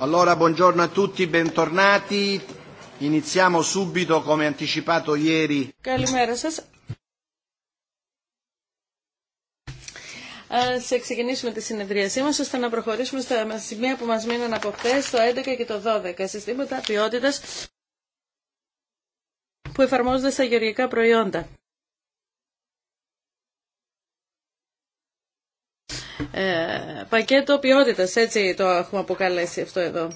Allora, buongiorno a tutti, bentornati. Iniziamo subito come anticipato ieri. Καλημέρα σας. Ας ε, ξεκινήσουμε τη συνεδρίασή μας ώστε να προχωρήσουμε στα σημεία που μας μείναν από χθες, το 11 και το 12, συστήματα ποιότητας που εφαρμόζονται στα γεωργικά προϊόντα. Ε, πακέτο ποιότητα, έτσι το έχουμε αποκαλέσει αυτό εδώ.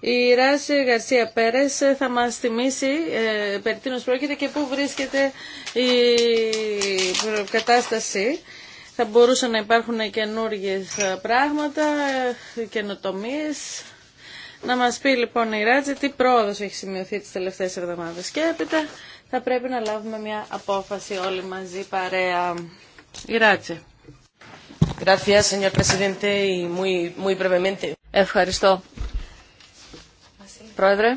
Η Ράση Γαρσία Πέρες θα μας θυμίσει ε, περί τίνο πρόκειται και πού βρίσκεται η κατάσταση. Θα μπορούσαν να υπάρχουν καινούργιε πράγματα, ε, καινοτομίε. Να μας πει λοιπόν η Ράτζη τι πρόοδος έχει σημειωθεί τις τελευταίες εβδομάδες και έπειτα θα πρέπει να λάβουμε μια απόφαση όλοι μαζί παρέα. Ευχαριστώ. Πρόεδρε,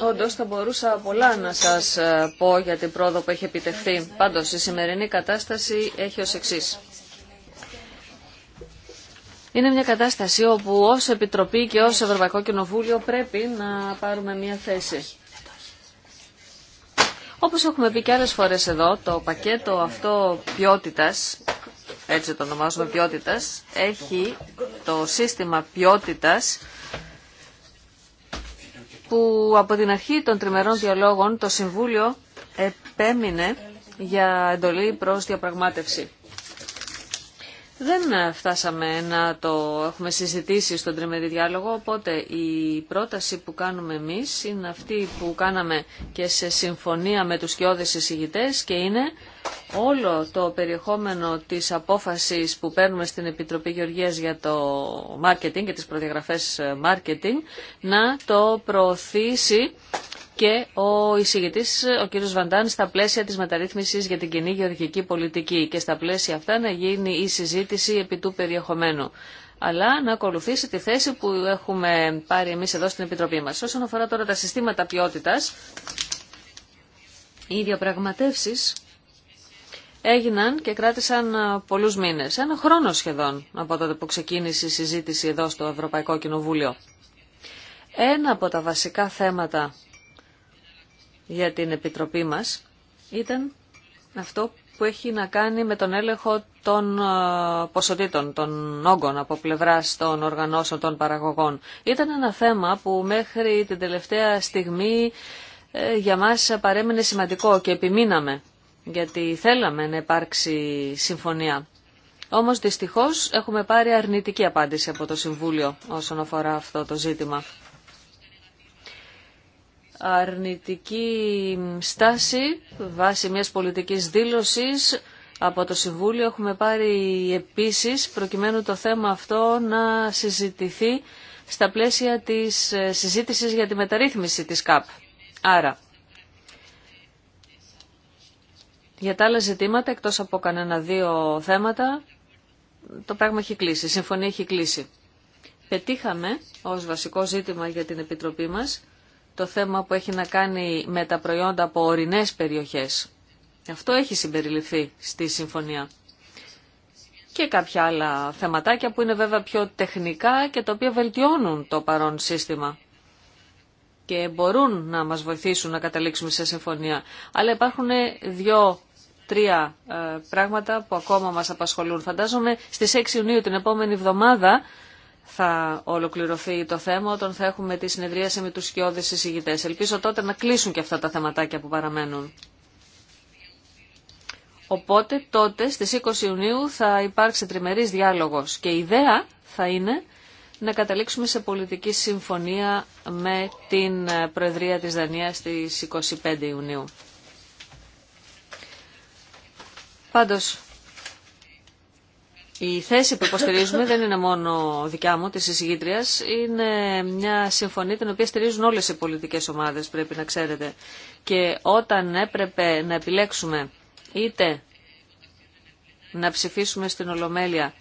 όντω θα μπορούσα πολλά να σας ε, πω για την πρόοδο που έχει επιτευχθεί. Πάντως, η σημερινή κατάσταση έχει ως εξής. Είναι μια κατάσταση όπου ως Επιτροπή και ως Ευρωπαϊκό Κοινοβούλιο πρέπει να πάρουμε μια θέση. Όπως έχουμε πει και άλλες φορές εδώ, το πακέτο αυτό ποιότητας, έτσι το ονομάζουμε ποιότητας, έχει το σύστημα ποιότητας που από την αρχή των τριμερών διαλόγων το Συμβούλιο επέμεινε για εντολή προς διαπραγμάτευση. Δεν φτάσαμε να το έχουμε συζητήσει στον τριμερή διάλογο, οπότε η πρόταση που κάνουμε εμείς είναι αυτή που κάναμε και σε συμφωνία με τους κοιόδες εισηγητές και είναι όλο το περιεχόμενο της απόφασης που παίρνουμε στην Επιτροπή Γεωργίας για το μάρκετινγκ και τις προδιαγραφές μάρκετινγκ να το προωθήσει και ο εισηγητής, ο κύριος Βαντάν, στα πλαίσια της μεταρρύθμισης για την κοινή γεωργική πολιτική και στα πλαίσια αυτά να γίνει η συζήτηση επί του περιεχομένου αλλά να ακολουθήσει τη θέση που έχουμε πάρει εμείς εδώ στην Επιτροπή μας. Όσον αφορά τώρα τα συστήματα ποιότητας, οι διαπραγματεύσεις έγιναν και κράτησαν ε, πολλούς μήνες, ένα χρόνο σχεδόν από τότε που ξεκίνησε η συζήτηση εδώ στο Ευρωπαϊκό Κοινοβούλιο. Ένα από τα βασικά θέματα για την Επιτροπή μας ήταν αυτό που έχει να κάνει με τον έλεγχο των ε, ποσοτήτων, των όγκων από πλευράς των οργανώσεων των παραγωγών. Ήταν ένα θέμα που μέχρι την τελευταία στιγμή ε, για μας παρέμεινε σημαντικό και επιμείναμε γιατί θέλαμε να υπάρξει συμφωνία. Όμως δυστυχώς έχουμε πάρει αρνητική απάντηση από το Συμβούλιο όσον αφορά αυτό το ζήτημα. Αρνητική στάση βάσει μιας πολιτικής δήλωσης από το Συμβούλιο έχουμε πάρει επίσης προκειμένου το θέμα αυτό να συζητηθεί στα πλαίσια της ε, συζήτησης για τη μεταρρύθμιση της ΚΑΠ. Άρα, Για τα άλλα ζητήματα, εκτός από κανένα δύο θέματα, το πράγμα έχει κλείσει, η συμφωνία έχει κλείσει. Πετύχαμε ως βασικό ζήτημα για την Επιτροπή μας το θέμα που έχει να κάνει με τα προϊόντα από ορεινές περιοχές. Αυτό έχει συμπεριληφθεί στη συμφωνία. Και κάποια άλλα θεματάκια που είναι βέβαια πιο τεχνικά και τα οποία βελτιώνουν το παρόν σύστημα και μπορούν να μας βοηθήσουν να καταλήξουμε σε συμφωνία. Αλλά υπάρχουν δύο τρία ε, πράγματα που ακόμα μας απασχολούν. Φαντάζομαι στις 6 Ιουνίου την επόμενη εβδομάδα θα ολοκληρωθεί το θέμα όταν θα έχουμε τη συνεδρίαση με τους σκιώδες εισηγητές. Ελπίζω τότε να κλείσουν και αυτά τα θεματάκια που παραμένουν. Οπότε τότε στις 20 Ιουνίου θα υπάρξει τριμερής διάλογος και η ιδέα θα είναι να καταλήξουμε σε πολιτική συμφωνία με την ε, Προεδρία της Δανίας στις 25 Ιουνίου. Πάντως, η θέση που υποστηρίζουμε δεν είναι μόνο δικιά μου, της εισηγήτριας, είναι μια συμφωνία την οποία στηρίζουν όλες οι πολιτικές ομάδες, πρέπει να ξέρετε. Και όταν έπρεπε να επιλέξουμε είτε να ψηφίσουμε στην Ολομέλεια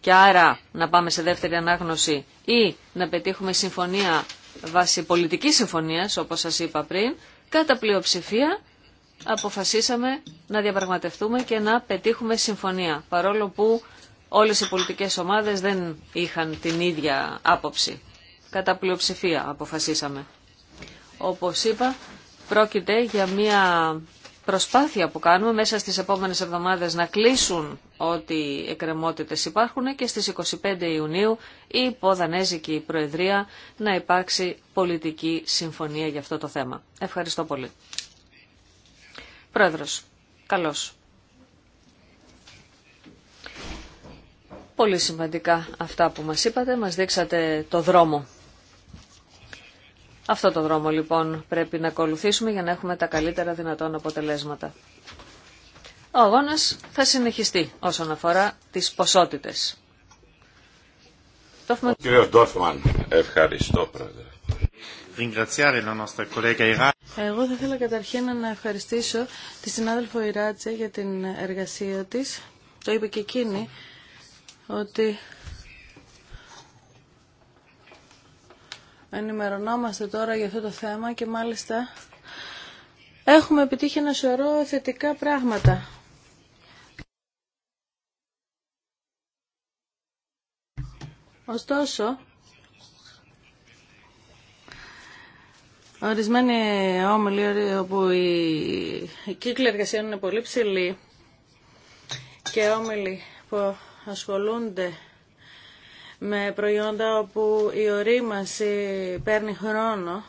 και άρα να πάμε σε δεύτερη ανάγνωση ή να πετύχουμε συμφωνία βάσει πολιτικής συμφωνίας, όπως σας είπα πριν, κατά πλειοψηφία αποφασίσαμε να διαπραγματευτούμε και να πετύχουμε συμφωνία, παρόλο που όλες οι πολιτικές ομάδες δεν είχαν την ίδια άποψη. Κατά πλειοψηφία αποφασίσαμε. Όπως είπα, πρόκειται για μια προσπάθεια που κάνουμε μέσα στις επόμενες εβδομάδες να κλείσουν ό,τι εκκρεμότητες υπάρχουν και στις 25 Ιουνίου η Ποδανέζικη Προεδρία να υπάρξει πολιτική συμφωνία για αυτό το θέμα. Ευχαριστώ πολύ. Πρόεδρος, καλώς. Πολύ σημαντικά αυτά που μας είπατε, μας δείξατε το δρόμο. Αυτό το δρόμο λοιπόν πρέπει να ακολουθήσουμε για να έχουμε τα καλύτερα δυνατόν αποτελέσματα. Ο αγώνας θα συνεχιστεί όσον αφορά τις ποσότητες. Κύριε Ντόρφμαν, ευχαριστώ πρόεδρε. Εγώ θα ήθελα καταρχήν να ευχαριστήσω τη συνάδελφο Ιράτσε για την εργασία της. Το είπε και εκείνη ότι ενημερωνόμαστε τώρα για αυτό το θέμα και μάλιστα έχουμε επιτύχει ένα σωρό θετικά πράγματα. Ωστόσο, Ορισμένοι όμιλοι όπου η κύκλη εργασιών είναι πολύ ψηλή και όμιλοι που ασχολούνται με προϊόντα όπου η ορίμαση παίρνει χρόνο,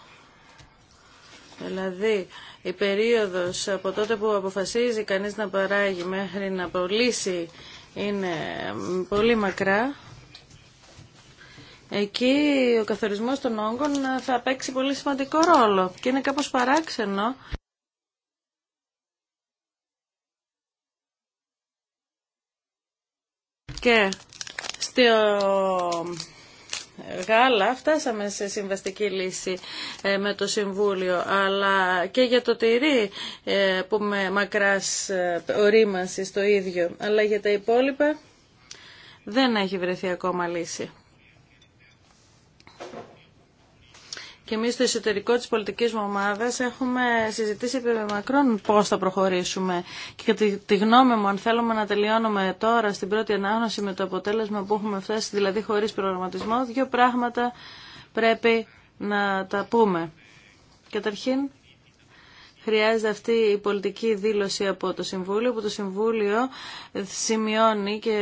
δηλαδή η περίοδος από τότε που αποφασίζει κανείς να παράγει μέχρι να πωλήσει είναι πολύ μακρά, Εκεί ο καθορισμός των όγκων θα παίξει πολύ σημαντικό ρόλο και είναι κάπως παράξενο. Και στο γάλα φτάσαμε σε συμβαστική λύση ε, με το Συμβούλιο αλλά και για το τυρί ε, που με μακράς ε, ορίμανση το ίδιο αλλά για τα υπόλοιπα δεν έχει βρεθεί ακόμα λύση. και εμείς στο εσωτερικό της πολιτικής μου ομάδας έχουμε συζητήσει επί μακρόν πώς θα προχωρήσουμε και τη γνώμη μου αν θέλουμε να τελειώνουμε τώρα στην πρώτη ανάγνωση με το αποτέλεσμα που έχουμε φτάσει δηλαδή χωρίς προγραμματισμό δύο πράγματα πρέπει να τα πούμε. Καταρχήν χρειάζεται αυτή η πολιτική δήλωση από το Συμβούλιο, που το Συμβούλιο σημειώνει και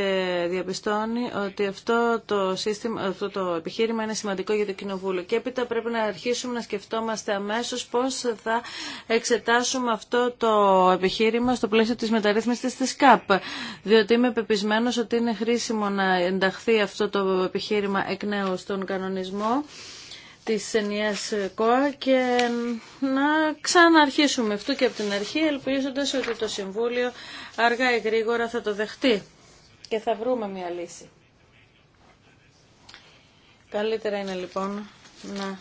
διαπιστώνει ότι αυτό το, σύστημα, αυτό το επιχείρημα είναι σημαντικό για το Κοινοβούλιο. Και έπειτα πρέπει να αρχίσουμε να σκεφτόμαστε αμέσως πώς θα εξετάσουμε αυτό το επιχείρημα στο πλαίσιο της μεταρρύθμισης της ΚΑΠ. Διότι είμαι πεπισμένος ότι είναι χρήσιμο να ενταχθεί αυτό το επιχείρημα εκ νέου στον κανονισμό της ενιαίας ΚΟΑ και να ξαναρχίσουμε αυτού και από την αρχή ελπίζοντας ότι το Συμβούλιο αργά ή γρήγορα θα το δεχτεί και θα βρούμε μια λύση. Καλύτερα είναι λοιπόν να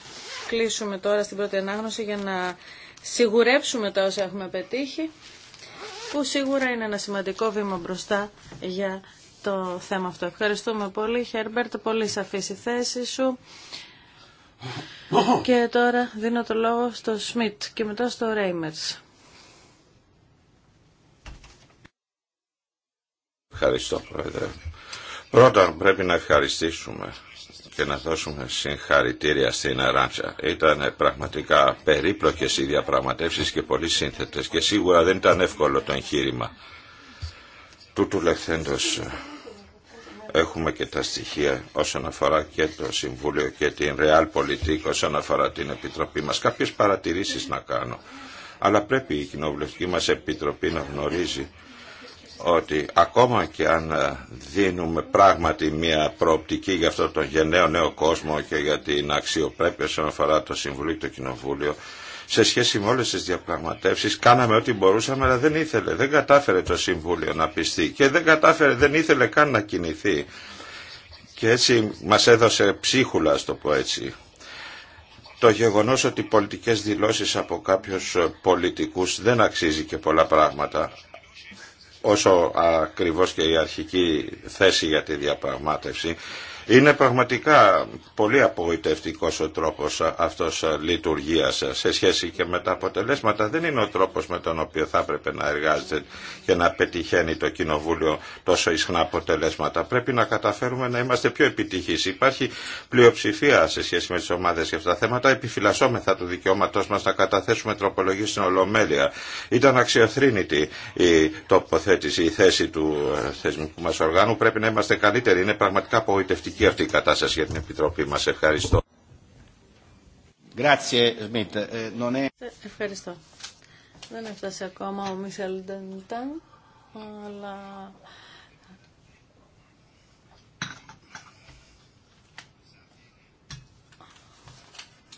κλείσουμε τώρα στην πρώτη ανάγνωση για να σιγουρέψουμε τα όσα έχουμε πετύχει που σίγουρα είναι ένα σημαντικό βήμα μπροστά για το θέμα αυτό. Ευχαριστούμε πολύ, Χέρμπερτ. Πολύ σαφή η θέση σου. Και τώρα δίνω το λόγο στο Σμιτ και μετά στο Ρέιμερς. Ευχαριστώ Πρόεδρε. Πρώτα πρέπει να ευχαριστήσουμε και να δώσουμε συγχαρητήρια στην Αράντσα. Ήταν πραγματικά περίπλοκες οι διαπραγματεύσεις και πολύ σύνθετες και σίγουρα δεν ήταν εύκολο το εγχείρημα. του λεχθέντος έχουμε και τα στοιχεία όσον αφορά και το Συμβούλιο και την Πολιτική όσον αφορά την Επιτροπή μας. Κάποιες παρατηρήσεις να κάνω. Αλλά πρέπει η Κοινοβουλευτική μας Επιτροπή να γνωρίζει ότι ακόμα και αν ε, δίνουμε πράγματι μια προοπτική για αυτό τον γενναίο νέο κόσμο και για την αξιοπρέπεια όσον αφορά το Συμβουλίο και το Κοινοβούλιο, σε σχέση με όλες τις διαπραγματεύσεις κάναμε ό,τι μπορούσαμε αλλά δεν ήθελε, δεν κατάφερε το Συμβούλιο να πιστεί και δεν κατάφερε, δεν ήθελε καν να κινηθεί. Και έτσι μας έδωσε ψίχουλα, στο το πω έτσι. Το γεγονός ότι πολιτικές δηλώσεις από κάποιους πολιτικούς δεν αξίζει και πολλά πράγματα όσο ακριβώς και η αρχική θέση για τη διαπραγμάτευση είναι πραγματικά πολύ απογοητευτικός ο τρόπος αυτός λειτουργίας σε σχέση και με τα αποτελέσματα. Δεν είναι ο τρόπος με τον οποίο θα έπρεπε να εργάζεται και να πετυχαίνει το Κοινοβούλιο τόσο ισχνά αποτελέσματα. Πρέπει να καταφέρουμε να είμαστε πιο επιτυχείς. Υπάρχει πλειοψηφία σε σχέση με τις ομάδες για αυτά τα θέματα. Επιφυλασσόμεθα του δικαιώματός μας να καταθέσουμε τροπολογίε στην Ολομέλεια. Ήταν αξιοθρύνητη η τοποθέτηση, η θέση του ε, θεσμικού μας οργάνου. Πρέπει να είμαστε καλύτεροι. Είναι πραγματικά απογοητευτική θετική αυτή η κατάσταση για την Επιτροπή μας. Ευχαριστώ. Ε, ε, ευχαριστώ. Δεν έφτασε ακόμα ο Μισελ Ντεντάν, αλλά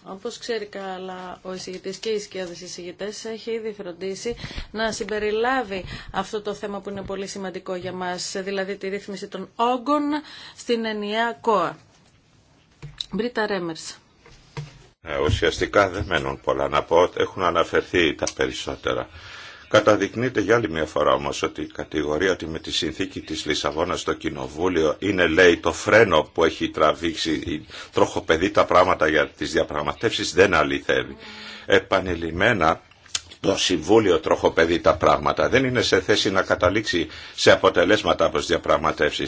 Όπω ξέρει καλά ο εισηγητή και οι σκιάδες εισηγητέ, έχει ήδη φροντίσει να συμπεριλάβει αυτό το θέμα που είναι πολύ σημαντικό για μας, δηλαδή τη ρύθμιση των όγκων στην ενιαία ΚΟΑ. Μπρίτα Ρέμερς. Ε, ουσιαστικά δεν μένουν πολλά να πω, έχουν αναφερθεί τα περισσότερα. Καταδεικνύεται για άλλη μια φορά όμως ότι η κατηγορία ότι με τη συνθήκη της Λισαβόνας το Κοινοβούλιο είναι λέει το φρένο που έχει τραβήξει, τροχοπεδί τα πράγματα για τις διαπραγματεύσεις δεν αληθεύει. Επανειλημμένα το Συμβούλιο τροχοπεδεί τα πράγματα. Δεν είναι σε θέση να καταλήξει σε αποτελέσματα από τι διαπραγματεύσει.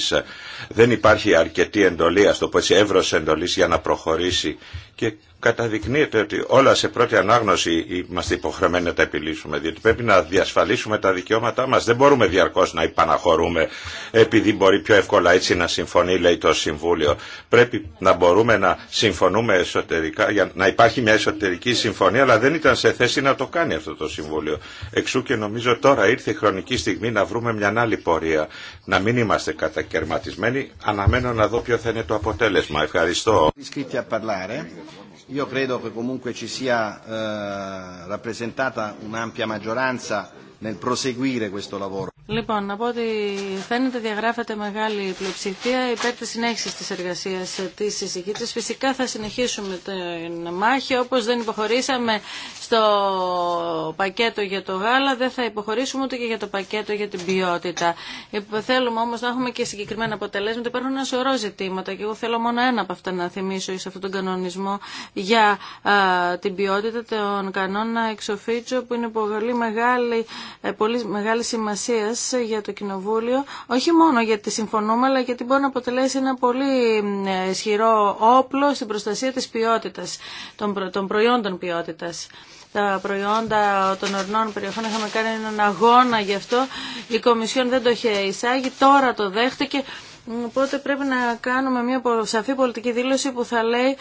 Δεν υπάρχει αρκετή εντολή, α το πω έτσι, εύρο εντολή για να προχωρήσει και καταδεικνύεται ότι όλα σε πρώτη ανάγνωση είμαστε υποχρεωμένοι να τα επιλύσουμε, διότι πρέπει να διασφαλίσουμε τα δικαιώματά μας. Δεν μπορούμε διαρκώς να υπαναχωρούμε επειδή μπορεί πιο εύκολα έτσι να συμφωνεί, λέει το Συμβούλιο. Πρέπει να μπορούμε να συμφωνούμε εσωτερικά, για να υπάρχει μια εσωτερική συμφωνία, αλλά δεν ήταν σε θέση να το κάνει αυτό το Συμβούλιο. Εξού και νομίζω τώρα ήρθε η χρονική στιγμή να βρούμε μια άλλη πορεία, να μην είμαστε κατακαιρματισμένοι. Αναμένω να δω ποιο θα είναι το αποτέλεσμα. Ευχαριστώ. Io credo che comunque ci sia rappresentata un'ampia maggioranza nel proseguire questo lavoro. Λοιπόν, από ό,τι φαίνεται διαγράφεται μεγάλη πλειοψηφία υπέρ της συνέχισης της εργασίας της συζητήτης. Φυσικά θα συνεχίσουμε την μάχη, όπως δεν υποχωρήσαμε στο πακέτο για το γάλα, δεν θα υποχωρήσουμε ούτε και για το πακέτο για την ποιότητα. Θέλουμε όμως να έχουμε και συγκεκριμένα αποτελέσματα. Υπάρχουν ένα σωρό ζητήματα και εγώ θέλω μόνο ένα από αυτά να θυμίσω σε αυτόν τον κανονισμό για την ποιότητα των κανόνα εξοφίτσο που είναι πολύ μεγάλη ε, πολύ μεγάλη σημασία για το Κοινοβούλιο, όχι μόνο γιατί συμφωνούμε, αλλά γιατί μπορεί να αποτελέσει ένα πολύ ε, ισχυρό όπλο στην προστασία της ποιότητας, των προϊόντων ποιότητας τα προϊόντα των ορνών περιοχών. Είχαμε κάνει έναν αγώνα γι' αυτό. Η Κομισιόν δεν το είχε εισάγει. Τώρα το δέχτηκε. Οπότε πρέπει να κάνουμε μια σαφή πολιτική δήλωση που θα λέει,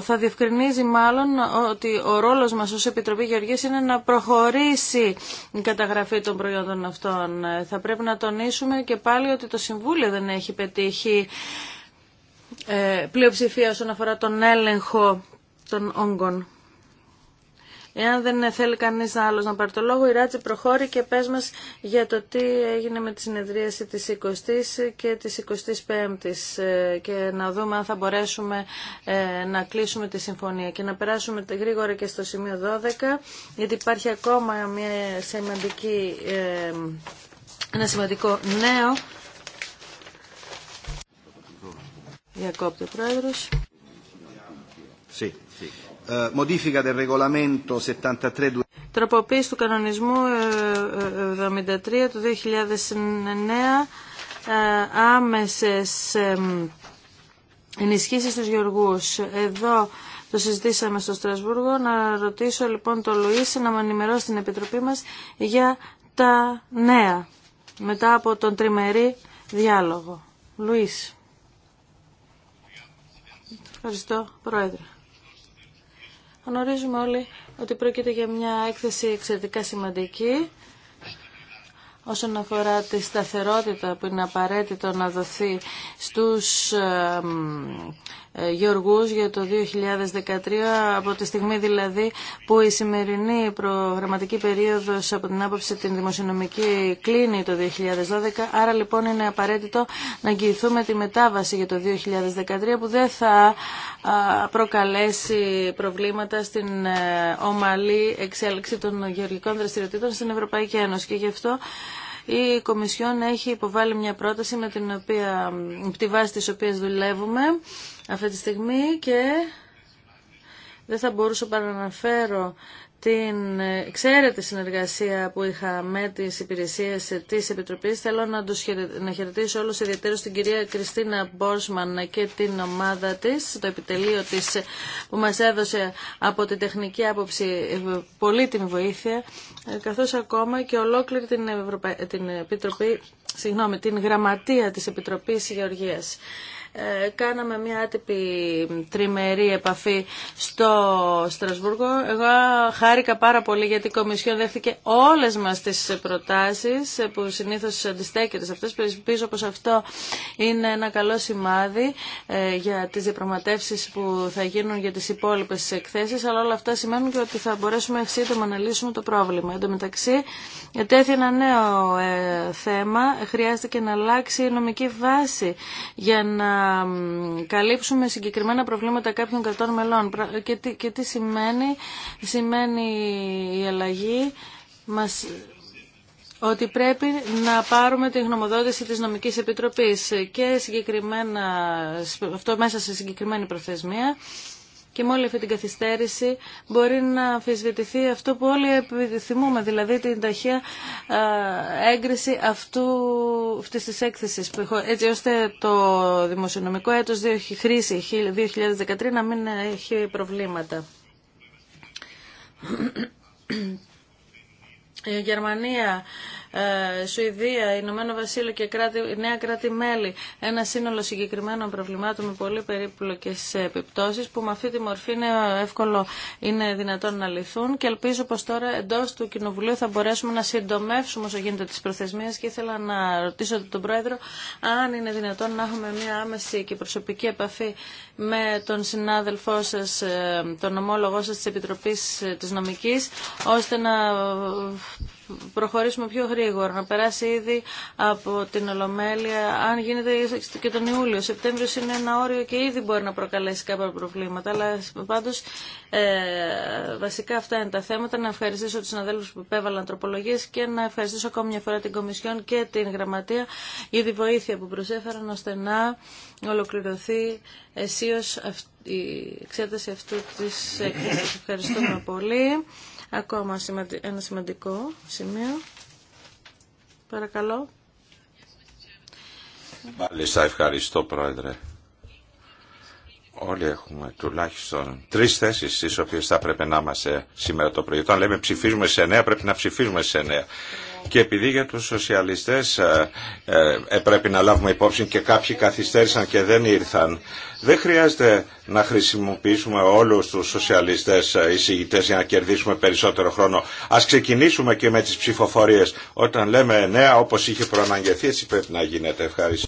θα διευκρινίζει μάλλον ότι ο ρόλος μας ως Επιτροπή Γεωργίας είναι να προχωρήσει η καταγραφή των προϊόντων αυτών. Θα πρέπει να τονίσουμε και πάλι ότι το Συμβούλιο δεν έχει πετύχει ε, πλειοψηφία όσον αφορά τον έλεγχο των όγκων. Εάν δεν θέλει κανείς άλλος να πάρει το λόγο, η Ράτζη προχώρη και πες μας για το τι έγινε με τη συνεδρίαση της 20ης και της 25ης ε, και να δούμε αν θα μπορέσουμε ε, να κλείσουμε τη συμφωνία και να περάσουμε γρήγορα και στο σημείο 12, γιατί υπάρχει ακόμα μια σημαντική, ε, ένα σημαντικό νέο. Διακόπτει Πρόεδρος. Eh, modifica Τροποποίηση του κανονισμού 73 ε, ε, του 2009 ε, άμεσες ενισχύσεις στους γεωργούς. Εδώ το συζητήσαμε στο Στρασβούργο. Να ρωτήσω λοιπόν τον Λουίση να με ενημερώσει την Επιτροπή μας για τα νέα μετά από τον τριμερή διάλογο. Λουίς. Ευχαριστώ, Πρόεδρε. Γνωρίζουμε όλοι ότι πρόκειται για μια έκθεση εξαιρετικά σημαντική όσον αφορά τη σταθερότητα που είναι απαραίτητο να δοθεί στους ε, γεωργούς για το 2013 από τη στιγμή δηλαδή που η σημερινή προγραμματική περίοδος από την άποψη την δημοσιονομική κλείνει το 2012 άρα λοιπόν είναι απαραίτητο να αγγιηθούμε τη μετάβαση για το 2013 που δεν θα προκαλέσει προβλήματα στην ε, ομαλή εξέλιξη των γεωργικών δραστηριοτήτων στην Ευρωπαϊκή Ένωση και γι' αυτό η Κομισιόν έχει υποβάλει μια πρόταση με την οποία, τη βάση της οποίας δουλεύουμε αυτή τη στιγμή και δεν θα μπορούσα παρά να αναφέρω την ξέρετε συνεργασία που είχα με τις υπηρεσίες της Επιτροπής. Θέλω να, τους χαιρετήσω, να χαιρετήσω όλους την κυρία Κριστίνα Μπόρσμαν και την ομάδα της, το επιτελείο της που μας έδωσε από την τεχνική άποψη πολύτιμη βοήθεια, καθώς ακόμα και ολόκληρη την, την Επιτροπή, συγγνώμη, την Γραμματεία της Επιτροπής Γεωργίας. Ε, κάναμε μια άτυπη τριμερή επαφή στο Στρασβούργο. Εγώ χάρηκα πάρα πολύ γιατί η Κομισιόν δέχτηκε όλες μας τις προτάσεις ε, που συνήθως αντιστέκεται σε αυτές. Πιστεύω πως αυτό είναι ένα καλό σημάδι ε, για τις διαπραγματεύσεις που θα γίνουν για τις υπόλοιπες εκθέσεις, αλλά όλα αυτά σημαίνουν και ότι θα μπορέσουμε σύντομα να λύσουμε το πρόβλημα. Εν τω μεταξύ, τέθη ένα νέο θέμα, χρειάστηκε να αλλάξει η νομική βάση για να καλύψουμε συγκεκριμένα προβλήματα κάποιων κρατών μελών. Και τι, τι σημαίνει, σημαίνει η αλλαγή μας ότι πρέπει να πάρουμε τη γνωμοδότηση της Νομικής Επιτροπής και συγκεκριμένα, αυτό μέσα σε συγκεκριμένη προθεσμία και με όλη αυτή την καθυστέρηση μπορεί να αμφισβητηθεί αυτό που όλοι επιθυμούμε, δηλαδή την ταχεία έγκριση αυτού, αυτής της έκθεσης, έτσι ώστε το δημοσιονομικό έτος χρήση 2013 να μην έχει προβλήματα. Η Γερμανία ε, Σουηδία, Ηνωμένο Βασίλειο και κράτη, νέα κράτη-μέλη ένα σύνολο συγκεκριμένων προβλημάτων με πολύ περίπλοκες επιπτώσει, που με αυτή τη μορφή είναι εύκολο είναι δυνατόν να λυθούν και ελπίζω πως τώρα εντό του Κοινοβουλίου θα μπορέσουμε να συντομεύσουμε όσο γίνεται τις προθεσμίες και ήθελα να ρωτήσω τον Πρόεδρο αν είναι δυνατόν να έχουμε μια άμεση και προσωπική επαφή με τον συνάδελφό σας, ε, τον ομόλογό σας της Επιτροπής ε, της Νομικής, ώστε να προχωρήσουμε πιο γρήγορα, να περάσει ήδη από την Ολομέλεια, αν γίνεται και τον Ιούλιο. Ο Σεπτέμβριος είναι ένα όριο και ήδη μπορεί να προκαλέσει κάποια προβλήματα, αλλά πάντως ε, βασικά αυτά είναι τα θέματα. Να ευχαριστήσω τους συναδέλφους που επέβαλαν τροπολογίες και να ευχαριστήσω ακόμη μια φορά την Κομισιόν και την Γραμματεία για τη βοήθεια που προσέφεραν ώστε να ολοκληρωθεί αισίως η εξέταση αυτού της έκθεσης. Ευχαριστούμε πολύ. Ακόμα ένα σημαντικό σημείο. Παρακαλώ. Μάλιστα, ευχαριστώ Πρόεδρε. Όλοι έχουμε τουλάχιστον τρεις θέσεις στις οποίες θα πρέπει να είμαστε σήμερα το πρωί. Όταν λέμε ψηφίζουμε σε νέα, πρέπει να ψηφίζουμε σε νέα. Και επειδή για τους σοσιαλιστές ε, ε, ε, πρέπει να λάβουμε υπόψη και κάποιοι καθυστέρησαν και δεν ήρθαν, δεν χρειάζεται να χρησιμοποιήσουμε όλους τους σοσιαλιστές ε, εισηγητές για να κερδίσουμε περισσότερο χρόνο. Ας ξεκινήσουμε και με τις ψηφοφορίες. Όταν λέμε νέα όπως είχε προαναγγεθεί έτσι πρέπει να γίνεται. Ευχαριστώ.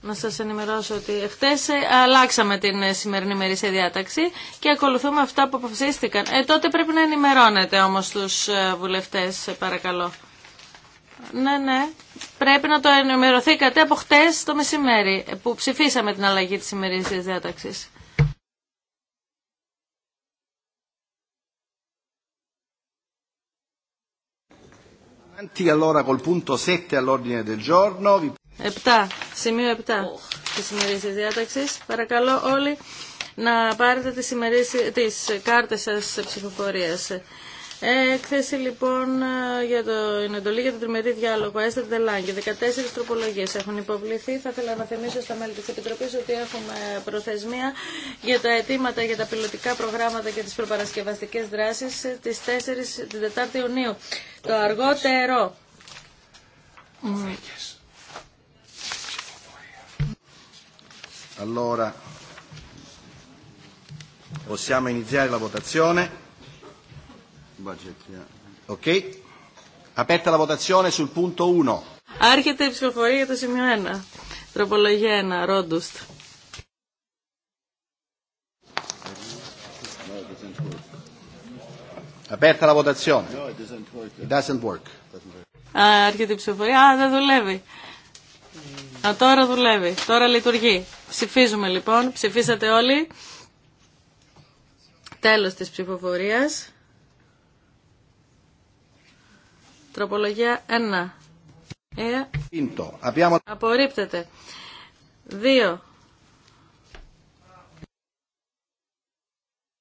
Να σας ενημερώσω ότι χτες ε, αλλάξαμε την ε, σημερινή μερίσια διάταξη και ακολουθούμε αυτά που αποφασίστηκαν. Ε, τότε πρέπει να ενημερώνετε όμως τους ε, βουλευτές, παρακαλώ. Ναι, ναι. Πρέπει να το ενημερωθήκατε από χτες το μεσημέρι που ψηφίσαμε την αλλαγή της ημερήσιας διάταξης. allora col 7 σημείο 7 τη της διάταξη. Παρακαλώ όλοι να πάρετε τι κάρτε σα ψηφοφορία. Έκθεση λοιπόν για το εντολή για τον τριμερή διάλογο. Έστε τελάν και 14 τροπολογίε έχουν υποβληθεί. Θα ήθελα να θυμίσω στα μέλη τη Επιτροπή ότι έχουμε προθεσμία για τα αιτήματα για τα πιλωτικά προγράμματα και τι προπαρασκευαστικέ δράσει τη 4η Ιουνίου. Το αργότερο. Allora, possiamo iniziare la votazione. Budget, yeah. Ok. Aperta la votazione sul punto 1. Άρχεται η ψηφοφορία για το σημείο 1. Τροπολογία 1. Ρόντουστ. Απέρτα la votazione. No, it doesn't work. It doesn't work. Άρχεται η ψηφοφορία. Α, δεν δουλεύει. Α, τώρα δουλεύει. Τώρα λειτουργεί. Ψηφίζουμε λοιπόν. Ψηφίσατε όλοι. Τέλος της ψηφοφορίας. Τροπολογία 1. Ε, απορρίπτεται. 2.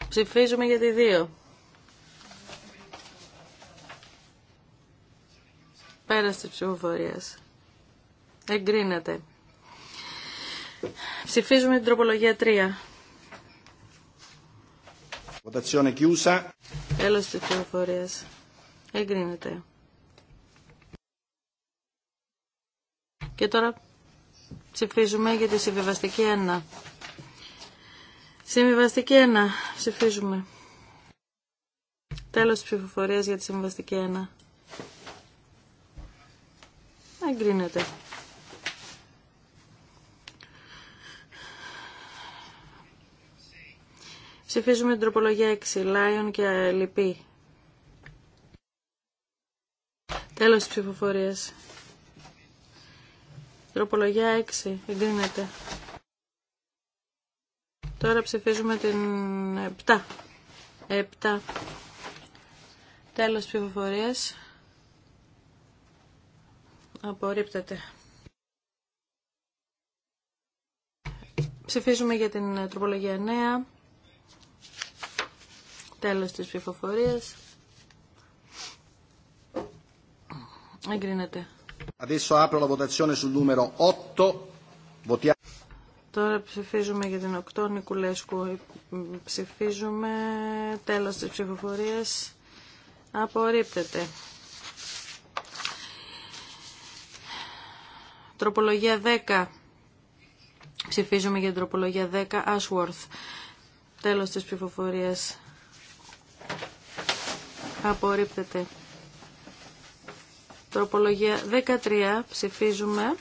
Ψηφίζουμε για τη 2. Πέρα τη ψηφοφορία. Εγκρίνεται. Ψηφίζουμε την τροπολογία 3. Votazione chiusa. Τέλος ψηφοφορίας. Εγκρίνεται. Και τώρα ψηφίζουμε για τη συμβιβαστική 1. Συμβιβαστική 1. Ψηφίζουμε. Τέλος της ψηφοφορίας για τη συμβιβαστική 1. Εγκρίνεται. Ψηφίζουμε την τροπολογία 6. Λάιον και λυπή. Τέλος της ψηφοφορίας. Τροπολογία 6. Εγκρίνεται. Τώρα ψηφίζουμε την 7. 7. Τέλος ψηφοφορίας. Απορρίπτεται. Ψηφίζουμε για την τροπολογία 9. Τέλος της ψηφοφορίας. Εγκρίνεται. Adesso apro la votazione sul numero 8. Votiamo. Τώρα ψηφίζουμε για την 8 Νικουλέσκου. Ε, ψηφίζουμε τέλος της ψηφοφορίας. Απορρίπτεται. Τροπολογία 10. Ψηφίζουμε για την τροπολογία 10 Ashworth. Τέλος της ψηφοφορίας. Απορρίπτεται. Τροπολογία 13 ψηφίζουμε.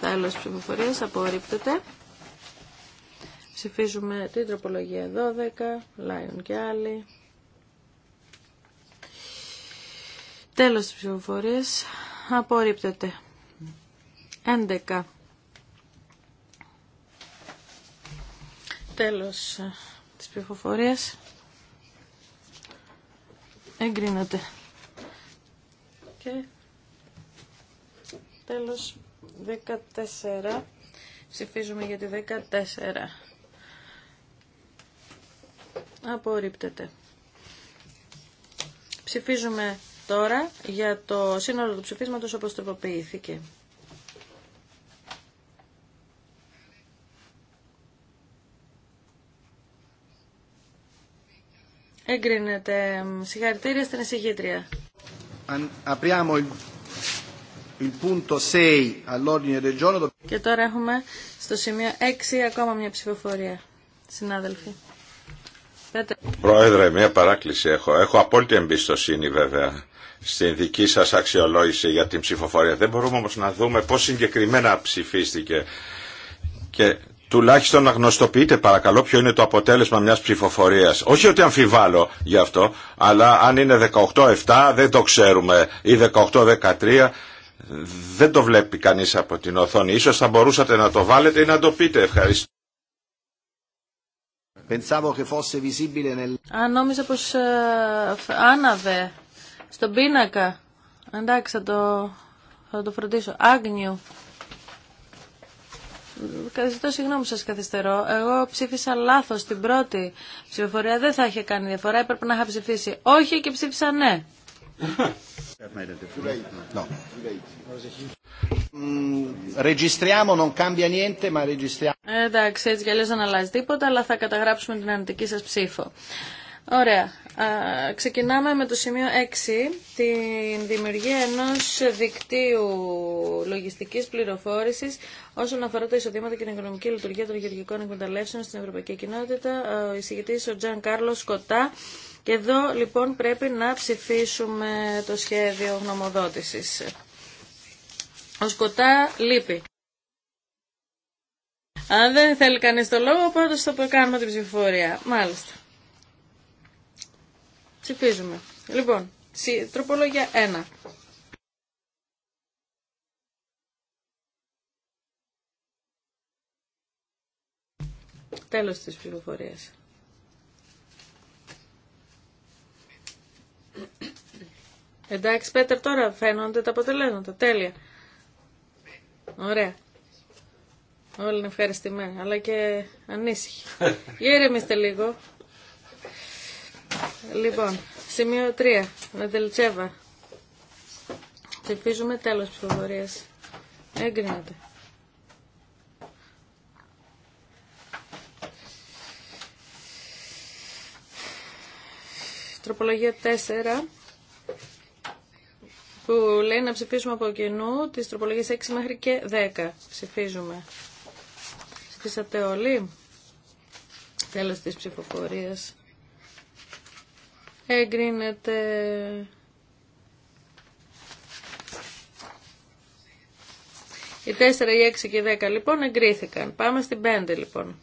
Τέλος ψηφοφορίας απορρίπτεται. Ψηφίζουμε την τροπολογία 12, Λάιον και άλλοι. Τέλος της ψηφοφορίας απορρίπτεται. 11. Τέλος ψηφοφορίας εγκρίνεται. Και τέλος 14. Ψηφίζουμε για τη 14. Απορρίπτεται. Ψηφίζουμε τώρα για το σύνολο του ψηφίσματος όπως τροποποιήθηκε. Εγκρίνεται. Συγχαρητήρια στην εισηγήτρια. Και τώρα έχουμε στο σημείο 6 ακόμα μια ψηφοφορία. Συνάδελφοι. Πρόεδρε, μια παράκληση έχω. Έχω απόλυτη εμπιστοσύνη βέβαια στην δική σας αξιολόγηση για την ψηφοφορία. Δεν μπορούμε όμως να δούμε πώς συγκεκριμένα ψηφίστηκε. Και τουλάχιστον να γνωστοποιείτε παρακαλώ ποιο είναι το αποτέλεσμα μιας ψηφοφορίας. Όχι ότι αμφιβάλλω γι' αυτό, αλλά αν είναι 18-7 δεν το ξέρουμε ή 18-13 δεν το βλέπει κανείς από την οθόνη. Ίσως θα μπορούσατε να το βάλετε ή να το πείτε. Ευχαριστώ. Αν νόμιζα πως ε, άναβε στον πίνακα. Εντάξει, θα το, φροντίσω. Άγνιου. Ζητώ συγγνώμη σας καθυστερώ. Εγώ ψήφισα λάθος την πρώτη ψηφοφορία. Δεν θα είχε κάνει διαφορά. Έπρεπε να είχα ψηφίσει όχι και ψήφισα ναι. Mm, ε, εντάξει, έτσι κι αλλιώς δεν αλλάζει τίποτα, αλλά θα καταγράψουμε την αρνητική σας ψήφο. Ωραία. Ξεκινάμε με το σημείο 6, την δημιουργία ενός δικτύου λογιστικής πληροφόρησης όσον αφορά τα εισοδήματα και την οικονομική λειτουργία των γεωργικών εκμεταλλεύσεων στην Ευρωπαϊκή Κοινότητα. Ο εισηγητής ο Τζαν Κάρλο Σκοτά. Και εδώ λοιπόν πρέπει να ψηφίσουμε το σχέδιο γνωμοδότησης. Ο Σκοτά λείπει. Αν δεν θέλει κανείς το λόγο, πάντως θα κάνουμε την ψηφοφορία. Μάλιστα. Ψηφίζουμε. Λοιπόν, τροπολογία 1. Τέλος της πληροφορίας. Εντάξει, Πέτερ, τώρα φαίνονται τα αποτελέσματα. Τέλεια. Ωραία. Όλοι είναι ευχαριστημένοι, αλλά και ανήσυχοι. Γέρεμιστε λίγο. Λοιπόν, σημείο 3. Νατελτσέβα. Ψηφίζουμε τέλος ψηφοφορίας. Έγκρινατε. Τροπολογία 4 που λέει να ψηφίσουμε από κοινού τις τροπολογίες 6 μέχρι και 10. Ψηφίζουμε. Ψηφίσατε όλοι. Τέλος της ψηφοφορίας εγκρίνεται. Οι 4, οι 6 και οι 10 λοιπόν εγκρίθηκαν. Πάμε στην 5 λοιπόν.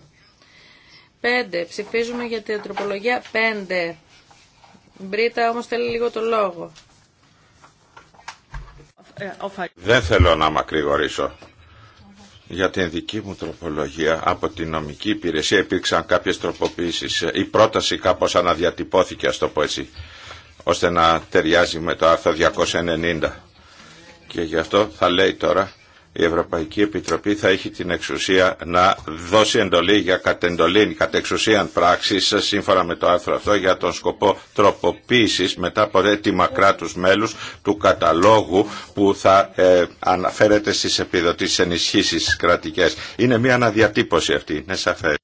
5. Ψηφίζουμε για την τροπολογία 5. Μπρίτα όμως θέλει λίγο το λόγο. Ε, Δεν θέλω να μακρηγορήσω για την δική μου τροπολογία από την νομική υπηρεσία υπήρξαν κάποιες τροποποίησεις. Ε, η πρόταση κάπως αναδιατυπώθηκε, ας το πω έτσι, ώστε να ταιριάζει με το άρθρο 290. Και γι' αυτό θα λέει τώρα η Ευρωπαϊκή Επιτροπή θα έχει την εξουσία να δώσει εντολή για κατεντολήν, κατεξουσίαν πράξη σύμφωνα με το άρθρο αυτό για τον σκοπό τροποποίησης μετά από έτοιμα κράτου μέλους του καταλόγου που θα ε, αναφέρεται στις επιδοτήσεις ενισχύσει κρατικές. Είναι μια αναδιατύπωση αυτή, είναι σαφές.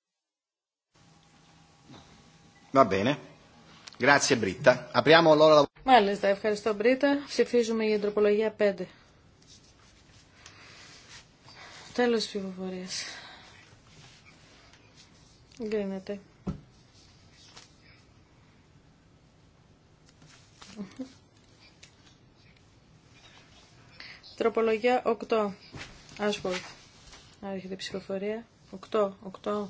Va bene. Grazie Britta. Apriamo Μάλιστα, ευχαριστώ Μπρίτα. Ψηφίζουμε για τροπολογία 5. Τέλος της ψηφοφορίας. Γκρινεται. Τροπολογία 8. Ashford. Άρχεται η ψηφοφορία. 8. 8.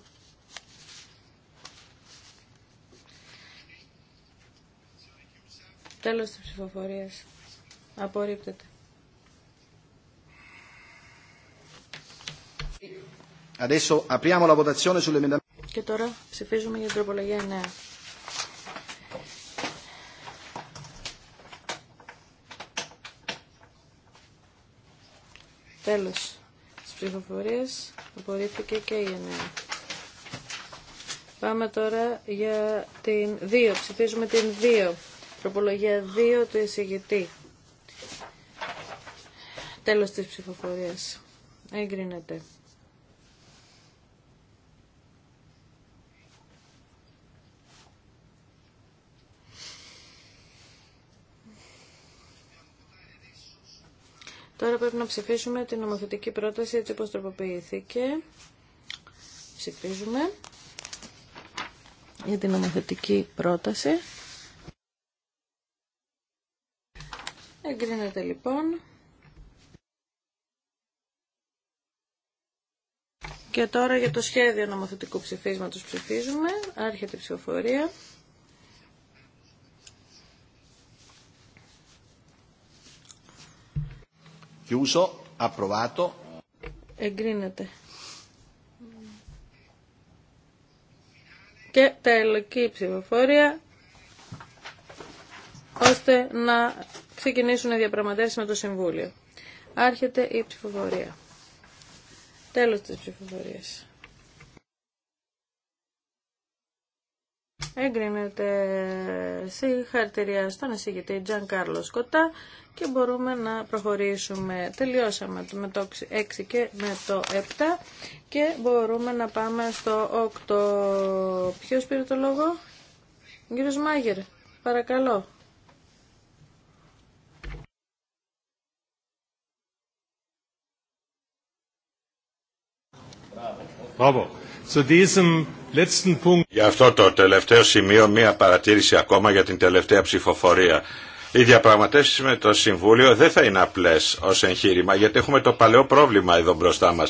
Τέλος της ψηφοφορίας. Απορρίπτεται. Adesso apriamo la votazione sull'emendamento. Και τώρα ψηφίζουμε για την τροπολογία 9. Τέλος της ψηφοφορίας απορρίφθηκε και η 9. Πάμε τώρα για την 2. Ψηφίζουμε την 2. Τροπολογία 2 του εισηγητή. Τέλος της ψηφοφορίας. Εγκρίνεται. Τώρα πρέπει να ψηφίσουμε την νομοθετική πρόταση έτσι όπως τροποποιήθηκε. Ψηφίζουμε για την νομοθετική πρόταση. Εγκρίνεται λοιπόν. Και τώρα για το σχέδιο νομοθετικού ψηφίσματος ψηφίζουμε. Άρχεται η ψηφοφορία. Εγκρίνεται. Και τελική ψηφοφορία ώστε να ξεκινήσουν οι διαπραγματεύσεις με το Συμβούλιο. Άρχεται η ψηφοφορία. Τέλος της ψηφοφορίας. Εγκρίνεται συγχαρητηρία στον εισηγητή Τζαν Κάρλο Σκοτά και μπορούμε να προχωρήσουμε. Τελειώσαμε με το 6 και με το 7 και μπορούμε να πάμε στο 8. Ποιος πήρε το λόγο? Ο Μάγερ, παρακαλώ. Bravo. Για αυτό το τελευταίο σημείο μία παρατήρηση ακόμα για την τελευταία ψηφοφορία. Οι διαπραγματεύσει με το Συμβούλιο δεν θα είναι απλέ ω εγχείρημα, γιατί έχουμε το παλαιό πρόβλημα εδώ μπροστά μα.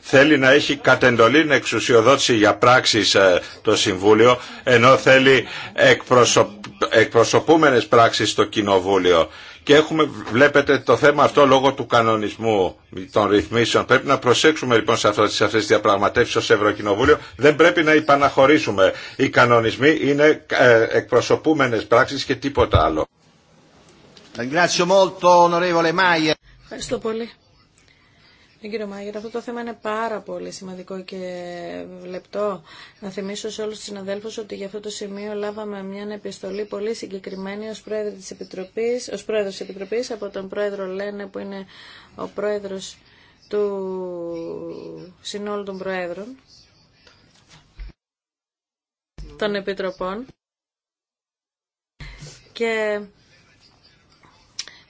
Θέλει να έχει κατεντολήν εξουσιοδότηση για πράξει ε, το Συμβούλιο, ενώ θέλει εκπροσωπ... εκπροσωπούμενε πράξει στο Κοινοβούλιο και έχουμε, βλέπετε το θέμα αυτό λόγω του κανονισμού των ρυθμίσεων. Πρέπει να προσέξουμε λοιπόν σε αυτές, σε αυτές τις Ευρωκοινοβούλιο. Δεν πρέπει να υπαναχωρήσουμε. Οι κανονισμοί είναι ε, εκπροσωπούμενες πράξεις και τίποτα άλλο. Ευχαριστώ πολύ. Ε, κύριε Μάγερ, αυτό το θέμα είναι πάρα πολύ σημαντικό και λεπτό. Να θυμίσω σε όλους τους συναδέλφους ότι για αυτό το σημείο λάβαμε μια επιστολή πολύ συγκεκριμένη ως πρόεδρο της Επιτροπής, ως πρόεδρος της Επιτροπής από τον πρόεδρο Λένε που είναι ο πρόεδρος του Συνόλου των Προέδρων των Επιτροπών και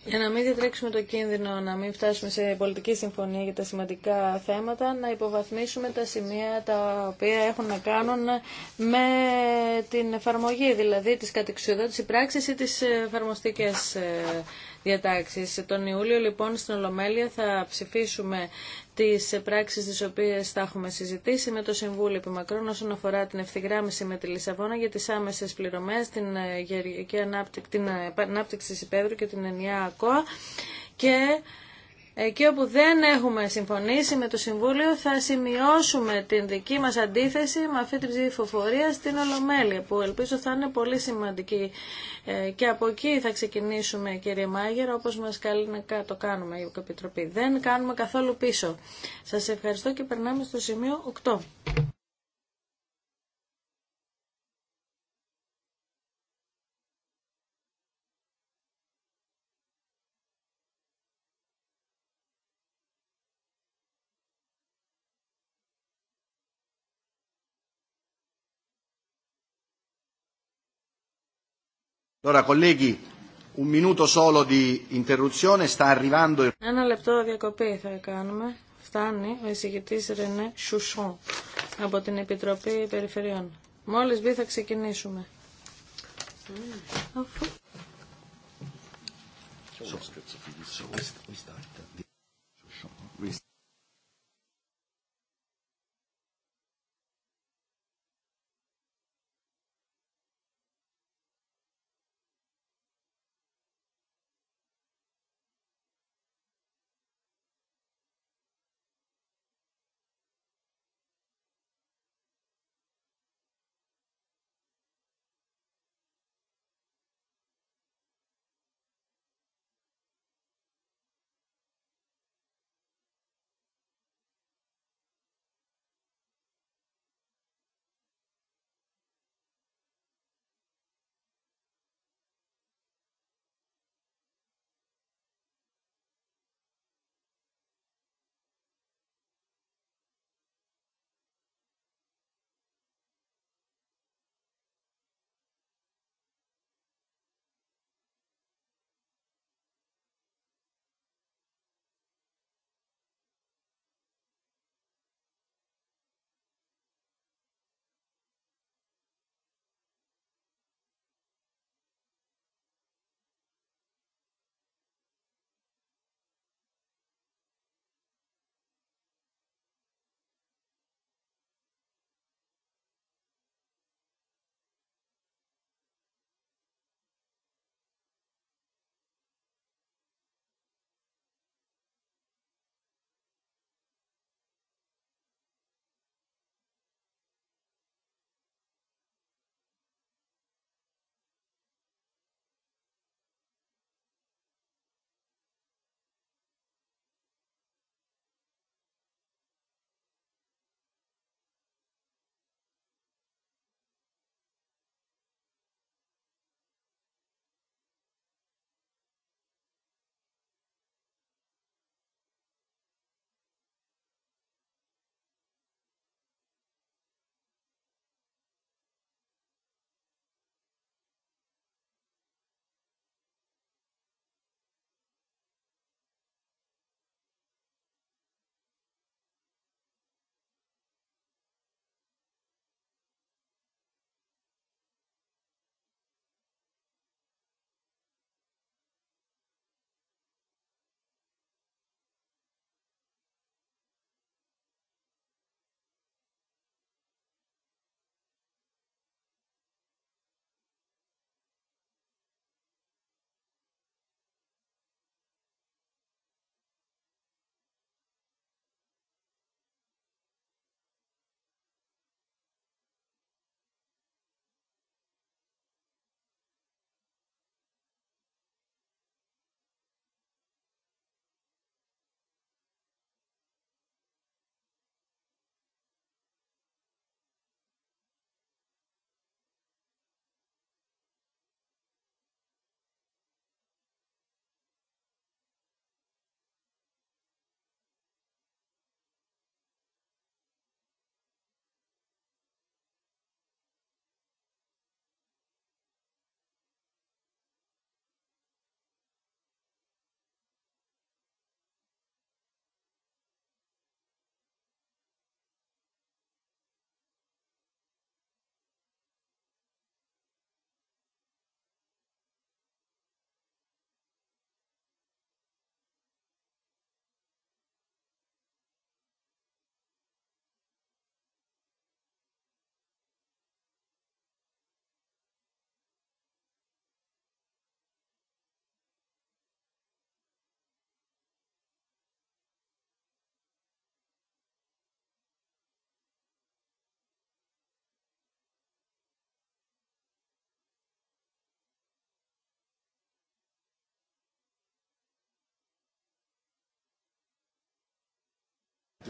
για να μην διατρέξουμε το κίνδυνο να μην φτάσουμε σε πολιτική συμφωνία για τα σημαντικά θέματα, να υποβαθμίσουμε τα σημεία τα οποία έχουν να κάνουν με την εφαρμογή, δηλαδή της κατεξιοδότηση πράξης ή τις εφαρμοστικές ε, διατάξεις. Τον Ιούλιο λοιπόν στην Ολομέλεια θα ψηφίσουμε τις πράξεις τις οποίες θα έχουμε συζητήσει με το Συμβούλιο Επιμακρών όσον αφορά την ευθυγράμμιση με τη Λισαβόνα για τις άμεσες πληρωμές, την, ε, ανάπτυξη, την ε, ανάπτυξη της υπέδρου και την ενιαία ΑΚΟΑ και Εκεί όπου δεν έχουμε συμφωνήσει με το Συμβούλιο θα σημειώσουμε την δική μας αντίθεση με αυτή την ψηφοφορία στην Ολομέλεια που ελπίζω θα είναι πολύ σημαντική ε, και από εκεί θα ξεκινήσουμε κύριε Μάγερ όπως μας καλεί να το κάνουμε η Επιτροπή. Δεν κάνουμε καθόλου πίσω. Σας ευχαριστώ και περνάμε στο σημείο 8. Τώρα, colleghi, un minuto solo di interruzione, sta arrivando... Ένα λεπτό διακοπή θα κάνουμε. Φτάνει ο εισηγητής Ρενέ Σουσόν από την Επιτροπή Περιφερειών. Μόλις μπει θα ξεκινήσουμε. Mm. So, so, so,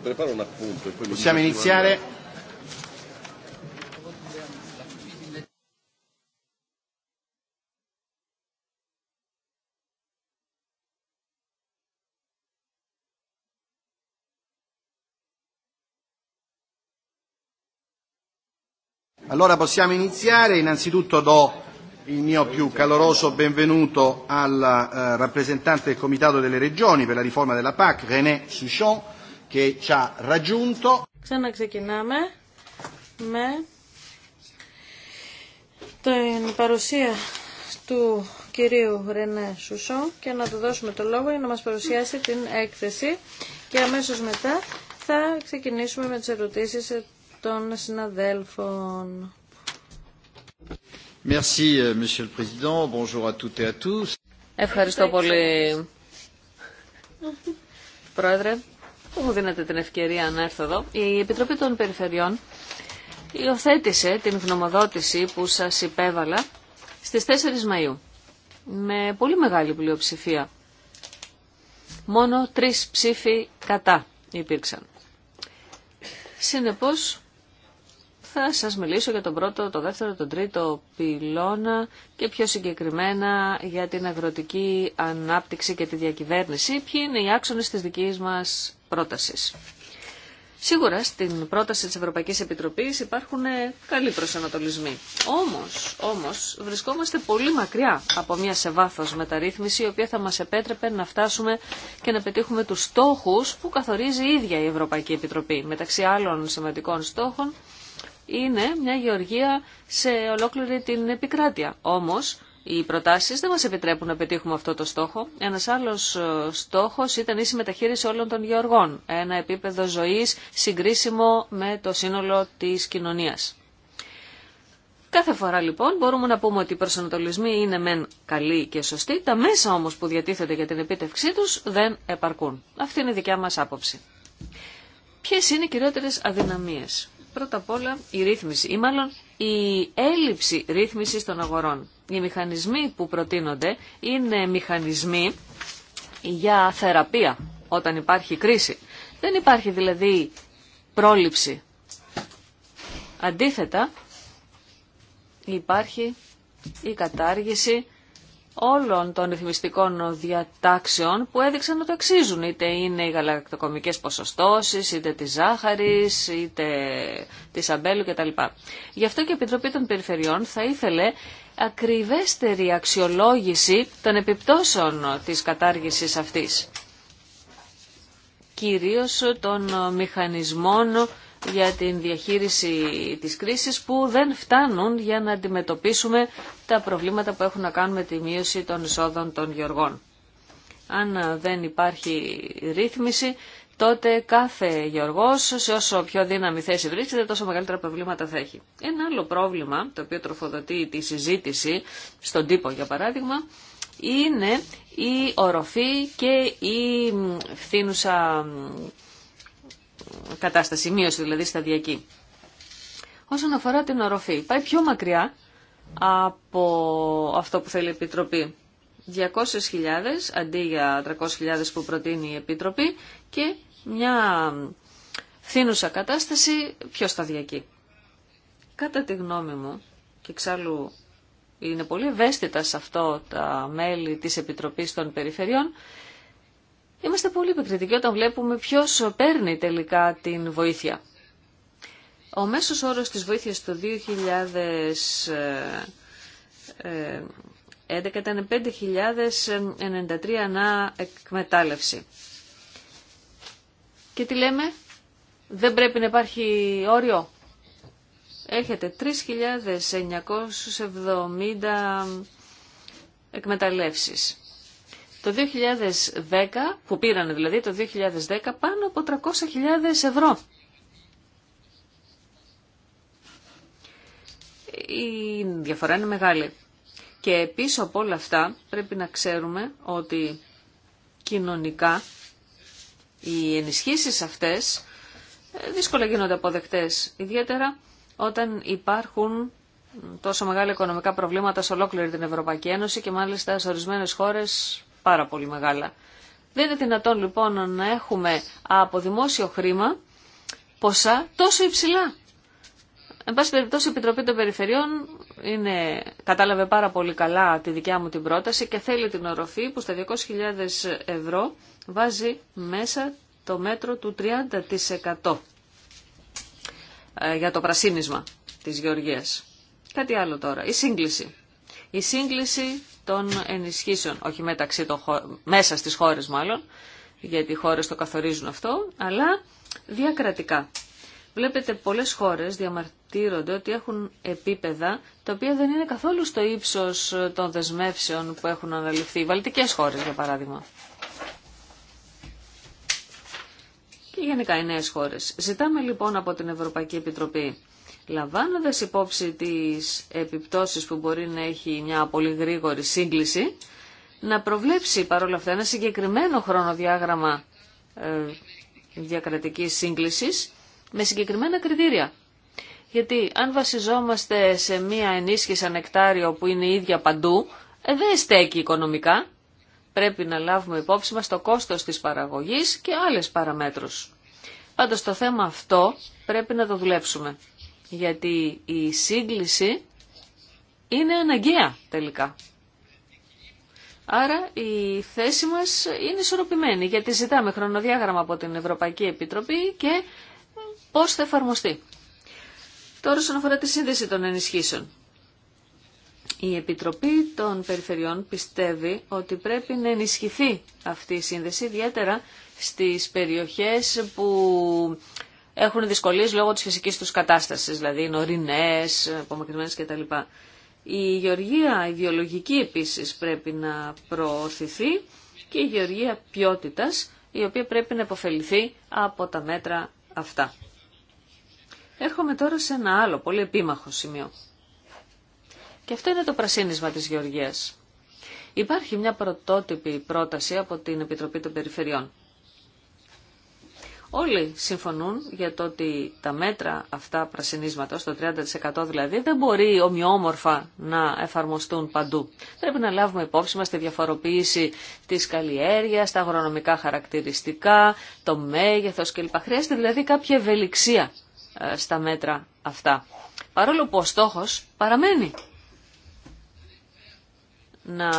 Preparo un appunto. Possiamo iniziare? Allora possiamo iniziare. Innanzitutto do il mio più caloroso benvenuto al rappresentante del Comitato delle Regioni per la riforma della PAC, René Suchon che ci ha raggiunto. Ξαναξεκινάμε με την παρουσία του κυρίου Ρενέ Σουσό και να του δώσουμε το λόγο για να μας παρουσιάσει την έκθεση και αμέσως μετά θα ξεκινήσουμε με τις ερωτήσεις των συναδέλφων. Merci, euh, Monsieur le Président. Bonjour à toutes Ευχαριστώ πολύ, Πρόεδρε που μου δίνετε την ευκαιρία να έρθω εδώ. Η Επιτροπή των Περιφερειών υιοθέτησε την γνωμοδότηση που σας υπέβαλα στις 4 Μαΐου με πολύ μεγάλη πλειοψηφία. Μόνο τρεις ψήφοι κατά υπήρξαν. Συνεπώς θα σας μιλήσω για τον πρώτο, τον δεύτερο, τον τρίτο πυλώνα και πιο συγκεκριμένα για την αγροτική ανάπτυξη και τη διακυβέρνηση. Ποιοι είναι οι άξονες της δικής μας πρότασης. Σίγουρα στην πρόταση της Ευρωπαϊκής Επιτροπής υπάρχουν ε, καλοί προσανατολισμοί. Όμως, όμως βρισκόμαστε πολύ μακριά από μια σε βάθο μεταρρύθμιση η οποία θα μας επέτρεπε να φτάσουμε και να πετύχουμε τους στόχους που καθορίζει η ίδια η Ευρωπαϊκή Επιτροπή. Μεταξύ άλλων σημαντικών στόχων είναι μια γεωργία σε ολόκληρη την επικράτεια. Όμως οι προτάσεις δεν μας επιτρέπουν να πετύχουμε αυτό το στόχο. Ένας άλλος ε, στόχος ήταν η συμμεταχείριση όλων των γεωργών. Ένα επίπεδο ζωής συγκρίσιμο με το σύνολο της κοινωνίας. Κάθε φορά λοιπόν μπορούμε να πούμε ότι οι προσανατολισμοί είναι μεν καλοί και σωστοί, τα μέσα όμως που διατίθεται για την επίτευξή τους δεν επαρκούν. Αυτή είναι η δικιά μας άποψη. Ποιες είναι οι κυριότερες αδυναμίες. Πρώτα απ' όλα η ρύθμιση ή μάλλον η έλλειψη ρύθμισης των αγορών. Οι μηχανισμοί που προτείνονται είναι μηχανισμοί για θεραπεία όταν υπάρχει κρίση. Δεν υπάρχει δηλαδή πρόληψη. Αντίθετα, υπάρχει η κατάργηση όλων των ρυθμιστικών διατάξεων που έδειξαν ότι αξίζουν. Είτε είναι οι γαλακτοκομικές ποσοστώσεις, είτε τη ζάχαρης, είτε της αμπέλου κτλ. Γι' αυτό και η Επιτροπή των Περιφερειών θα ήθελε ακριβέστερη αξιολόγηση των επιπτώσεων της κατάργησης αυτής. Κυρίως των μηχανισμών για την διαχείριση της κρίσης που δεν φτάνουν για να αντιμετωπίσουμε τα προβλήματα που έχουν να κάνουν με τη μείωση των εισόδων των γεωργών. Αν δεν υπάρχει ρύθμιση τότε κάθε γεωργός σε όσο πιο δύναμη θέση βρίσκεται τόσο μεγαλύτερα προβλήματα θα έχει. Ένα άλλο πρόβλημα το οποίο τροφοδοτεί τη συζήτηση στον τύπο για παράδειγμα είναι η οροφή και η φθήνουσα κατάσταση, η μείωση δηλαδή σταδιακή. Όσον αφορά την οροφή, πάει πιο μακριά από αυτό που θέλει η Επιτροπή. 200.000 αντί για 300.000 που προτείνει η Επίτροπη και μια φθήνουσα κατάσταση πιο σταδιακή. Κατά τη γνώμη μου, και εξάλλου είναι πολύ ευαίσθητα σε αυτό τα μέλη της Επιτροπής των Περιφερειών, είμαστε πολύ επικριτικοί όταν βλέπουμε ποιος παίρνει τελικά την βοήθεια. Ο μέσος όρος της βοήθειας το 2000... 2011 ήταν 5.093 ανά εκμετάλλευση. Και τι λέμε, δεν πρέπει να υπάρχει όριο. Έχετε 3.970 εκμεταλλεύσεις. Το 2010, που πήραν δηλαδή το 2010, πάνω από 300.000 ευρώ. Η διαφορά είναι μεγάλη. Και πίσω από όλα αυτά πρέπει να ξέρουμε ότι κοινωνικά οι ενισχύσεις αυτές ε, δύσκολα γίνονται αποδεκτές, ιδιαίτερα όταν υπάρχουν τόσο μεγάλα οικονομικά προβλήματα σε ολόκληρη την Ευρωπαϊκή Ένωση και μάλιστα σε ορισμένες χώρες πάρα πολύ μεγάλα. Δεν είναι δυνατόν λοιπόν να έχουμε από δημόσιο χρήμα ποσά τόσο υψηλά Εν πάση περιπτώσει, η Επιτροπή των Περιφερειών είναι, κατάλαβε πάρα πολύ καλά τη δικιά μου την πρόταση και θέλει την οροφή που στα 200.000 ευρώ βάζει μέσα το μέτρο του 30% ε, για το πρασίνισμα της Γεωργίας. Κάτι άλλο τώρα. Η σύγκληση. Η σύγκληση των ενισχύσεων, όχι μεταξύ των μέσα στις χώρες μάλλον, γιατί οι χώρες το καθορίζουν αυτό, αλλά διακρατικά. Βλέπετε πολλές χώρες ότι έχουν επίπεδα τα οποία δεν είναι καθόλου στο ύψος των δεσμεύσεων που έχουν αναλυφθεί. Οι βαλτικές χώρες, για παράδειγμα. Και γενικά οι νέες χώρες. Ζητάμε λοιπόν από την Ευρωπαϊκή Επιτροπή, λαμβάνοντας υπόψη τις επιπτώσεις που μπορεί να έχει μια πολύ γρήγορη σύγκληση, να προβλέψει παρόλα αυτά ένα συγκεκριμένο χρονοδιάγραμμα ε, διακρατική σύγκλησης με συγκεκριμένα κριτήρια. Γιατί αν βασιζόμαστε σε μία ενίσχυση ανεκτάριο που είναι η ίδια παντού, ε, δεν στέκει οικονομικά. Πρέπει να λάβουμε υπόψη μας το κόστος της παραγωγής και άλλες παραμέτρους. Πάντως το θέμα αυτό πρέπει να το δουλέψουμε. Γιατί η σύγκληση είναι αναγκαία τελικά. Άρα η θέση μας είναι ισορροπημένη γιατί ζητάμε χρονοδιάγραμμα από την Ευρωπαϊκή Επιτροπή και πώς θα εφαρμοστεί. Τώρα όσον αφορά τη σύνδεση των ενισχύσεων. Η Επιτροπή των Περιφερειών πιστεύει ότι πρέπει να ενισχυθεί αυτή η σύνδεση, ιδιαίτερα στις περιοχές που έχουν δυσκολίες λόγω της φυσικής τους κατάστασης, δηλαδή νορινές, απομακρυνμένες κτλ. Η γεωργία ιδεολογική επίσης πρέπει να προωθηθεί και η γεωργία ποιότητας, η οποία πρέπει να υποφεληθεί από τα μέτρα αυτά. Έρχομαι τώρα σε ένα άλλο πολύ επίμαχο σημείο. Και αυτό είναι το πρασίνισμα της Γεωργίας. Υπάρχει μια πρωτότυπη πρόταση από την Επιτροπή των Περιφερειών. Όλοι συμφωνούν για το ότι τα μέτρα αυτά πρασινίσματος, το 30% δηλαδή, δεν μπορεί ομοιόμορφα να εφαρμοστούν παντού. Πρέπει να λάβουμε υπόψη μας τη διαφοροποίηση της καλλιέργειας, τα αγρονομικά χαρακτηριστικά, το μέγεθος κλπ. Χρειάζεται δηλαδή κάποια ευελιξία ε, στα μέτρα αυτά. Παρόλο που ο στόχος παραμένει να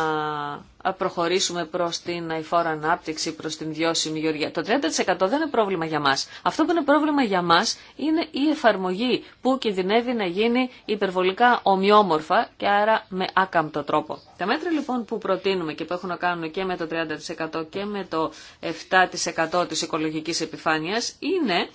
προχωρήσουμε προς την αηφόρα ανάπτυξη, προς την βιώσιμη γεωργία. Το 30% δεν είναι πρόβλημα για μας. Αυτό που είναι πρόβλημα για μας είναι η εφαρμογή που κινδυνεύει να γίνει υπερβολικά ομοιόμορφα και άρα με άκαμπτο τρόπο. Τα μέτρα λοιπόν που προτείνουμε και που έχουν να κάνουν και με το 30% και με το 7% της οικολογικής επιφάνειας είναι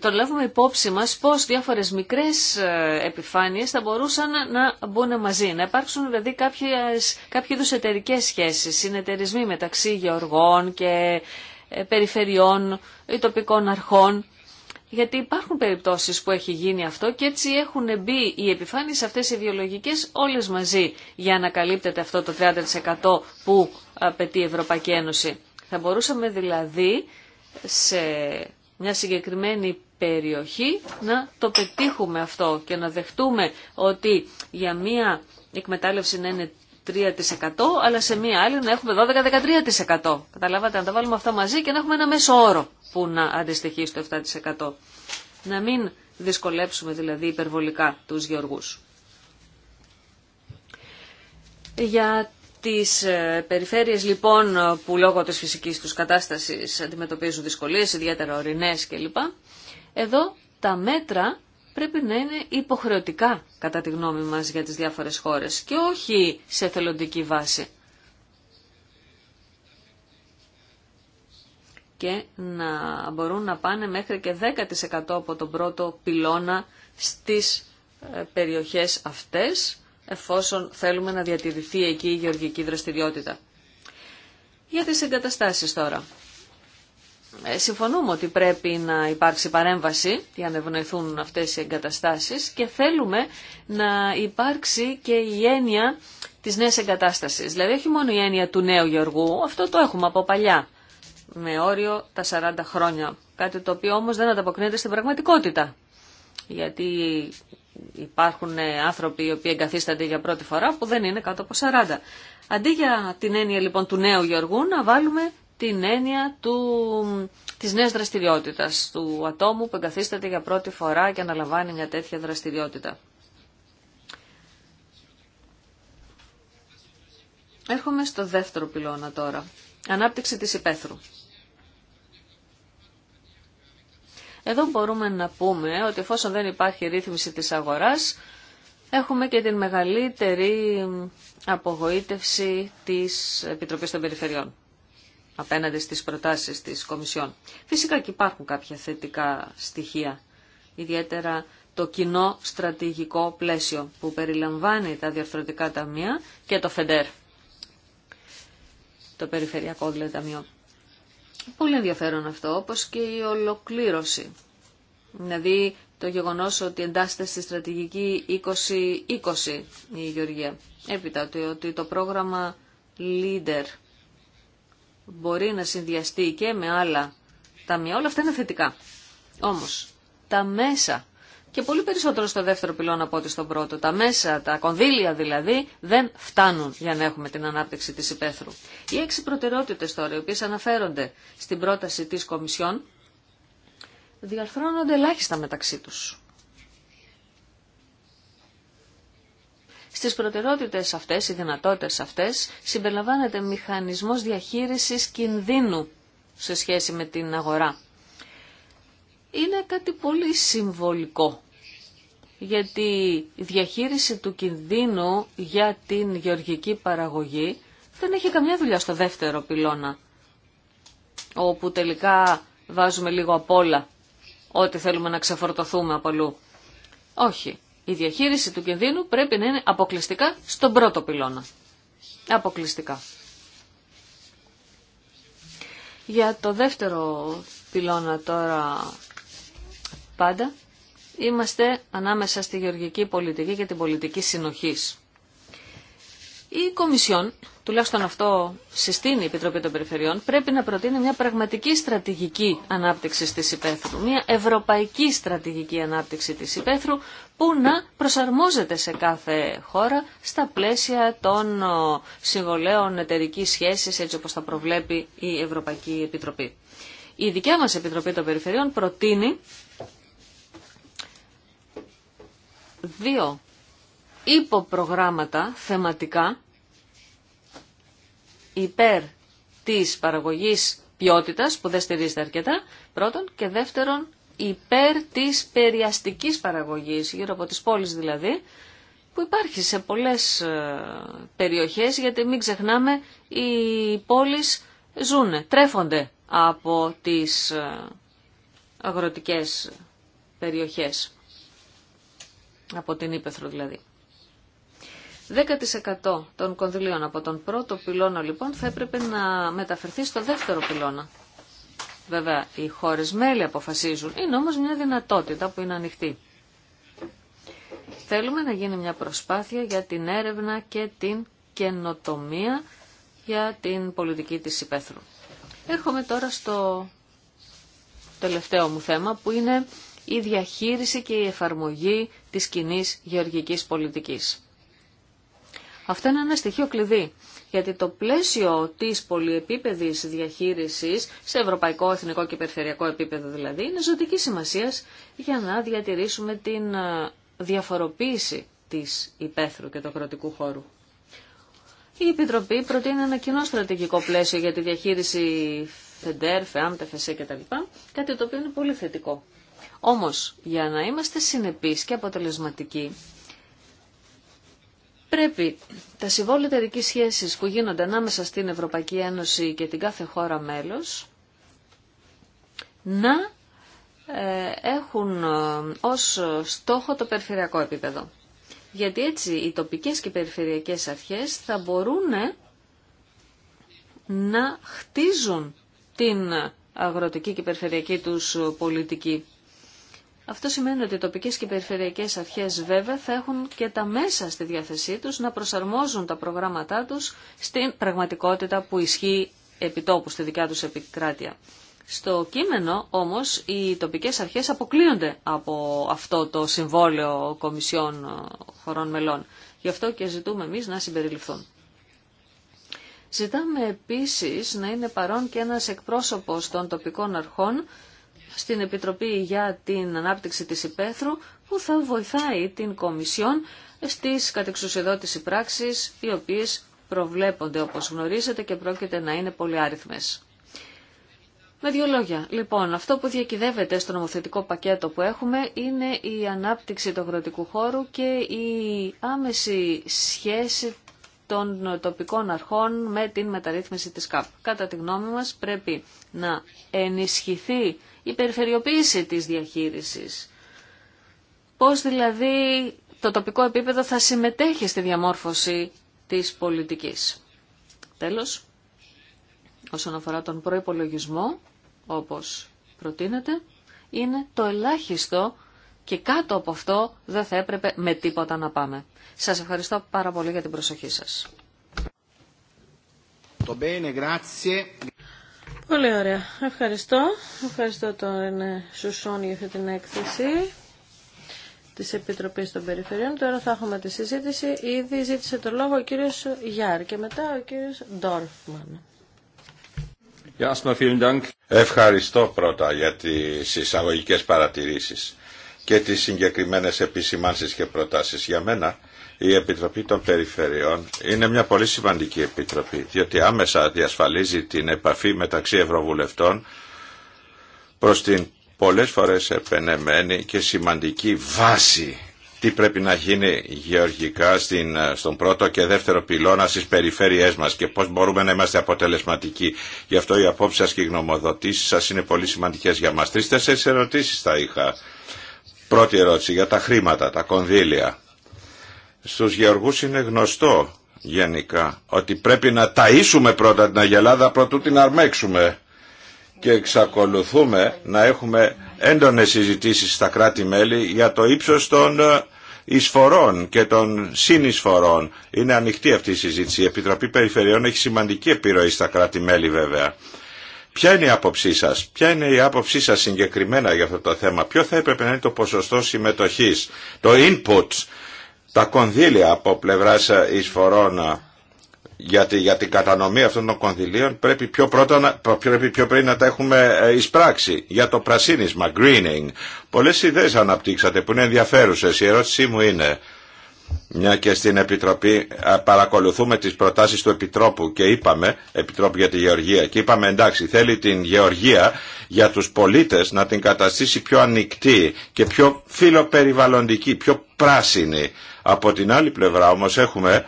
το λάβουμε υπόψη μας πώς διάφορες μικρές ε, επιφάνειες θα μπορούσαν να μπουν μαζί. Να υπάρξουν δηλαδή κάποιες, κάποιοι εταιρικέ σχέσεις, συνεταιρισμοί μεταξύ γεωργών και ε, περιφερειών ή τοπικών αρχών. Γιατί υπάρχουν περιπτώσεις που έχει γίνει αυτό και έτσι έχουν μπει οι επιφάνειες αυτές οι βιολογικές όλες μαζί για να καλύπτεται αυτό το 30% που απαιτεί η Ευρωπαϊκή Ένωση. Θα μπορούσαμε δηλαδή σε μια συγκεκριμένη περιοχή να το πετύχουμε αυτό και να δεχτούμε ότι για μια εκμετάλλευση να είναι 3% αλλά σε μία άλλη να έχουμε 12-13%. Καταλάβατε, να τα βάλουμε αυτά μαζί και να έχουμε ένα μέσο όρο που να αντιστοιχεί στο 7%. Να μην δυσκολέψουμε δηλαδή υπερβολικά τους γεωργούς. Για τις ε, περιφέρειες λοιπόν που λόγω της φυσικής τους κατάστασης αντιμετωπίζουν δυσκολίες, ιδιαίτερα ορεινές κλπ. Εδώ τα μέτρα πρέπει να είναι υποχρεωτικά κατά τη γνώμη μας για τις διάφορες χώρες και όχι σε θελοντική βάση. και να μπορούν να πάνε μέχρι και 10% από τον πρώτο πυλώνα στις ε, περιοχές αυτές εφόσον θέλουμε να διατηρηθεί εκεί η γεωργική δραστηριότητα. Για τις εγκαταστάσεις τώρα. Ε, συμφωνούμε ότι πρέπει να υπάρξει παρέμβαση για να ευνοηθούν αυτές οι εγκαταστάσεις και θέλουμε να υπάρξει και η έννοια της νέας εγκατάστασης. Δηλαδή όχι μόνο η έννοια του νέου γεωργού, αυτό το έχουμε από παλιά με όριο τα 40 χρόνια. Κάτι το οποίο όμως δεν ανταποκρίνεται στην πραγματικότητα. Γιατί υπάρχουν άνθρωποι οι οποίοι εγκαθίστανται για πρώτη φορά που δεν είναι κάτω από 40. Αντί για την έννοια λοιπόν του νέου γεωργού να βάλουμε την έννοια του, της νέας δραστηριότητας, του ατόμου που εγκαθίσταται για πρώτη φορά και αναλαμβάνει μια τέτοια δραστηριότητα. Έρχομαι στο δεύτερο πυλώνα τώρα. Ανάπτυξη της υπαίθρου. Εδώ μπορούμε να πούμε ότι εφόσον δεν υπάρχει ρύθμιση της αγοράς, έχουμε και την μεγαλύτερη απογοήτευση της Επιτροπής των Περιφερειών απέναντι στις προτάσεις της Κομισιόν. Φυσικά και υπάρχουν κάποια θετικά στοιχεία, ιδιαίτερα το κοινό στρατηγικό πλαίσιο που περιλαμβάνει τα Διορθωτικά ταμεία και το ΦΕΝΤΕΡ, το Περιφερειακό δηλαδή, Ταμείο. Πολύ ενδιαφέρον αυτό, όπως και η ολοκλήρωση. Δηλαδή το γεγονός ότι εντάσσεται στη στρατηγική 2020 η Γεωργία. Έπειτα ότι το πρόγραμμα Leader μπορεί να συνδυαστεί και με άλλα ταμεία. Όλα αυτά είναι θετικά. Όμως τα μέσα και πολύ περισσότερο στο δεύτερο πυλώνα από ό,τι στον πρώτο. Τα μέσα, τα κονδύλια δηλαδή, δεν φτάνουν για να έχουμε την ανάπτυξη τη υπαίθρου. Οι έξι προτεραιότητε τώρα, οι οποίε αναφέρονται στην πρόταση της Κομισιόν, διαρθρώνονται ελάχιστα μεταξύ τους. Στις προτεραιότητες αυτές, οι δυνατότητες αυτές, συμπεριλαμβάνεται μηχανισμός διαχείρισης κινδύνου σε σχέση με την αγορά είναι κάτι πολύ συμβολικό. Γιατί η διαχείριση του κινδύνου για την γεωργική παραγωγή δεν έχει καμιά δουλειά στο δεύτερο πυλώνα, όπου τελικά βάζουμε λίγο απ' όλα ό,τι θέλουμε να ξεφορτωθούμε από αλλού. Όχι. Η διαχείριση του κινδύνου πρέπει να είναι αποκλειστικά στον πρώτο πυλώνα. Αποκλειστικά. Για το δεύτερο πυλώνα τώρα πάντα είμαστε ανάμεσα στη γεωργική πολιτική και την πολιτική συνοχής. Η Κομισιόν, τουλάχιστον αυτό συστήνει η Επιτροπή των Περιφερειών, πρέπει να προτείνει μια πραγματική στρατηγική ανάπτυξη τη υπαίθρου. Μια ευρωπαϊκή στρατηγική ανάπτυξη τη υπαίθρου που να προσαρμόζεται σε κάθε χώρα στα πλαίσια των συμβολέων εταιρική σχέση έτσι όπω τα προβλέπει η Ευρωπαϊκή Επιτροπή. Η δικιά μα Επιτροπή των Περιφερειών προτείνει δύο υποπρογράμματα θεματικά υπέρ της παραγωγής ποιότητας που δεν στηρίζεται αρκετά πρώτον και δεύτερον υπέρ της περιαστικής παραγωγής γύρω από τις πόλεις δηλαδή που υπάρχει σε πολλές ε, περιοχές γιατί μην ξεχνάμε οι πόλεις ζουν, τρέφονται από τις ε, αγροτικές περιοχές από την Ήπεθρο δηλαδή. 10% των κονδυλίων από τον πρώτο πυλώνα λοιπόν θα έπρεπε να μεταφερθεί στο δεύτερο πυλώνα. Βέβαια, οι χώρες μέλη αποφασίζουν. Είναι όμως μια δυνατότητα που είναι ανοιχτή. Θέλουμε να γίνει μια προσπάθεια για την έρευνα και την καινοτομία για την πολιτική της υπαίθρου. Έρχομαι τώρα στο τελευταίο μου θέμα που είναι η διαχείριση και η εφαρμογή της κοινή γεωργικής πολιτικής. Αυτό είναι ένα στοιχείο κλειδί, γιατί το πλαίσιο της πολυεπίπεδης διαχείρισης, σε ευρωπαϊκό, εθνικό και περιφερειακό επίπεδο δηλαδή, είναι ζωτική σημασία για να διατηρήσουμε την ε, διαφοροποίηση της υπαίθρου και του αγροτικού χώρου. Η Επιτροπή προτείνει ένα κοινό στρατηγικό πλαίσιο για τη διαχείριση ΦΕΝΤΕΡ, ΦΕΑΜ, ΤΕΦΕΣΕ κτλ. Κάτι το οποίο είναι πολύ θετικό. Όμως, για να είμαστε συνεπείς και αποτελεσματικοί, πρέπει τα συμβόλαια εταιρικής σχέσης που γίνονται ανάμεσα στην Ευρωπαϊκή Ένωση και την κάθε χώρα μέλος να ε, έχουν ε, ως στόχο το περιφερειακό επίπεδο. Γιατί έτσι οι τοπικές και περιφερειακές αρχές θα μπορούν να χτίζουν την αγροτική και περιφερειακή τους πολιτική. Αυτό σημαίνει ότι οι τοπικές και περιφερειακές αρχές βέβαια θα έχουν και τα μέσα στη διάθεσή τους να προσαρμόζουν τα προγράμματά τους στην πραγματικότητα που ισχύει επιτόπου στη δικιά τους επικράτεια. Στο κείμενο όμως οι τοπικές αρχές αποκλείονται από αυτό το συμβόλαιο κομισιών ε, χωρών μελών. Γι' αυτό και ζητούμε εμείς να συμπεριληφθούν. Ζητάμε επίσης να είναι παρόν και ένας εκπρόσωπος των τοπικών αρχών στην Επιτροπή για την Ανάπτυξη της Υπέθρου που θα βοηθάει την Κομισιόν στις κατεξουσιοδότηση πράξεις οι οποίες προβλέπονται όπως γνωρίζετε και πρόκειται να είναι πολυάριθμες. Με δύο λόγια, λοιπόν, αυτό που διακυδεύεται στο νομοθετικό πακέτο που έχουμε είναι η ανάπτυξη του αγροτικού χώρου και η άμεση σχέση των τοπικών αρχών με την μεταρρύθμιση της ΚΑΠ. Κατά τη γνώμη μας πρέπει να ενισχυθεί η περιφερειοποίηση της διαχείρισης. Πώς δηλαδή το τοπικό επίπεδο θα συμμετέχει στη διαμόρφωση της πολιτικής. Τέλος, όσον αφορά τον προϋπολογισμό, όπως προτείνεται, είναι το ελάχιστο και κάτω από αυτό δεν θα έπρεπε με τίποτα να πάμε. Σας ευχαριστώ πάρα πολύ για την προσοχή σας. Πολύ ωραία. Ευχαριστώ. Ευχαριστώ τον ε, Σουσόν για αυτή την έκθεση της Επιτροπής των Περιφερειών. Τώρα θα έχουμε τη συζήτηση. Ήδη ζήτησε το λόγο ο κύριος Γιάρ και μετά ο κύριος Ντόρφμαν. Ευχαριστώ πρώτα για τις εισαγωγικέ παρατηρήσεις και τις συγκεκριμένες επισημάνσεις και προτάσεις. Για μένα η Επιτροπή των Περιφερειών είναι μια πολύ σημαντική επιτροπή, διότι άμεσα διασφαλίζει την επαφή μεταξύ Ευρωβουλευτών προς την πολλές φορές επενεμένη και σημαντική βάση τι πρέπει να γίνει γεωργικά στην, στον πρώτο και δεύτερο πυλώνα στις περιφέρειές μας και πώς μπορούμε να είμαστε αποτελεσματικοί. Γι' αυτό οι απόψεις σας και οι γνωμοδοτήσεις σας είναι πολύ σημαντικές για μας. Τρεις-τέσσερις ερωτήσεις θα είχα Πρώτη ερώτηση για τα χρήματα, τα κονδύλια. Στους γεωργούς είναι γνωστό γενικά ότι πρέπει να ταΐσουμε πρώτα την Αγελάδα προτού την αρμέξουμε και εξακολουθούμε να έχουμε έντονες συζητήσεις στα κράτη-μέλη για το ύψος των ε, εισφορών και των συνεισφορών. Είναι ανοιχτή αυτή η συζήτηση. Η Επιτροπή Περιφερειών έχει σημαντική επιρροή στα κράτη-μέλη βέβαια. Ποια είναι η άποψή σα, ποια είναι η άποψή σα συγκεκριμένα για αυτό το θέμα, ποιο θα έπρεπε να είναι το ποσοστό συμμετοχή, το input, τα κονδύλια από πλευρά εισφορών ε, τη, για την κατανομή αυτών των κονδυλίων πρέπει πιο, πρώτα, πρέπει πιο πριν να τα έχουμε ε, εισπράξει για το πρασίνισμα, greening. Πολλές ιδέες αναπτύξατε που είναι ενδιαφέρουσες. Η ερώτησή μου είναι μια και στην Επιτροπή παρακολουθούμε τις προτάσεις του Επιτρόπου και είπαμε, Επιτρόπου για τη Γεωργία, και είπαμε εντάξει θέλει την Γεωργία για τους πολίτες να την καταστήσει πιο ανοιχτή και πιο φιλοπεριβαλλοντική, πιο πράσινη. Από την άλλη πλευρά όμως έχουμε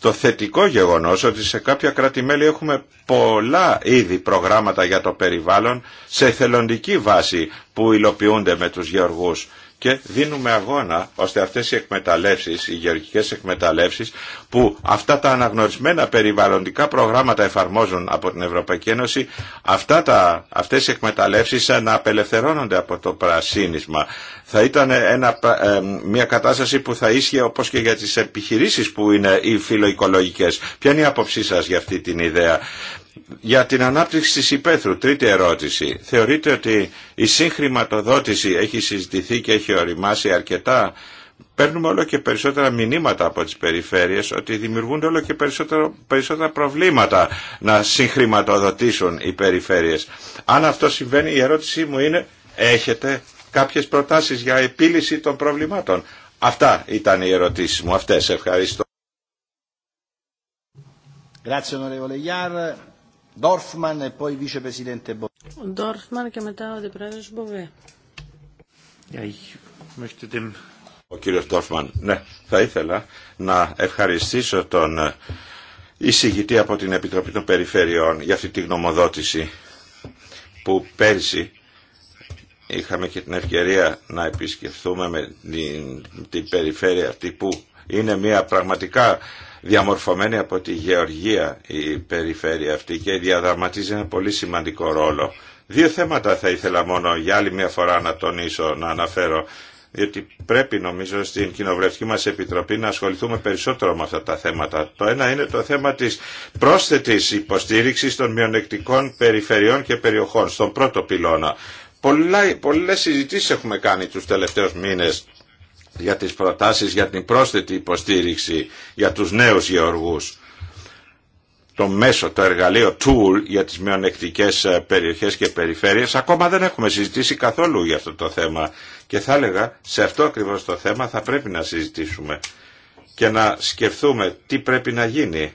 το θετικό γεγονός ότι σε κάποια κράτη-μέλη έχουμε πολλά είδη προγράμματα για το περιβάλλον σε θελοντική βάση που υλοποιούνται με τους γεωργούς και δίνουμε αγώνα ώστε αυτές οι εκμεταλλεύσεις, οι γεωργικές εκμεταλλεύσεις που αυτά τα αναγνωρισμένα περιβαλλοντικά προγράμματα εφαρμόζουν από την Ευρωπαϊκή Ένωση αυτά τα, αυτές οι εκμεταλλεύσεις να απελευθερώνονται από το πρασίνισμα. Θα ήταν ένα, ε, μια κατάσταση που θα ίσχυε όπως και για τις επιχειρήσεις που είναι οι φιλοοικολογικές. Ποια είναι η άποψή σας για αυτή την ιδέα. Για την ανάπτυξη της υπαίθρου, τρίτη ερώτηση. Θεωρείτε ότι η συγχρηματοδότηση έχει συζητηθεί και έχει οριμάσει αρκετά. Παίρνουμε όλο και περισσότερα μηνύματα από τις περιφέρειες ότι δημιουργούνται όλο και περισσότερα, προβλήματα να συγχρηματοδοτήσουν οι περιφέρειες. Αν αυτό συμβαίνει η ερώτησή μου είναι έχετε κάποιες προτάσεις για επίλυση των προβλημάτων. Αυτά ήταν οι ερωτήσεις μου. Αυτές ευχαριστώ. Grazie E Dorfman και μετά ο κύριος Ντόρφμαν, ναι, θα ήθελα να ευχαριστήσω τον ε, εισηγητή από την Επιτροπή των Περιφερειών για αυτή τη γνωμοδότηση που πέρσι είχαμε και την ευκαιρία να επισκεφθούμε με την, την περιφέρεια αυτή που είναι μια πραγματικά διαμορφωμένη από τη Γεωργία η περιφέρεια αυτή και διαδραματίζει ένα πολύ σημαντικό ρόλο. Δύο θέματα θα ήθελα μόνο για άλλη μια φορά να τονίσω, να αναφέρω διότι πρέπει νομίζω στην Κοινοβουλευτική μας Επιτροπή να ασχοληθούμε περισσότερο με αυτά τα θέματα. Το ένα είναι το θέμα της πρόσθετης υποστήριξης των μειονεκτικών περιφερειών και περιοχών, στον πρώτο πυλώνα. Πολλά, πολλές συζητήσεις έχουμε κάνει τους τελευταίους μήνες για τις προτάσεις για την πρόσθετη υποστήριξη για τους νέους γεωργούς. Το μέσο, το εργαλείο tool για τις μειονεκτικές ε, περιοχές και περιφέρειες ακόμα δεν έχουμε συζητήσει καθόλου για αυτό το θέμα και θα έλεγα σε αυτό ακριβώς το θέμα θα πρέπει να συζητήσουμε και να σκεφτούμε τι πρέπει να γίνει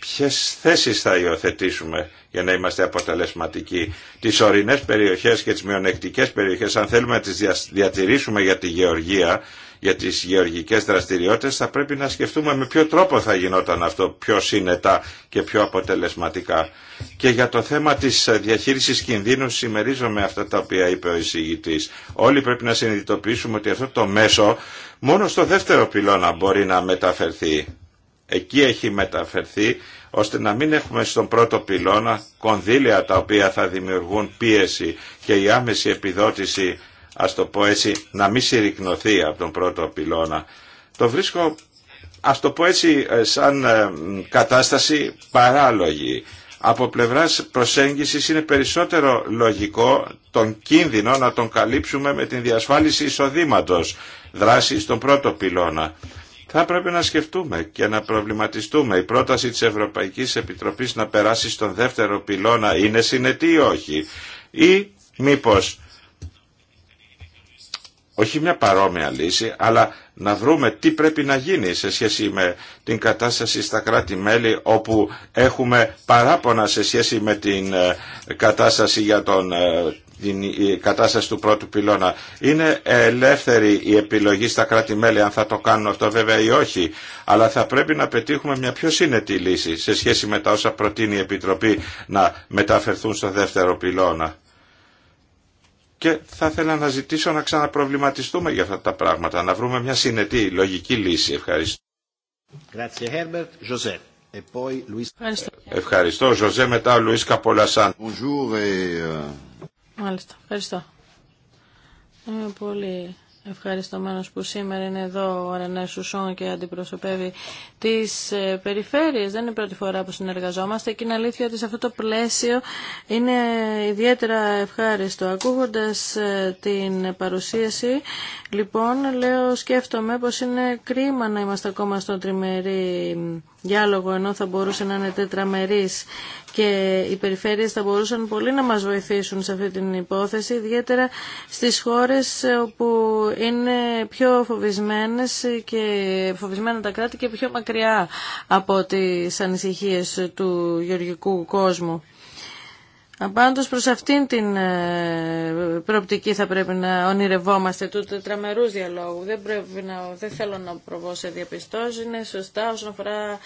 ποιες θέσεις θα υιοθετήσουμε για να είμαστε αποτελεσματικοί. Τις ορεινές περιοχές και τις μειονεκτικές περιοχές, αν θέλουμε να τις διατηρήσουμε για τη γεωργία, για τις γεωργικές δραστηριότητες, θα πρέπει να σκεφτούμε με ποιο τρόπο θα γινόταν αυτό πιο σύνετα και πιο αποτελεσματικά. Και για το θέμα της διαχείρισης κινδύνου συμμερίζομαι αυτά τα οποία είπε ο εισηγητής. Όλοι πρέπει να συνειδητοποιήσουμε ότι αυτό το μέσο μόνο στο δεύτερο πυλώνα μπορεί να μεταφερθεί Εκεί έχει μεταφερθεί ώστε να μην έχουμε στον πρώτο πυλώνα κονδύλια τα οποία θα δημιουργούν πίεση και η άμεση επιδότηση, ας το πω έτσι, να μην συρρυκνωθεί από τον πρώτο πυλώνα. Το βρίσκω, ας το έτσι, ε, σαν ε, κατάσταση παράλογη. Από πλευράς προσέγγισης είναι περισσότερο λογικό τον κίνδυνο να τον καλύψουμε με την διασφάλιση εισοδήματος δράση στον πρώτο πυλώνα θα πρέπει να σκεφτούμε και να προβληματιστούμε. Η πρόταση της Ευρωπαϊκής Επιτροπής να περάσει στον δεύτερο πυλώνα είναι συνετή ή όχι. Ή μήπως όχι μια παρόμοια λύση, αλλά να βρούμε τι πρέπει να γίνει σε σχέση με την κατάσταση στα κράτη-μέλη όπου έχουμε παράπονα σε σχέση με την ε, κατάσταση για τον ε, η κατάσταση του πρώτου πυλώνα. Είναι ελεύθερη η επιλογή στα κράτη-μέλη αν θα το κάνουν αυτό βέβαια ή όχι, αλλά θα πρέπει να πετύχουμε μια πιο συνετή λύση σε σχέση με τα όσα προτείνει η Επιτροπή να μεταφερθούν στο δεύτερο πυλώνα. Και θα ήθελα να ζητήσω να ξαναπροβληματιστούμε για αυτά τα πράγματα, να βρούμε μια συνετή λογική λύση. Ευχαριστώ. Ευχαριστώ. Ευχαριστώ. Ζωζέ μετά ο Λουίς Καπολασάν. Μάλιστα. Ευχαριστώ. Είμαι πολύ ευχαριστωμένος που σήμερα είναι εδώ ο Ρενέ Σουσόν και αντιπροσωπεύει τις ε, περιφέρειες. Δεν είναι η πρώτη φορά που συνεργαζόμαστε και είναι αλήθεια ότι σε αυτό το πλαίσιο είναι ιδιαίτερα ευχάριστο. Ακούγοντας ε, την παρουσίαση, λοιπόν, λέω σκέφτομαι πως είναι κρίμα να είμαστε ακόμα στον τριμερή διάλογο ενώ θα μπορούσε να είναι τετραμερής και οι περιφέρειες θα μπορούσαν πολύ να μας βοηθήσουν σε αυτή την υπόθεση ιδιαίτερα στις χώρες όπου είναι πιο φοβισμένες και φοβισμένα τα κράτη και πιο μακριά από τις ανησυχίες του γεωργικού κόσμου. Απάντως προς αυτήν την ε, προοπτική θα πρέπει να ονειρευόμαστε του τετραμερούς διαλόγου. Δεν, πρέπει να, δεν θέλω να προβώ σε διαπιστώσεις, είναι σωστά όσον αφορά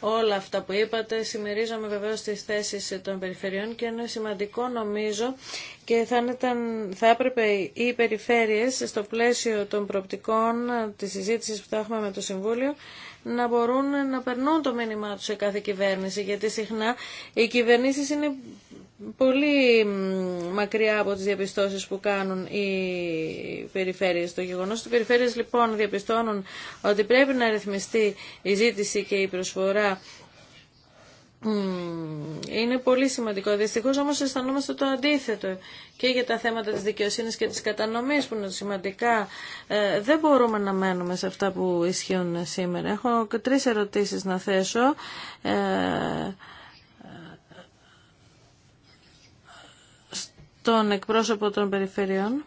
όλα αυτά που είπατε. Συμμερίζομαι βεβαίως στις θέσεις των περιφερειών και είναι σημαντικό νομίζω και θα, θα έπρεπε οι περιφέρειες στο πλαίσιο των προοπτικών της συζήτησης που θα έχουμε με το Συμβούλιο να μπορούν να περνούν το μήνυμά τους σε κάθε κυβέρνηση γιατί συχνά οι κυβερνήσεις είναι πολύ μακριά από τις διαπιστώσεις που κάνουν οι περιφέρειες. Το γεγονός ότι οι περιφέρειες λοιπόν διαπιστώνουν ότι πρέπει να ρυθμιστεί η ζήτηση και η προσφορά είναι πολύ σημαντικό. Δυστυχώ όμω αισθανόμαστε το αντίθετο και για τα θέματα τη δικαιοσύνη και τη κατανομή που είναι σημαντικά. Ε, δεν μπορούμε να μένουμε σε αυτά που ισχύουν σήμερα. Έχω τρει ερωτήσει να θέσω. Ε, τον εκπρόσωπο των περιφερειών.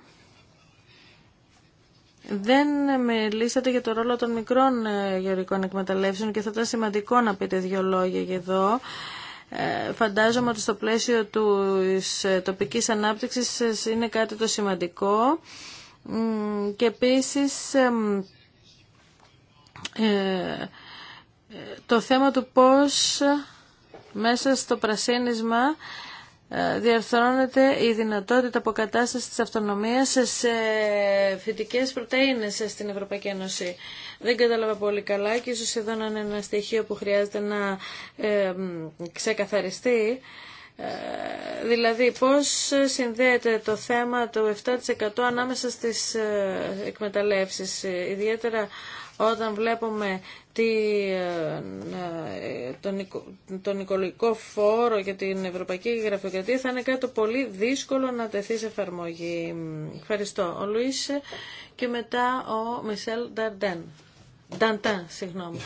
Δεν μιλήσατε για το ρόλο των μικρών ε, γεωρικών εκμεταλλεύσεων και θα ήταν σημαντικό να πείτε δύο λόγια για εδώ. Ε, φαντάζομαι ότι στο πλαίσιο της ε, τοπικής ανάπτυξης είναι κάτι το σημαντικό και επίσης το θέμα του πώς μέσα στο πρασίνισμα ε, διαρθρώνεται η δυνατότητα αποκατάστασης της αυτονομίας σε φυτικές πρωτεΐνες στην Ευρωπαϊκή Ένωση. Δεν κατάλαβα πολύ καλά και ίσως εδώ να είναι ένα στοιχείο που χρειάζεται να ε, ξεκαθαριστεί. Ε, δηλαδή πώς συνδέεται το θέμα του 7% ανάμεσα στις εκμεταλλεύσεις, ιδιαίτερα όταν βλέπουμε ε, τον, τον οικολογικό φόρο και την ευρωπαϊκή γραφειοκρατία θα είναι κάτι πολύ δύσκολο να τεθεί σε εφαρμογή. Ευχαριστώ. Ο Λουίς και μετά ο Μισελ Νταρντέν. Νταντάν, συγγνώμη.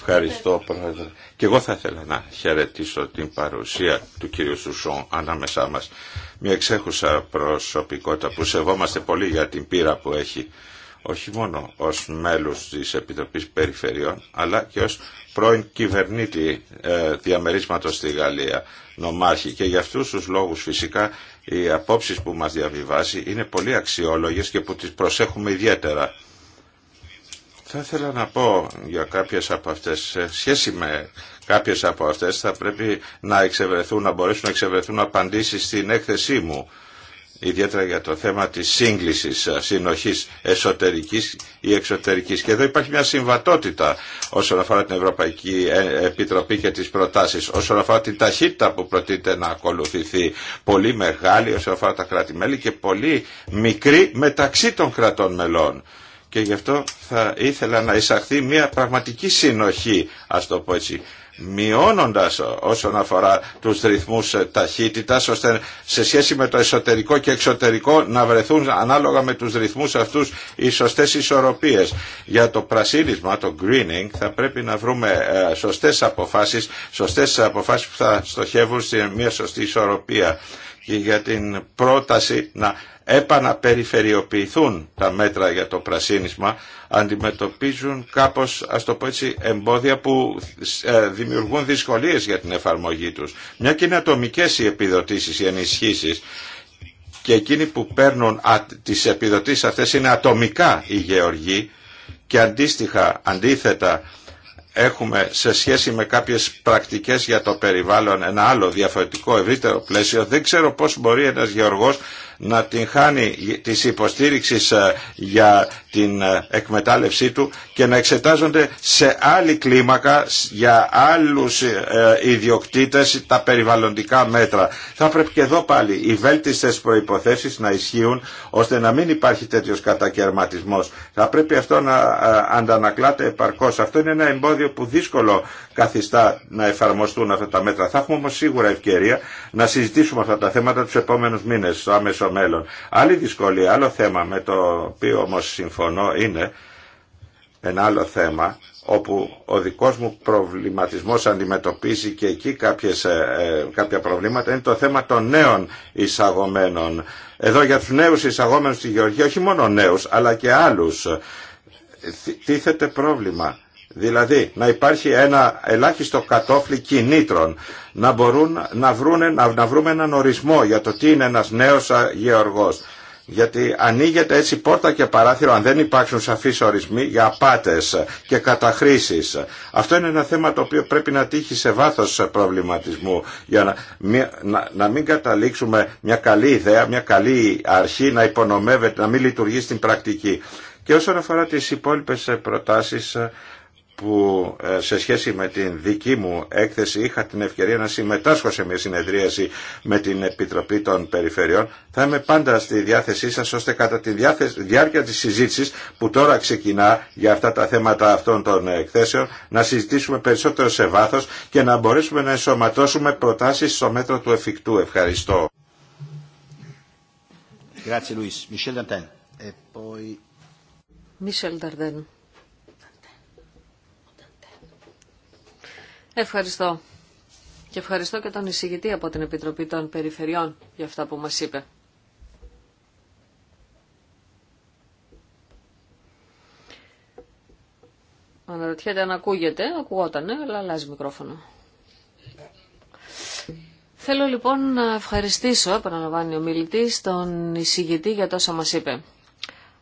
Ευχαριστώ πρόεδρε. Και εγώ θα ήθελα να χαιρετήσω την παρουσία του κύριου Σουσόν ανάμεσά μας. Μια εξέχουσα προσωπικότητα που σεβόμαστε πολύ για την πείρα που έχει όχι μόνο ως μέλους της Επιτροπής Περιφερειών, αλλά και ως πρώην κυβερνήτη ε, διαμερίσματος στη Γαλλία, νομάρχη. Και για αυτούς τους λόγους φυσικά οι απόψεις που μας διαβιβάζει είναι πολύ αξιόλογες και που τις προσέχουμε ιδιαίτερα. Θα ήθελα να πω για κάποιες από αυτές, σε σχέση με κάποιες από αυτές θα πρέπει να να μπορέσουν να εξευρεθούν απαντήσεις στην έκθεσή μου ιδιαίτερα για το θέμα της σύγκλησης ε, συνοχής εσωτερικής ή εξωτερικής. Και εδώ υπάρχει μια συμβατότητα όσον αφορά την Ευρωπαϊκή ε, Επιτροπή και τις προτάσεις, όσον αφορά την ταχύτητα που προτείνεται να ακολουθηθεί, πολύ μεγάλη όσον αφορά τα κράτη-μέλη και πολύ μικρή μεταξύ των κρατών μελών και γι' αυτό θα ήθελα να εισαχθεί μια πραγματική συνοχή, ας το πω έτσι, μειώνοντας όσον αφορά τους ρυθμούς ταχύτητας ώστε σε σχέση με το εσωτερικό και εξωτερικό να βρεθούν ανάλογα με τους ρυθμούς αυτούς οι σωστές ισορροπίες. Για το πρασίνισμα, το greening, θα πρέπει να βρούμε ε, σωστές αποφάσεις, σωστές αποφάσεις που θα στοχεύουν σε μια σωστή ισορροπία και για την πρόταση να επαναπεριφερειοποιηθούν τα μέτρα για το πρασίνισμα αντιμετωπίζουν κάπως, ας το πω έτσι, εμπόδια που ε, δημιουργούν δυσκολίες για την εφαρμογή τους. Μια και είναι ατομικές οι επιδοτήσεις, οι ενισχύσεις και εκείνοι που παίρνουν τις επιδοτήσεις αυτές είναι ατομικά οι γεωργοί και αντίστοιχα, αντίθετα, έχουμε σε σχέση με κάποιες πρακτικές για το περιβάλλον ένα άλλο διαφορετικό ευρύτερο πλαίσιο, δεν ξέρω πώς μπορεί ένας γεωργός να την χάνει της υποστήριξης ε, για την ε, εκμετάλλευσή του και να εξετάζονται σε άλλη κλίμακα για άλλους ε, ιδιοκτήτες τα περιβαλλοντικά μέτρα. Θα πρέπει και εδώ πάλι οι βέλτιστες προϋποθέσεις να ισχύουν ώστε να μην υπάρχει τέτοιος κατακαιρματισμός. Θα πρέπει αυτό να αντανακλάται επαρκώς. Αυτό είναι ένα εμπόδιο που δύσκολο καθιστά να εφαρμοστούν αυτά τα μέτρα. Θα έχουμε όμως σίγουρα ευκαιρία να συζητήσουμε αυτά τα θέματα τους επόμενους μήνες μέλλον. Άλλη δυσκολία, άλλο θέμα με το οποίο όμως συμφωνώ είναι ένα άλλο θέμα όπου ο δικός μου προβληματισμός αντιμετωπίζει και εκεί κάποιες, κάποια προβλήματα είναι το θέμα των νέων εισαγωμένων. Εδώ για τους νέους εισαγόμενους στη Γεωργία, όχι μόνο νέους αλλά και άλλους, τίθεται πρόβλημα Δηλαδή να υπάρχει ένα ελάχιστο κατόφλι κινήτρων, να μπορούν να, βρούνε, να, να βρούμε έναν ορισμό για το τι είναι ένας νέος γεωργός. Γιατί ανοίγεται έτσι πόρτα και παράθυρο αν δεν υπάρξουν σαφείς ορισμοί για απάτες και καταχρήσεις. Αυτό είναι ένα θέμα το οποίο πρέπει να τύχει σε βάθος προβληματισμού για να, να, να μην καταλήξουμε μια καλή ιδέα, μια καλή αρχή να υπονομεύεται, να μην λειτουργεί στην πρακτική. Και όσον αφορά τις υπόλοιπες προτάσεις που ε, σε σχέση με την δική μου έκθεση είχα την ευκαιρία να συμμετάσχω σε μια συνεδρίαση με την Επιτροπή των Περιφερειών. Θα είμαι πάντα στη διάθεσή σας ώστε κατά τη διάρκεια της συζήτησης που τώρα ξεκινά για αυτά τα θέματα αυτών των εκθέσεων να συζητήσουμε περισσότερο σε βάθος και να μπορέσουμε να ενσωματώσουμε προτάσεις στο μέτρο του εφικτού. Ευχαριστώ. Grazie Luis. Michel E poi... Ευχαριστώ. Και ευχαριστώ και τον εισηγητή από την Επιτροπή των Περιφερειών για αυτά που μας είπε. Αναρωτιέται αν ακούγεται. Ακουγότανε, αλλά αλλάζει μικρόφωνο. Θέλω λοιπόν να ευχαριστήσω, επαναλαμβάνει ο μιλητή, τον εισηγητή για τόσα μας είπε.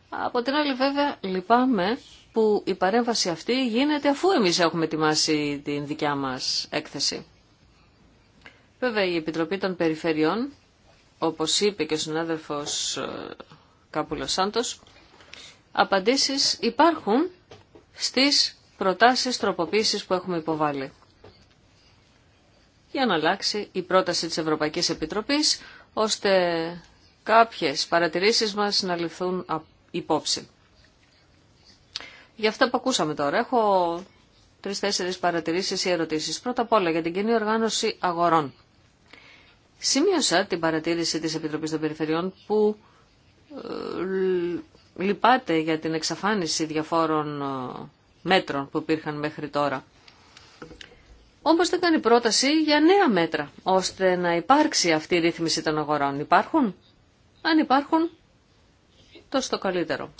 Από την άλλη βέβαια λυπάμαι που η παρέμβαση αυτή γίνεται αφού εμείς έχουμε ετοιμάσει την δικιά μας έκθεση. Βέβαια η Επιτροπή των Περιφερειών, όπως είπε και ο συνάδελφος ε, Κάπουλος Σάντος, απαντήσεις υπάρχουν στις προτάσεις τροποποίησης που έχουμε υποβάλει. Για να αλλάξει η πρόταση της Ευρωπαϊκής Επιτροπής, ώστε κάποιες παρατηρήσεις μας να ληφθούν υπόψη. Για αυτά που ακούσαμε τώρα, έχω τρει-τέσσερι παρατηρήσει ή ερωτήσει. Πρώτα απ' όλα για την κοινή οργάνωση αγορών. Σημείωσα την παρατήρηση τη Επιτροπή των Περιφερειών που ε, λυπάται για την εξαφάνιση διαφόρων ε, μέτρων που υπήρχαν μέχρι τώρα. Όμως δεν κάνει πρόταση για νέα μέτρα, ώστε να υπάρξει αυτή η ρύθμιση των αγορών. Υπάρχουν? Αν υπάρχουν, τόσο το καλύτερο.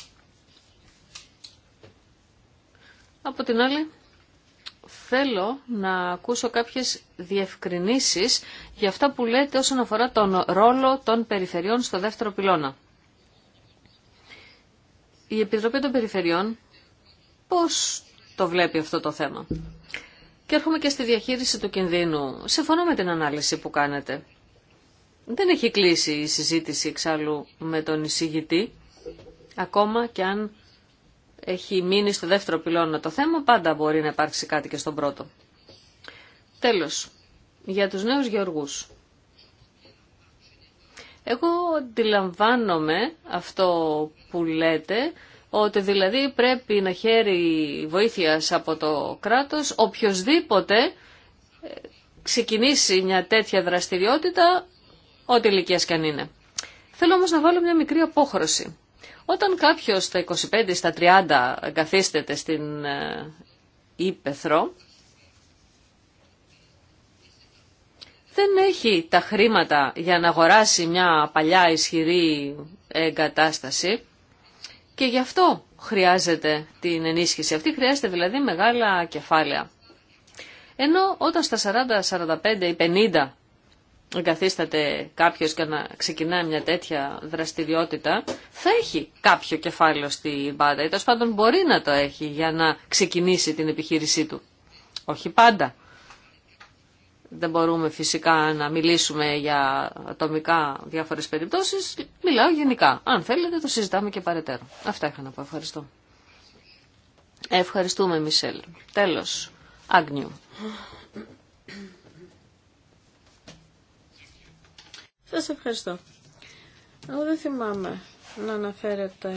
Από την άλλη, θέλω να ακούσω κάποιες διευκρινήσεις για αυτά που λέτε όσον αφορά τον ρόλο των περιφερειών στο δεύτερο πυλώνα. Η Επιτροπή των Περιφερειών πώς το βλέπει αυτό το θέμα. Και έρχομαι και στη διαχείριση του κινδύνου. Συμφωνώ με την ανάλυση που κάνετε. Δεν έχει κλείσει η συζήτηση εξάλλου με τον εισηγητή, ακόμα και αν έχει μείνει στο δεύτερο πυλώνα το θέμα, πάντα μπορεί να υπάρξει κάτι και στον πρώτο. Τέλος, για τους νέους γεωργούς. Εγώ αντιλαμβάνομαι αυτό που λέτε, ότι δηλαδή πρέπει να χαίρει βοήθειας από το κράτος οποιοδήποτε ε, ξεκινήσει μια τέτοια δραστηριότητα, ό,τι ηλικία και αν είναι. Θέλω όμως να βάλω μια μικρή απόχρωση. Όταν κάποιος στα 25, στα 30 καθίστεται στην ε, Ήπεθρο, δεν έχει τα χρήματα για να αγοράσει μια παλιά ισχυρή εγκατάσταση και γι' αυτό χρειάζεται την ενίσχυση. Αυτή χρειάζεται δηλαδή μεγάλα κεφάλαια. Ενώ όταν στα 40, 45 ή 50 εγκαθίσταται κάποιος και να ξεκινάει μια τέτοια δραστηριότητα, θα έχει κάποιο κεφάλαιο στην πάντα ή τέλο πάντων μπορεί να το έχει για να ξεκινήσει την επιχείρησή του. Όχι πάντα. Δεν μπορούμε φυσικά να μιλήσουμε για ατομικά διάφορες περιπτώσεις, μιλάω γενικά. Αν θέλετε το συζητάμε και παρετέρω. Αυτά είχα να πω. Ευχαριστώ. Ευχαριστούμε Μισελ. Τέλος. Άγνιου. Σας ευχαριστώ. Εγώ δεν θυμάμαι να αναφέρετε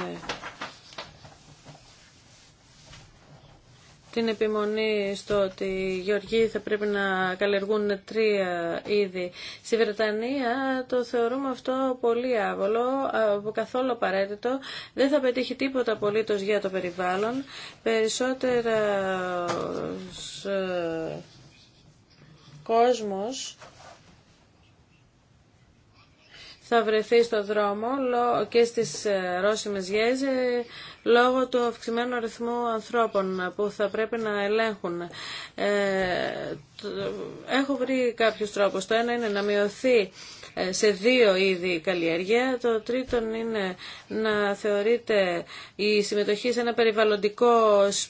την επιμονή στο ότι οι γεωργοί θα πρέπει να καλλιεργούν τρία είδη. Στη Βρετανία το θεωρούμε αυτό πολύ άβολο, καθόλου απαραίτητο. Δεν θα πετύχει τίποτα απολύτω για το περιβάλλον. Περισσότερα ε, κόσμος θα βρεθεί στο δρόμο και στις ε, ρώσιμες γέζε λόγω του αυξημένου αριθμού ανθρώπων που θα πρέπει να ελέγχουν. Ε, έχω βρει κάποιους τρόπους. Το ένα είναι να μειωθεί ε, σε δύο είδη καλλιέργεια. Το τρίτο είναι να θεωρείται η συμμετοχή σε ένα περιβαλλοντικό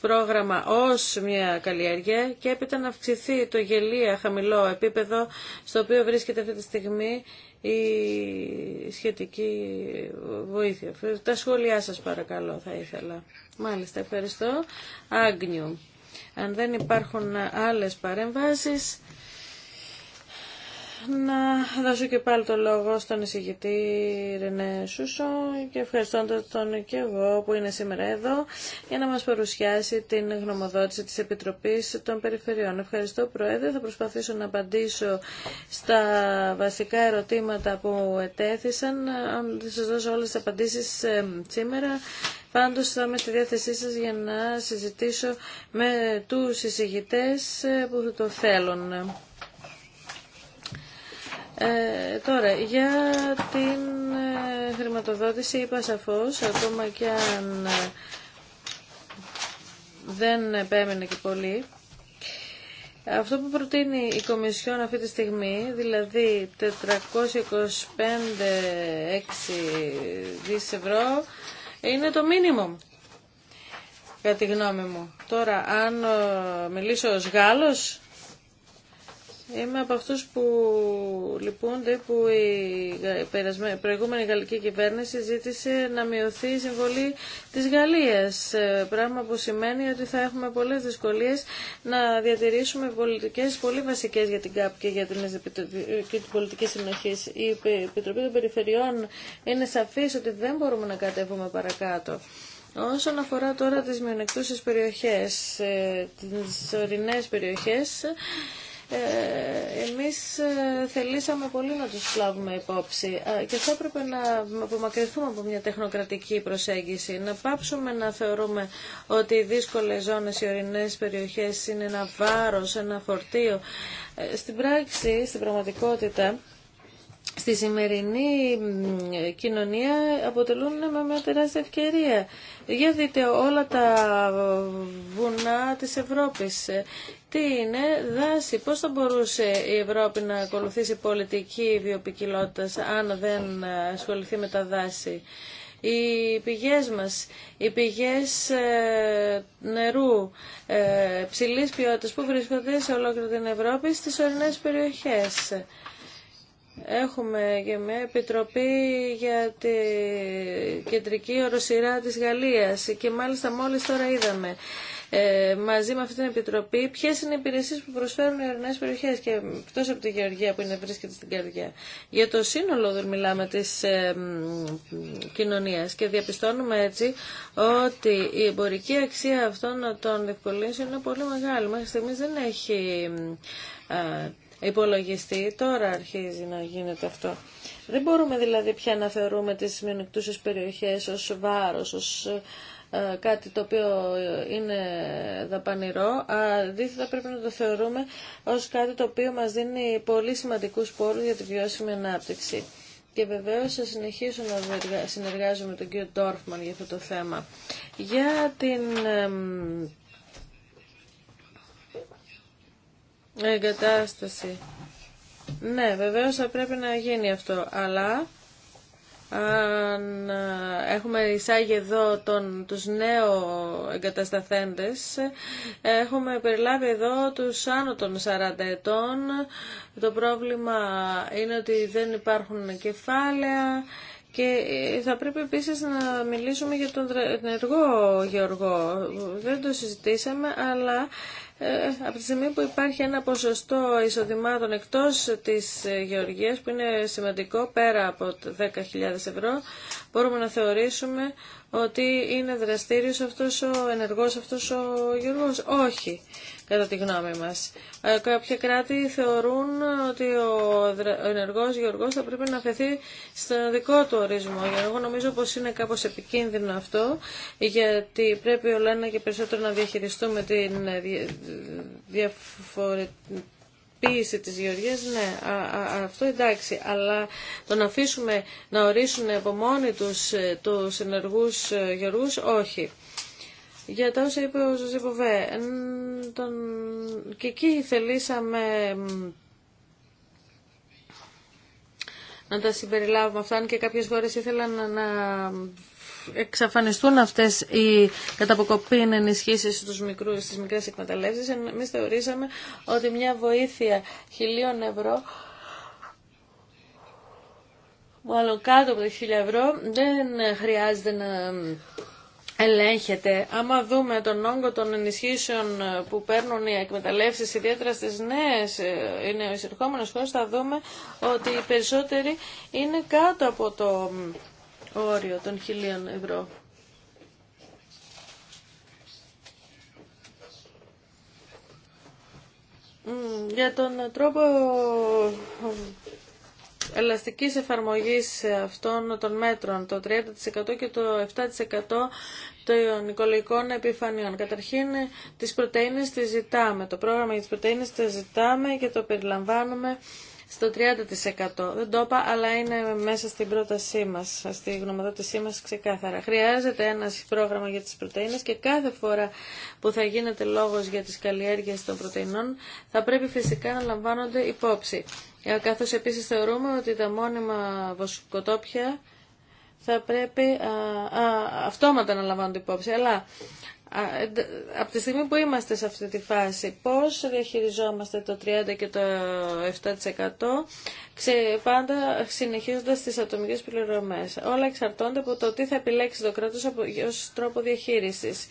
πρόγραμμα ως μια καλλιέργεια και έπειτα να αυξηθεί το γελία χαμηλό επίπεδο στο οποίο βρίσκεται αυτή τη στιγμή η σχετική βοήθεια. Τα σχόλιά σας παρακαλώ θα ήθελα. Μάλιστα, ευχαριστώ. Άγνιου. Αν δεν υπάρχουν άλλες παρεμβάσεις, να δώσω και πάλι το λόγο στον εισηγητή Ρενέ Σούσο και ευχαριστώ τον και εγώ που είναι σήμερα εδώ για να μας παρουσιάσει την γνωμοδότηση της Επιτροπής των Περιφερειών. Ευχαριστώ Πρόεδρε, θα προσπαθήσω να απαντήσω στα βασικά ερωτήματα που ετέθησαν. Αν δεν σας δώσω όλες τις απαντήσεις ε, σήμερα, Πάντως θα είμαι στη διάθεσή σας για να συζητήσω με τους εισηγητές ε, που το θέλουν. Ε, τώρα, για την ε, χρηματοδότηση είπα σαφώς, ακόμα και αν ε, δεν επέμενε και πολύ, αυτό που προτείνει η Κομισιόν αυτή τη στιγμή, δηλαδή 425,6 δις ευρώ, είναι το μίνιμουμ, κατά τη γνώμη μου. Τώρα, αν μιλήσω ως Γάλλος, Είμαι από αυτούς που λυπούνται που η προηγούμενη γαλλική κυβέρνηση ζήτησε να μειωθεί η συμβολή της Γαλλίας, ε, πράγμα που σημαίνει ότι θα έχουμε πολλές δυσκολίες να διατηρήσουμε πολιτικές πολύ βασικές για την ΚΑΠ και για την, και την πολιτική συνοχή. Η Επιτροπή των Περιφερειών είναι σαφής ότι δεν μπορούμε να κατέβουμε παρακάτω. Όσον αφορά τώρα τις μειονεκτούσες περιοχές, ε, τις ορεινές περιοχές, ε, εμείς ε, θελήσαμε πολύ να τους λάβουμε υπόψη ε, και θα έπρεπε να απομακρυνθούμε από μια τεχνοκρατική προσέγγιση, να πάψουμε να θεωρούμε ότι οι δύσκολες ζώνες, οι ορεινές περιοχές είναι ένα βάρος, ένα φορτίο. Στην πράξη, στην πραγματικότητα, στη σημερινή κοινωνία αποτελούν μια τεράστια ευκαιρία. Για δείτε όλα τα βουνά της Ευρώπης. Τι είναι δάση, πώς θα μπορούσε η Ευρώπη να ακολουθήσει πολιτική βιοπικιλότητα αν δεν ασχοληθεί με τα δάση. Οι πηγές μας, οι πηγές ε, νερού ε, ψηλής ποιότητας που βρίσκονται σε ολόκληρη την Ευρώπη στις ορεινές περιοχές. Έχουμε και μια επιτροπή για τη κεντρική οροσυρά της Γαλλίας και μάλιστα μόλις τώρα είδαμε ε, μαζί με αυτή την επιτροπή ποιες είναι οι υπηρεσίες που προσφέρουν οι ορεινές περιοχές και εκτός από τη Γεωργία που είναι βρίσκεται στην καρδιά. Για το σύνολο δεν μιλάμε της ε, κοινωνίας και διαπιστώνουμε έτσι ότι η εμπορική αξία αυτών των διευκολύνσεων είναι πολύ μεγάλη. Μέχρι στιγμής δεν έχει υπολογιστή. Τώρα αρχίζει να γίνεται αυτό. Δεν μπορούμε δηλαδή πια να θεωρούμε τις μειονεκτούσες περιοχές ως βάρος, ως ε, κάτι το οποίο είναι δαπανηρό, αντίθετα πρέπει να το θεωρούμε ως κάτι το οποίο μας δίνει πολύ σημαντικούς πόρους για τη βιώσιμη ανάπτυξη. Και βεβαίω θα συνεχίσω να συνεργάζομαι με τον κύριο Ντόρφμαν για αυτό το θέμα. Για την εγκατάσταση. Ναι, βεβαίως θα πρέπει να γίνει αυτό, αλλά αν έχουμε εισάγει εδώ τον, τους νέο εγκατασταθέντες, έχουμε περιλάβει εδώ τους άνω των 40 ετών. Το πρόβλημα είναι ότι δεν υπάρχουν κεφάλαια και θα πρέπει επίσης να μιλήσουμε για τον ενεργό Γεωργό. Δεν το συζητήσαμε, αλλά ε, από τη στιγμή που υπάρχει ένα ποσοστό εισοδημάτων εκτός της ε, γεωργίας που είναι σημαντικό πέρα από 10.000 ευρώ μπορούμε να θεωρήσουμε ότι είναι δραστήριος αυτός ο ενεργός αυτός ο γεωργός. Όχι, κατά τη γνώμη μας. Ε, κάποια κράτη θεωρούν ότι ο ενεργός γεωργός θα πρέπει να φεθεί στο δικό του ορισμό. Εγώ νομίζω πως είναι κάπως επικίνδυνο αυτό γιατί πρέπει όλα ένα και περισσότερο να διαχειριστούμε την διαφορετοποίηση της γεωργίας, ναι, α, α, αυτό εντάξει, αλλά το να αφήσουμε να ορίσουν από μόνοι τους ε, τους ενεργούς ε, γεωργούς, όχι. Για τα όσα είπε ο Ζωζίποβέ, τον... και εκεί θελήσαμε να τα συμπεριλάβουμε αυτά, αν και κάποιες φορές ήθελαν να εξαφανιστούν αυτέ οι καταποκοπήν ενισχύσει στι μικρού στις μικρές εκμεταλλεύσεις, εμείς θεωρήσαμε ότι μια βοήθεια χιλίων ευρώ μάλλον κάτω από τα χιλιά ευρώ δεν χρειάζεται να ελέγχεται. Άμα δούμε τον όγκο των ενισχύσεων που παίρνουν οι εκμεταλλεύσει, ιδιαίτερα στι νέε είναι θα δούμε ότι οι περισσότεροι είναι κάτω από το όριο των χίλιων ευρώ. Για τον τρόπο ελαστικής εφαρμογής αυτών των μέτρων, το 30% και το 7% των οικολογικών επιφανειών. Καταρχήν, τις πρωτεΐνες τις ζητάμε. Το πρόγραμμα για τις πρωτεΐνες τις ζητάμε και το περιλαμβάνουμε στο 30%. Δεν το είπα, αλλά είναι μέσα στην πρότασή μα, στη γνωμοδότησή μα ξεκάθαρα. Χρειάζεται ένα πρόγραμμα για τις πρωτεΐνες και κάθε φορά που θα γίνεται λόγος για τις καλλιέργειες των πρωτεϊνών θα πρέπει φυσικά να λαμβάνονται υπόψη. Ε, καθώς επίση θεωρούμε ότι τα μόνιμα βοσκοτόπια θα πρέπει α, α, αυτόματα να λαμβάνονται υπόψη. Αλλά από τη στιγμή που είμαστε σε αυτή τη φάση, πώς διαχειριζόμαστε το 30% και το 7% πάντα συνεχίζοντας τις ατομικές πληρωμές. Όλα εξαρτώνται από το τι θα επιλέξει το κράτος ως τρόπο διαχείρισης.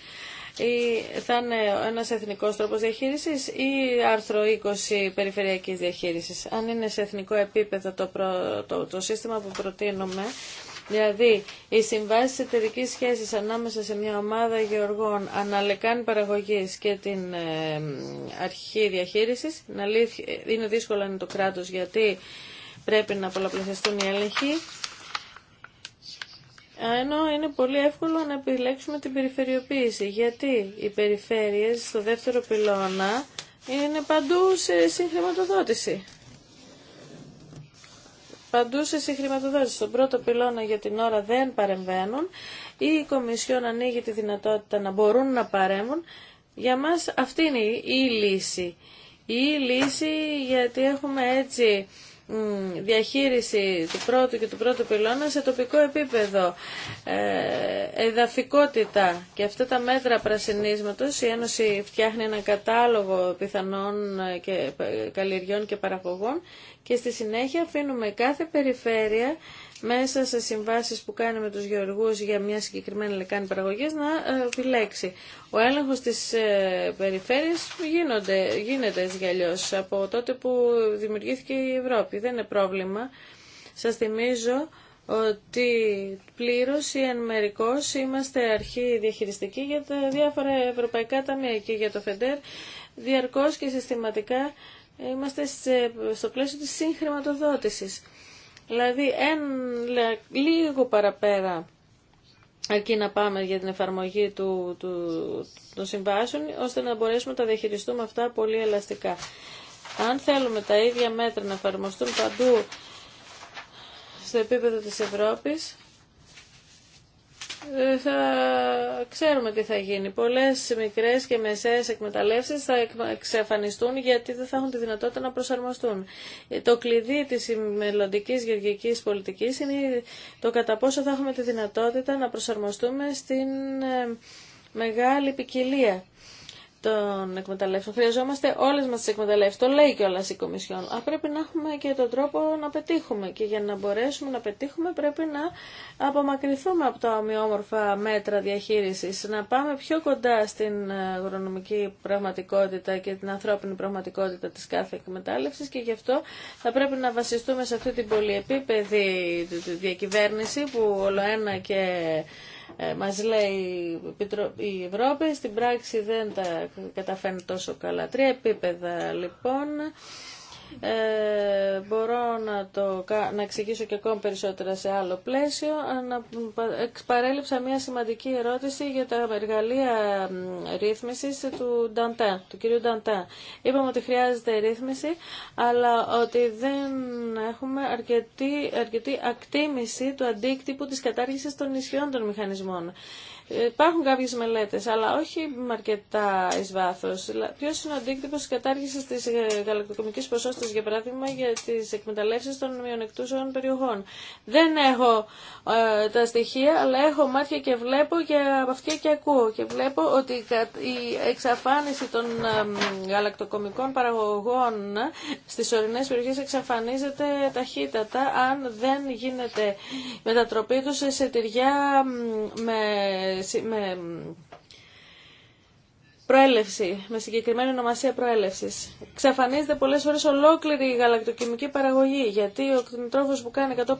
θα είναι ένας εθνικός τρόπος διαχείρισης ή άρθρο 20 περιφερειακής διαχείρισης. Αν είναι σε εθνικό επίπεδο το, το, το σύστημα που προτείνουμε, Δηλαδή, οι συμβάσει εταιρική σχέση ανάμεσα σε μια ομάδα γεωργών αναλεκάν παραγωγή και την ε, αρχή διαχείριση. Είναι δύσκολο είναι το κράτο γιατί πρέπει να πολλαπλασιαστούν οι έλεγχοι. Ενώ είναι πολύ εύκολο να επιλέξουμε την περιφερειοποίηση, γιατί οι περιφέρειες στο δεύτερο πυλώνα είναι παντού σε συγχρηματοδότηση. Παντού σε συγχρηματοδότηση. Στον πρώτο πυλώνα για την ώρα δεν παρεμβαίνουν. Η Κομισιόν ανοίγει τη δυνατότητα να μπορούν να παρέμβουν. Για μας αυτή είναι η λύση. Η λύση γιατί έχουμε έτσι διαχείριση του πρώτου και του πρώτου πυλώνα σε τοπικό επίπεδο, ε, εδαφικότητα και αυτά τα μέτρα πρασινίσματος. Η Ένωση φτιάχνει ένα κατάλογο πιθανών και, ε, καλλιεργιών και παραγωγών και στη συνέχεια αφήνουμε κάθε περιφέρεια μέσα σε συμβάσεις που κάνει με τους γεωργούς για μια συγκεκριμένη λεκάνη παραγωγής να επιλέξει. Ο έλεγχος της ε, περιφέρειας γίνονται, γίνεται έτσι από τότε που δημιουργήθηκε η Ευρώπη. Δεν είναι πρόβλημα. Σας θυμίζω ότι πλήρως ή μερικώ είμαστε αρχή διαχειριστική για τα διάφορα ευρωπαϊκά ταμεία και για το ΦΕΝΤΕΡ διαρκώς και συστηματικά είμαστε στο πλαίσιο της συγχρηματοδότησης. Δηλαδή λίγο παραπέρα αρκεί να πάμε για την εφαρμογή του, του, των συμβάσεων ώστε να μπορέσουμε να τα διαχειριστούμε αυτά πολύ ελαστικά. Αν θέλουμε τα ίδια μέτρα να εφαρμοστούν παντού στο επίπεδο της Ευρώπης, ε, θα ξέρουμε τι θα γίνει. Πολλές μικρές και μεσαίες εκμεταλλεύσεις θα εξαφανιστούν γιατί δεν θα έχουν τη δυνατότητα να προσαρμοστούν. Ε, το κλειδί της μελλοντική γεωργικής πολιτικής είναι το κατά πόσο θα έχουμε τη δυνατότητα να προσαρμοστούμε στην ε, μεγάλη ποικιλία των εκμεταλλεύσεων. Χρειαζόμαστε όλες μας τις εκμεταλλεύσεις. Το λέει και η Κομισιόν. Α, πρέπει να έχουμε και τον τρόπο να πετύχουμε. Και για να μπορέσουμε να πετύχουμε πρέπει να απομακρυνθούμε από τα ομοιόμορφα μέτρα διαχείρισης. Να πάμε πιο κοντά στην αγρονομική πραγματικότητα και την ανθρώπινη πραγματικότητα της κάθε εκμετάλλευση. και γι' αυτό θα πρέπει να βασιστούμε σε αυτή την πολυεπίπεδη διακυβέρνηση που όλο ένα και ε, μας λέει η Ευρώπη, στην πράξη δεν τα καταφέρνει τόσο καλά. Τρία επίπεδα λοιπόν ε, μπορώ να, το, να εξηγήσω και ακόμα περισσότερα σε άλλο πλαίσιο. Παρέλειψα μια σημαντική ερώτηση για τα εργαλεία ρύθμισης του του κυρίου Νταντά. Είπαμε ότι χρειάζεται ρύθμιση, αλλά ότι δεν έχουμε αρκετή, αρκετή ακτίμηση του αντίκτυπου της κατάργησης των ισχυών των μηχανισμών. Υπάρχουν κάποιες μελέτες, αλλά όχι αρκετά εις βάθος. Ποιος είναι ο αντίκτυπος της κατάργησης της ε, γαλακτοκομικής ποσότητας, για παράδειγμα, για τις εκμεταλλεύσεις των μειονεκτούσεων περιοχών. Δεν έχω ε, τα στοιχεία, αλλά έχω μάτια και βλέπω και από αυτιά και ακούω. Και βλέπω ότι η εξαφάνιση των γαλακτοκομικών παραγωγών στις ορεινές περιοχές εξαφανίζεται ταχύτατα, αν δεν γίνεται μετατροπή τους σε τυριά με με προέλευση, με συγκεκριμένη ονομασία προέλευση. Ξαφανίζεται πολλέ φορέ ολόκληρη η γαλακτοκιμική παραγωγή, γιατί ο κτηνοτρόφο που κάνει 150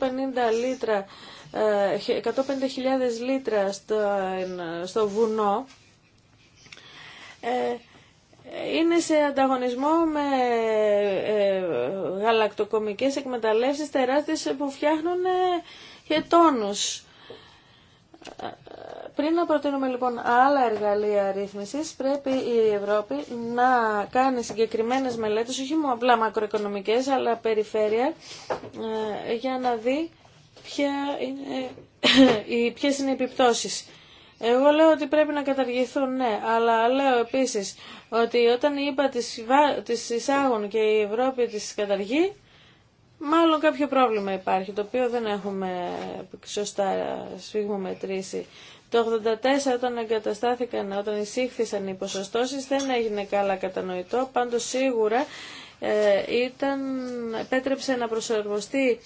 λίτρα, 150.000 ε, λίτρα στο, στο βουνό, ε, είναι σε ανταγωνισμό με ε, γαλακτοκομικές εκμεταλλεύσεις τεράστιες που φτιάχνουν ε, τόνους. Πριν να προτείνουμε λοιπόν άλλα εργαλεία ρύθμισης, πρέπει η Ευρώπη να κάνει συγκεκριμένες μελέτες, όχι μόνο απλά μακροοικονομικές, αλλά περιφέρεια, ε, για να δει ποια είναι, ποιες είναι οι επιπτώσεις. Εγώ λέω ότι πρέπει να καταργηθούν, ναι, αλλά λέω επίσης ότι όταν είπα τις τις εισάγουν και η Ευρώπη τις καταργεί, Μάλλον κάποιο πρόβλημα υπάρχει, το οποίο δεν έχουμε σωστά μετρήσει. Το 84 όταν εγκαταστάθηκαν, όταν εισήχθησαν οι ποσοστώσεις δεν έγινε καλά κατανοητό, πάντως σίγουρα ε, ήταν, επέτρεψε να προσαρμοστεί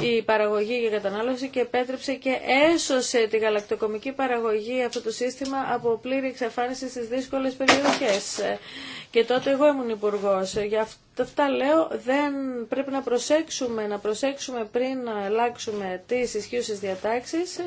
η παραγωγή και κατανάλωση και επέτρεψε και έσωσε τη γαλακτοκομική παραγωγή αυτό το σύστημα από πλήρη εξαφάνιση στις δύσκολες περιοχές. Και τότε εγώ ήμουν υπουργό. Γι' αυτά λέω δεν πρέπει να προσέξουμε, να προσέξουμε πριν να αλλάξουμε τις ισχύουσες διατάξεις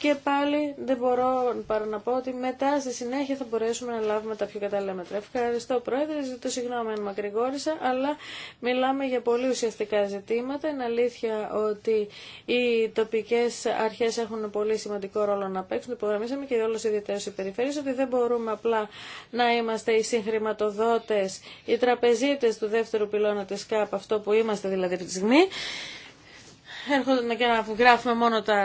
και πάλι δεν μπορώ παρά να πω ότι μετά στη συνέχεια θα μπορέσουμε να λάβουμε τα πιο κατάλληλα μέτρα. Ευχαριστώ Πρόεδρε, ζητώ συγγνώμη αν μακρηγόρησα, αλλά μιλάμε για πολύ ουσιαστικά ζητήματα. Είναι αλήθεια ότι οι τοπικέ αρχέ έχουν πολύ σημαντικό ρόλο να παίξουν. Υπογραμμίσαμε και όλο ιδιαίτερω οι περιφέρειε ότι δεν μπορούμε απλά να είμαστε οι συγχρηματοδότε, οι τραπεζίτε του δεύτερου πυλώνα τη ΚΑΠ, αυτό που είμαστε δηλαδή τη στιγμή έρχονται και να γράφουμε μόνο τα,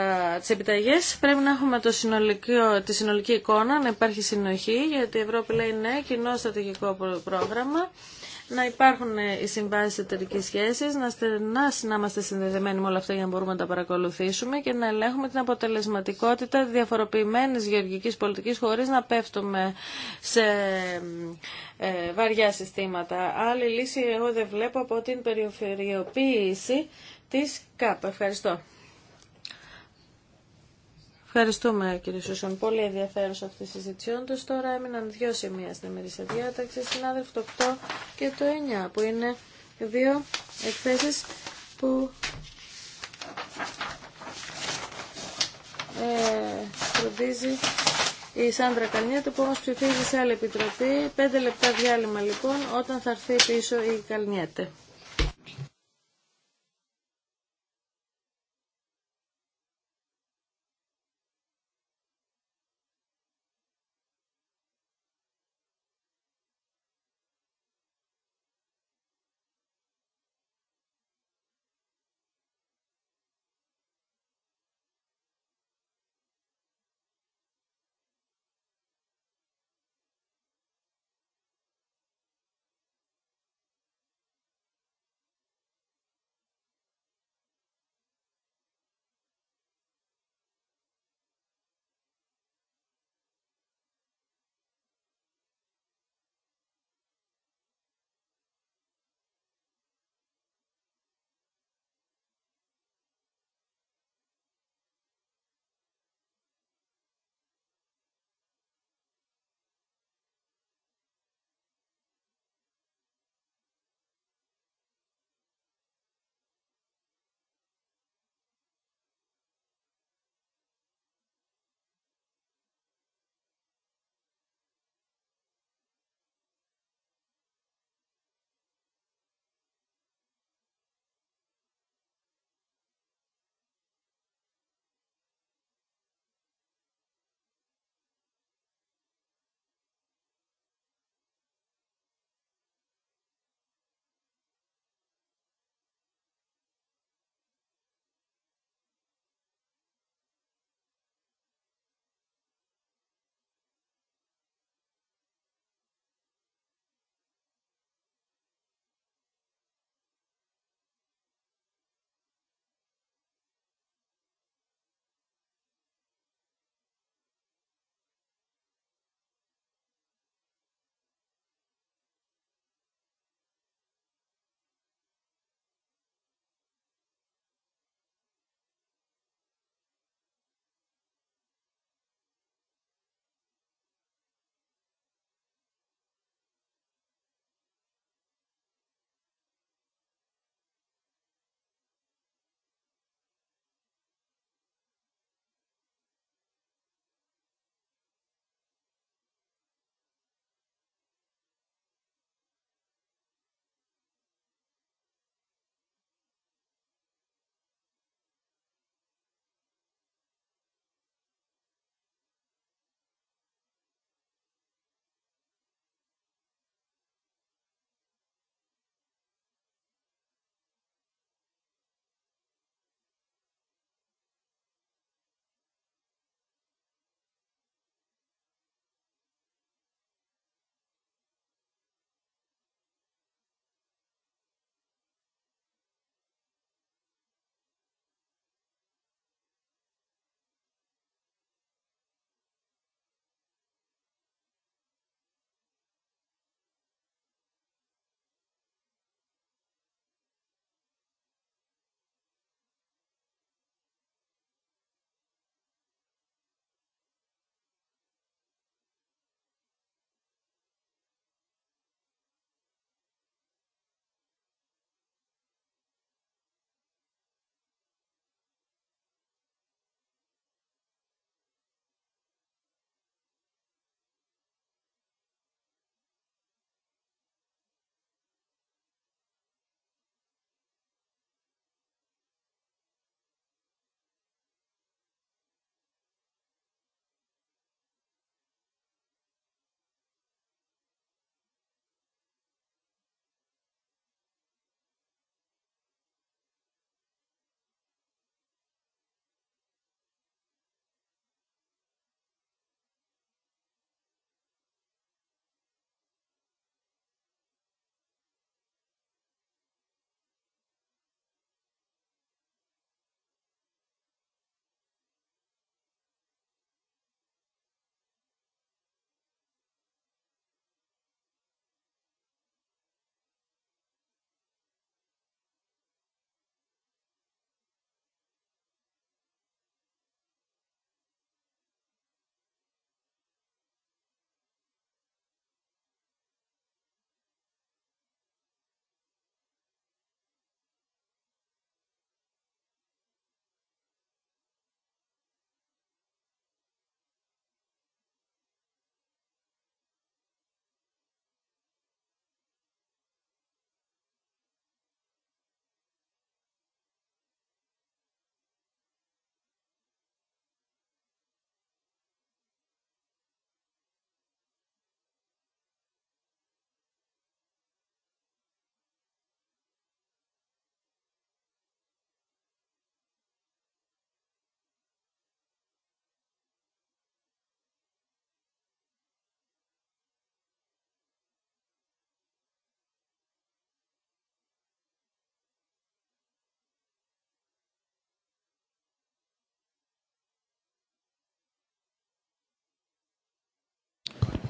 επιταγέ. Πρέπει να έχουμε το συνολικό, τη συνολική εικόνα, να υπάρχει συνοχή, γιατί η Ευρώπη λέει ναι, κοινό στρατηγικό πρόγραμμα, να υπάρχουν ε, οι συμβάσει εταιρική σχέση, να, να είμαστε συνδεδεμένοι με όλα αυτά για να μπορούμε να τα παρακολουθήσουμε και να ελέγχουμε την αποτελεσματικότητα διαφοροποιημένη γεωργική πολιτική χωρί να πέφτουμε σε ε, βαριά συστήματα. Άλλη λύση εγώ δεν βλέπω από την περιφερειοποίηση της ΚΑΠ. Ευχαριστώ. Ευχαριστούμε κύριε Σούσον. Πολύ ενδιαφέρουσα αυτή η συζήτηση. Όντω τώρα έμειναν δύο σημεία στην ημερήσια διάταξη, συνάδελφοι το 8 και το 9, που είναι δύο εκθέσεις που ε, φροντίζει η Σάντρα Καλνιέτα που όμως ψηφίζει σε άλλη επιτροπή. Πέντε λεπτά διάλειμμα λοιπόν όταν θα έρθει πίσω η Καλνιέτα.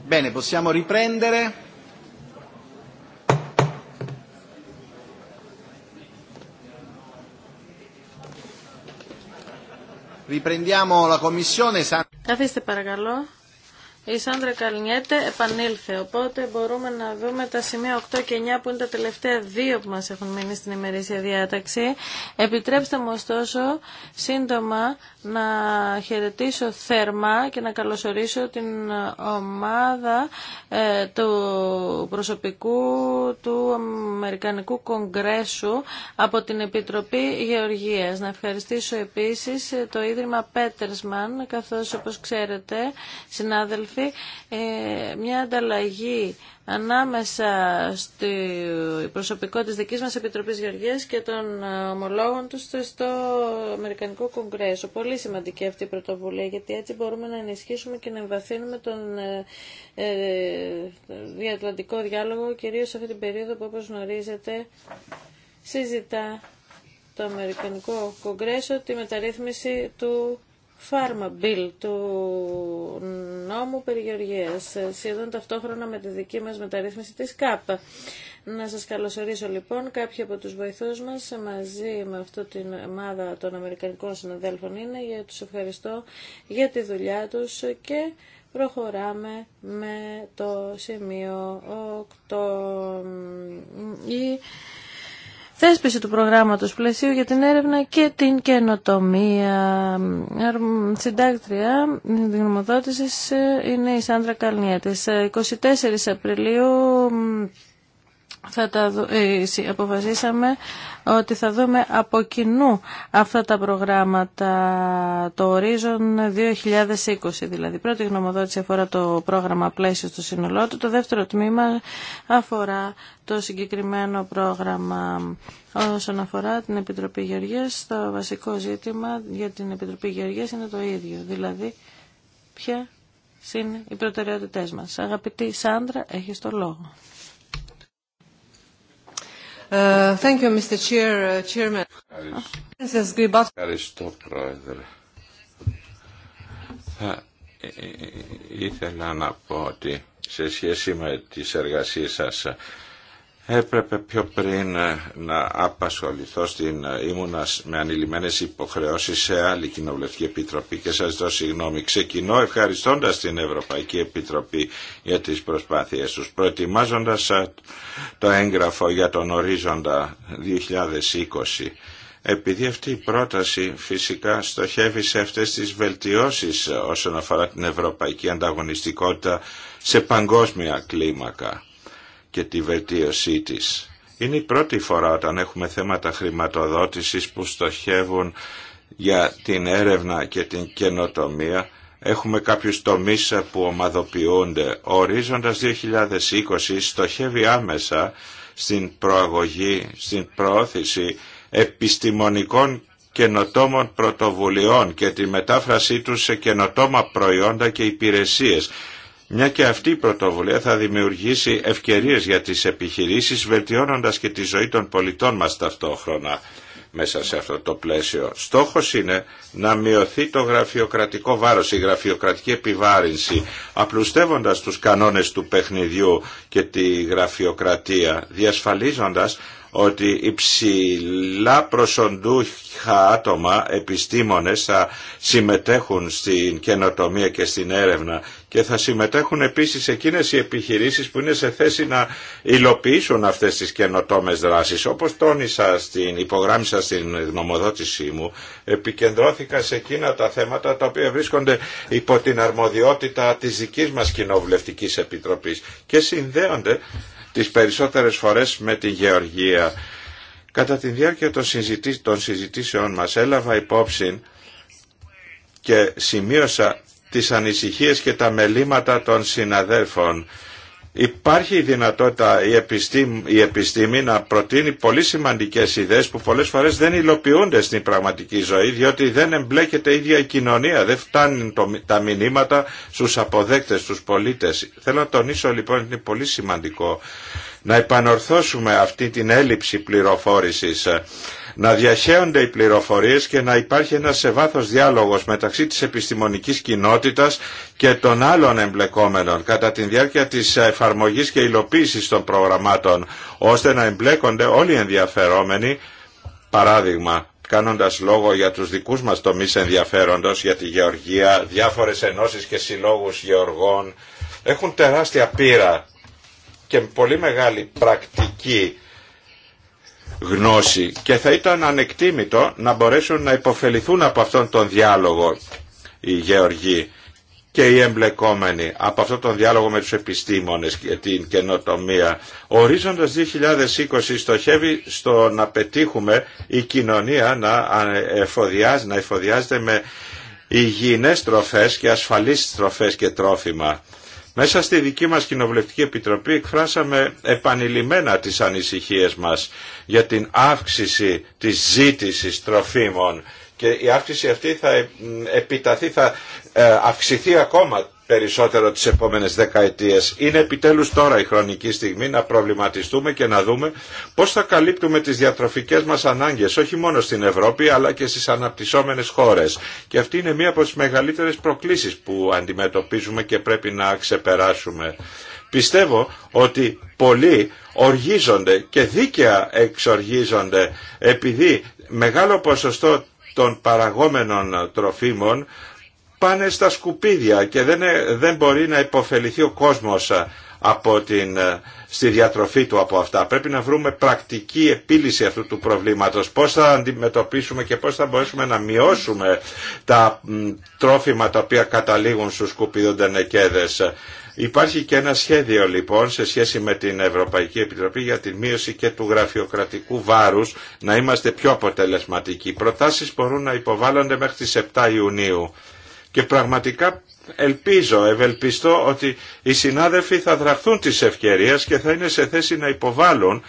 Bene, possiamo riprendere. Riprendiamo la Commissione. Καθίστε η Σάντρα Καλνιέτε επανήλθε, οπότε μπορούμε να δούμε τα σημεία 8 και 9 που είναι τα τελευταία δύο που μας έχουν μείνει στην ημερήσια διάταξη. Επιτρέψτε μου ωστόσο σύντομα να χαιρετήσω θερμά και να καλωσορίσω την ομάδα ε, του προσωπικού του Αμερικανικού Κογκρέσου από την Επιτροπή Γεωργίας. Να ευχαριστήσω επίσης το Ίδρυμα Πέτερσμαν καθώς όπως ξέρετε συνάδελφοι ε, μια ανταλλαγή ανάμεσα στο προσωπικό της δικής μας Επιτροπής Γεωργίας και των ε, ομολόγων τους στο Αμερικανικό Κογκρέσο. Πολύ σημαντική αυτή η πρωτοβουλία γιατί έτσι μπορούμε να ενισχύσουμε και να εμβαθύνουμε τον ε, ε, διατλαντικό διάλογο κυρίως σε αυτή την περίοδο που όπως γνωρίζετε συζητά το Αμερικανικό Κογκρέσο τη μεταρρύθμιση του Pharma Bill του νόμου περιγεωργίας, σχεδόν ταυτόχρονα με τη δική μας μεταρρύθμιση της ΚΑΠ. Να σας καλωσορίσω λοιπόν κάποιοι από τους βοηθούς μας μαζί με αυτή την ομάδα των Αμερικανικών συναδέλφων είναι για τους ευχαριστώ για τη δουλειά τους και προχωράμε με το σημείο 8 η θέσπιση του προγράμματος πλαισίου για την έρευνα και την καινοτομία. Συντάκτρια γνωμοδότησης ε, είναι η Σάντρα Καλνία. Ε, 24 Απριλίου θα τα ε, αποφασίσαμε ότι θα δούμε από κοινού αυτά τα προγράμματα το ορίζον 2020 δηλαδή. πρώτη γνωμοδότηση αφορά το πρόγραμμα πλαίσιο στο σύνολό του. Το δεύτερο τμήμα αφορά το συγκεκριμένο πρόγραμμα όσον αφορά την Επιτροπή Γεωργίας. Το βασικό ζήτημα για την Επιτροπή Γεωργίας είναι το ίδιο. Δηλαδή ποια είναι οι προτεραιότητές μας. Αγαπητή Σάντρα, έχεις το λόγο. Ε, uh, Ευχαριστώ. Ευχαριστώ, Πρόεδρε. Θα ε, ε, ήθελα να πω ότι σε σχέση με Έπρεπε πιο πριν ε, να απασχοληθώ στην ε, ήμουνα με ανηλυμένε υποχρεώσεις σε άλλη κοινοβουλευτική επιτροπή και σας δω συγγνώμη. Ξεκινώ ευχαριστώντας την Ευρωπαϊκή Επιτροπή για τις προσπάθειες τους, προετοιμάζοντας ε, το έγγραφο για τον ορίζοντα 2020. Επειδή αυτή η πρόταση φυσικά στοχεύει σε αυτές τις βελτιώσεις όσον αφορά την ευρωπαϊκή ανταγωνιστικότητα σε παγκόσμια κλίμακα και τη βελτίωσή της. Είναι η πρώτη φορά όταν έχουμε θέματα χρηματοδότησης που στοχεύουν για την έρευνα και την καινοτομία. Έχουμε κάποιους τομείς που ομαδοποιούνται. Ο ορίζοντας 2020 στοχεύει άμεσα στην προαγωγή, στην προώθηση επιστημονικών καινοτόμων πρωτοβουλειών και τη μετάφρασή τους σε καινοτόμα προϊόντα και υπηρεσίες μια και αυτή η πρωτοβουλία θα δημιουργήσει ευκαιρίες για τις επιχειρήσεις βελτιώνοντας και τη ζωή των πολιτών μας ταυτόχρονα μέσα σε αυτό το πλαίσιο. Στόχος είναι να μειωθεί το γραφειοκρατικό βάρος, η γραφειοκρατική επιβάρυνση, απλουστεύοντας τους κανόνες του παιχνιδιού και τη γραφειοκρατία, διασφαλίζοντας ότι υψηλά προσοντούχα άτομα, επιστήμονες θα συμμετέχουν στην καινοτομία και στην έρευνα και θα συμμετέχουν επίσης εκείνες οι επιχειρήσεις που είναι σε θέση να υλοποιήσουν αυτές τις καινοτόμες δράσεις. Όπως τόνισα, στην, υπογράμμισα στην γνωμοδότησή μου, επικεντρώθηκα σε εκείνα τα θέματα τα οποία βρίσκονται υπό την αρμοδιότητα της δικής μας Κοινοβουλευτικής Επιτροπής και συνδέονται τις περισσότερες φορές με τη Γεωργία. Κατά τη διάρκεια των συζητήσεών μας έλαβα υπόψη και σημείωσα τις ανησυχίες και τα μελήματα των συναδέλφων Υπάρχει η δυνατότητα η επιστήμη, η επιστήμη να προτείνει πολύ σημαντικές ιδέες που πολλές φορές δεν υλοποιούνται στην πραγματική ζωή διότι δεν εμπλέκεται η ίδια η κοινωνία, δεν φτάνουν τα μηνύματα στους αποδέκτες, στους πολίτες. Θέλω να τονίσω λοιπόν ότι είναι πολύ σημαντικό να επανορθώσουμε αυτή την έλλειψη πληροφόρησης να διαχέονται οι πληροφορίες και να υπάρχει ένας σε διάλογος μεταξύ της επιστημονικής κοινότητας και των άλλων εμπλεκόμενων κατά τη διάρκεια της εφαρμογής και υλοποίησης των προγραμμάτων ώστε να εμπλέκονται όλοι οι ενδιαφερόμενοι παράδειγμα κάνοντας λόγο για τους δικούς μας τομείς ενδιαφέροντος για τη γεωργία, διάφορες ενώσεις και συλλόγους γεωργών έχουν τεράστια πείρα και πολύ μεγάλη πρακτική γνώση και θα ήταν ανεκτήμητο να μπορέσουν να υποφεληθούν από αυτόν τον διάλογο οι γεωργοί και οι εμπλεκόμενοι από αυτόν τον διάλογο με τους επιστήμονες και την καινοτομία. Ορίζοντας 2020 στοχεύει στο να πετύχουμε η κοινωνία να, εφοδιάζει, να εφοδιάζεται με υγιεινές τροφές και ασφαλείς τροφές και τρόφιμα. Μέσα στη δική μας Κοινοβουλευτική Επιτροπή εκφράσαμε επανειλημμένα τις ανησυχίες μας για την αύξηση της ζήτησης τροφίμων και η αύξηση αυτή θα επιταθεί, θα ε, αυξηθεί ακόμα περισσότερο τις επόμενες δεκαετίες. Είναι επιτέλους τώρα η χρονική στιγμή να προβληματιστούμε και να δούμε πώς θα καλύπτουμε τις διατροφικές μας ανάγκες, όχι μόνο στην Ευρώπη αλλά και στις αναπτυσσόμενες χώρες. Και αυτή είναι μία από τις μεγαλύτερες προκλήσεις που αντιμετωπίζουμε και πρέπει να ξεπεράσουμε. Πιστεύω ότι πολλοί οργίζονται και δίκαια εξοργίζονται επειδή μεγάλο ποσοστό των παραγόμενων τροφίμων πάνε στα σκουπίδια και δεν, ε, δεν μπορεί να υποφεληθεί ο κόσμος ε, από την, ε, στη διατροφή του από αυτά. Πρέπει να βρούμε πρακτική επίλυση αυτού του προβλήματος. Πώς θα αντιμετωπίσουμε και πώς θα μπορέσουμε να μειώσουμε τα τρόφιμα τα οποία καταλήγουν στους νεκέδε. Υπάρχει και ένα σχέδιο λοιπόν σε σχέση με την Ευρωπαϊκή Επιτροπή για τη μείωση και του γραφειοκρατικού βάρους να είμαστε πιο αποτελεσματικοί. Οι προτάσεις μπορούν να υποβάλλονται μέχρι τις 7 Ιουνίου. Και πραγματικά ελπίζω, ευελπιστώ ότι οι συνάδελφοι θα δραχθούν της ευκαιρίας και θα είναι σε θέση να υποβάλουν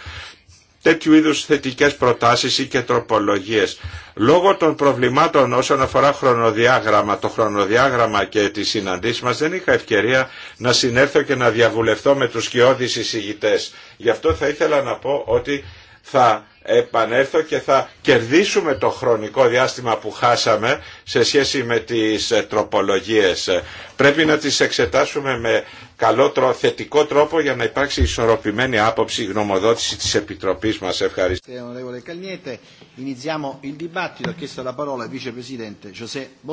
τέτοιου είδους θετικές προτάσεις ή και τροπολογίες. Λόγω των προβλημάτων όσον αφορά χρονοδιάγραμμα, το χρονοδιάγραμμα και τη συναντήσεις μας δεν είχα ευκαιρία να συνέρθω και να διαβουλευτώ με τους κοιόδης εισηγητές. Γι' αυτό θα ήθελα να πω ότι θα επανέλθω και θα κερδίσουμε το χρονικό διάστημα που χάσαμε σε σχέση με τις ε, τροπολογίες. Πρέπει να τις εξετάσουμε με καλό θετικό τρόπο για να υπάρξει ισορροπημένη άποψη γνωμοδότηση της Επιτροπής μας. Ευχαριστώ.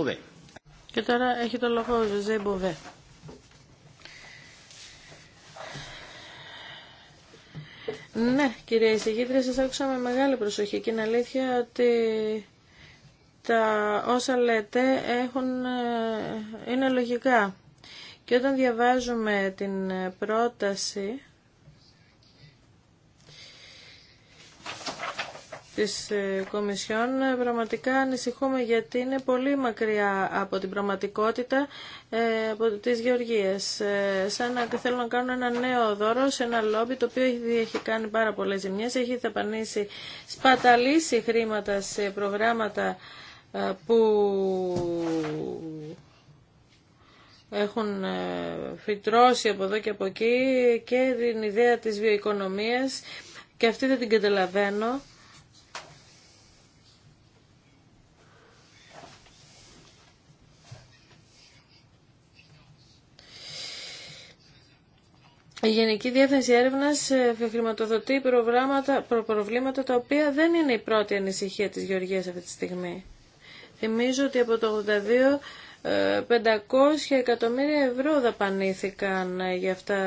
Ε, και τώρα έχει το λόγο ο Ζωζέ Μποβέ. Ναι, κυρία Ισηγήτρια, σας άκουσα με μεγάλη προσοχή και είναι αλήθεια ότι τα όσα λέτε έχουν, ε, είναι λογικά. Και όταν διαβάζουμε την πρόταση της ε, Κομισιόν ε, πραγματικά ανησυχούμε γιατί είναι πολύ μακριά από την πραγματικότητα ε, από τις γεωργίες. Σαν να θέλουν να κάνουν ένα νέο δώρο σε ένα λόμπι το οποίο έχει κάνει πάρα πολλές ζημιές, έχει ταπανίσει, σπαταλήσει χρήματα σε προγράμματα που έχουν φυτρώσει από εδώ και από εκεί και την ιδέα της βιοοικονομίας και αυτή δεν την καταλαβαίνω. Η Γενική Διεύθυνση Έρευνα ε, χρηματοδοτεί προ προβλήματα τα οποία δεν είναι η πρώτη ανησυχία τη Γεωργία αυτή τη στιγμή. Θυμίζω ότι από το 82 500 ε, εκατομμύρια ευρώ δαπανήθηκαν ε, για αυτά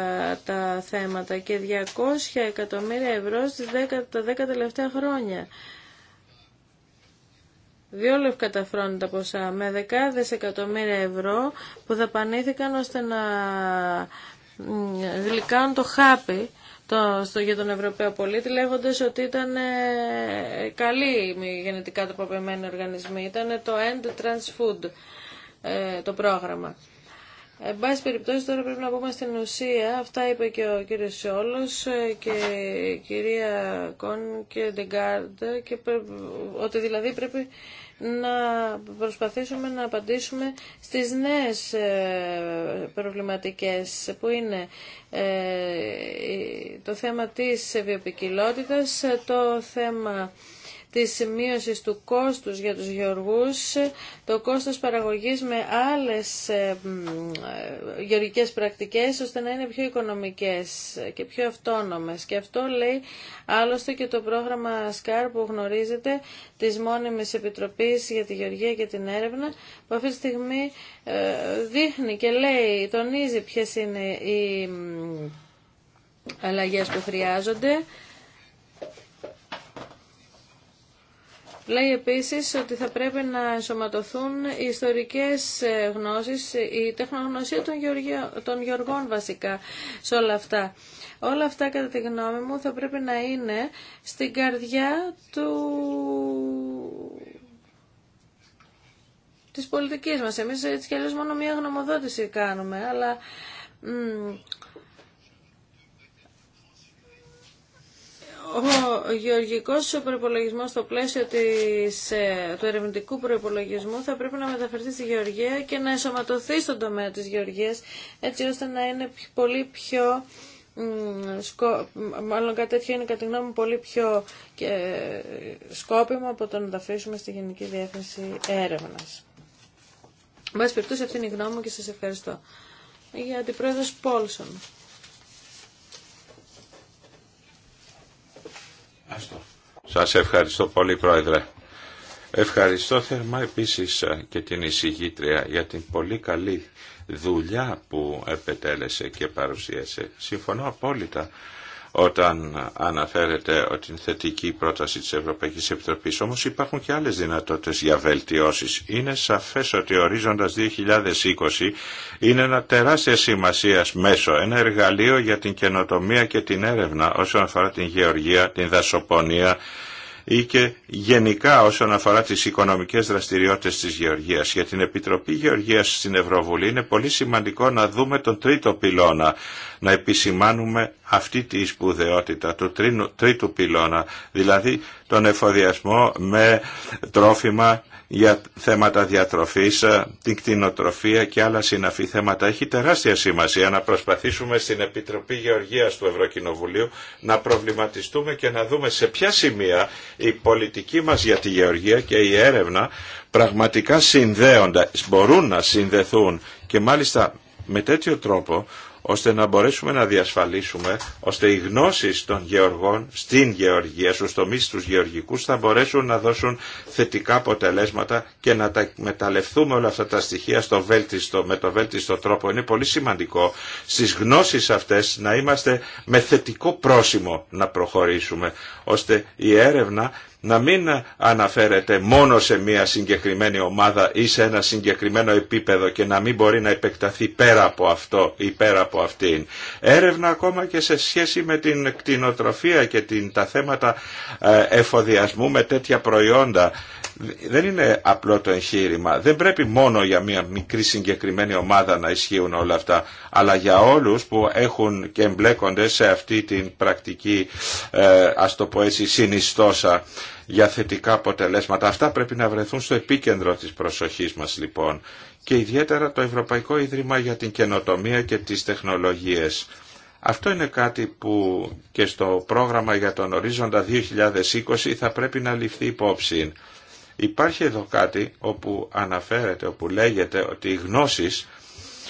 τα θέματα και 200 εκατομμύρια ευρώ στις 10, τα 10 τελευταία χρόνια. Διόλευ καταφρόνουν τα ποσά με δεκάδες εκατομμύρια ευρώ που δαπανήθηκαν ώστε να γλυκάνουν το χάπι το, στο, για τον Ευρωπαίο πολίτη λέγοντας ότι ήταν ε, καλοί οι γενετικά τροποποιημένοι οργανισμοί. Ήταν το End Trans Food ε, το πρόγραμμα. Εν πάση περιπτώσει τώρα πρέπει να πούμε στην ουσία, αυτά είπε και ο κύριος Σιόλος ε, και η κυρία Κόν και Ντεγκάρντ, ότι δηλαδή πρέπει να προσπαθήσουμε να απαντήσουμε στις νέες ε, προβληματικές που είναι ε, το θέμα της βιοπικιλότητας, το θέμα της σημείωσης του κόστους για τους γεωργούς, το κόστος παραγωγής με άλλες ε, ε, γεωργικές πρακτικές, ώστε να είναι πιο οικονομικές και πιο αυτόνομες. Και αυτό λέει άλλωστε και το πρόγραμμα SCAR που γνωρίζετε, της Μόνιμης Επιτροπής για τη Γεωργία και την Έρευνα, που αυτή τη στιγμή ε, δείχνει και λέει, τονίζει ποιες είναι οι αλλαγές που χρειάζονται. Λέει επίσης ότι θα πρέπει να ενσωματωθούν οι ιστορικές γνώσεις, η τεχνογνωσία των, Γιωργών γεωργών βασικά σε όλα αυτά. Όλα αυτά κατά τη γνώμη μου θα πρέπει να είναι στην καρδιά του... της πολιτικής μας. Εμείς έτσι κι αλλιώς μόνο μία γνωμοδότηση κάνουμε, αλλά ο γεωργικός προπολογισμό στο πλαίσιο της, ε, του ερευνητικού προπολογισμού θα πρέπει να μεταφερθεί στη γεωργία και να εσωματωθεί στον τομέα της γεωργίας έτσι ώστε να είναι πολύ πιο μάλλον κάτι τέτοιο είναι κατά γνώμη πολύ πιο σκόπιμο από το να τα αφήσουμε στη Γενική Διεύθυνση Έρευνας. Μας περιπτώσει αυτή είναι η γνώμη μου και σας ευχαριστώ. Για την πρόεδρος Πόλσον. Σας ευχαριστώ πολύ Πρόεδρε. Ευχαριστώ θερμά επίσης ε, και την εισηγήτρια για την πολύ καλή δουλειά που επετέλεσε και παρουσίασε. Συμφωνώ απόλυτα όταν αναφέρεται ότι είναι θετική η πρόταση της Ευρωπαϊκής Επιτροπής. Όμως υπάρχουν και άλλες δυνατότητες για βελτιώσεις. Είναι σαφές ότι ο ορίζοντας 2020 είναι ένα τεράστια σημασία μέσο, ένα εργαλείο για την καινοτομία και την έρευνα όσον αφορά την γεωργία, την δασοπονία, ή και γενικά όσον αφορά τις οικονομικές δραστηριότητες της Γεωργίας. Για την Επιτροπή Γεωργίας στην Ευρωβουλή είναι πολύ σημαντικό να δούμε τον τρίτο πυλώνα, να επισημάνουμε αυτή τη σπουδαιότητα του τρίτου πυλώνα, δηλαδή τον εφοδιασμό με τρόφιμα για θέματα διατροφής, ε, την κτηνοτροφία και άλλα συναφή θέματα έχει τεράστια σημασία να προσπαθήσουμε στην Επιτροπή Γεωργίας του Ευρωκοινοβουλίου να προβληματιστούμε και να δούμε σε ποια σημεία η πολιτική μας για τη γεωργία και η έρευνα πραγματικά συνδέονται, μπορούν να συνδεθούν και μάλιστα με τέτοιο τρόπο ώστε να μπορέσουμε να διασφαλίσουμε ώστε οι γνώσεις των γεωργών στην γεωργία, στους τομείς τους γεωργικούς θα μπορέσουν να δώσουν θετικά αποτελέσματα και να τα μεταλλευτούμε όλα αυτά τα στοιχεία στο βέλτιστο, με το βέλτιστο τρόπο. Είναι πολύ σημαντικό στις γνώσεις αυτές να είμαστε με θετικό πρόσημο να προχωρήσουμε ώστε η έρευνα να μην αναφέρεται μόνο σε μια συγκεκριμένη ομάδα ή σε ένα συγκεκριμένο επίπεδο και να μην μπορεί να επεκταθεί πέρα από αυτό ή πέρα από αυτήν. Έρευνα ακόμα και σε σχέση με την κτηνοτροφία και την, τα θέματα ε, εφοδιασμού με τέτοια προϊόντα. Δεν είναι απλό το εγχείρημα. Δεν πρέπει μόνο για μια μικρή συγκεκριμένη ομάδα να ισχύουν όλα αυτά, αλλά για όλους που έχουν και εμπλέκονται σε αυτή την πρακτική, ε, ας το πω έτσι, συνιστόσα για θετικά αποτελέσματα. Αυτά πρέπει να βρεθούν στο επίκεντρο της προσοχής μας λοιπόν και ιδιαίτερα το Ευρωπαϊκό Ίδρυμα για την Καινοτομία και τις Τεχνολογίες. Αυτό είναι κάτι που και στο πρόγραμμα για τον ορίζοντα 2020 θα πρέπει να ληφθεί υπόψη. Υπάρχει εδώ κάτι όπου αναφέρεται, όπου λέγεται ότι οι γνώσεις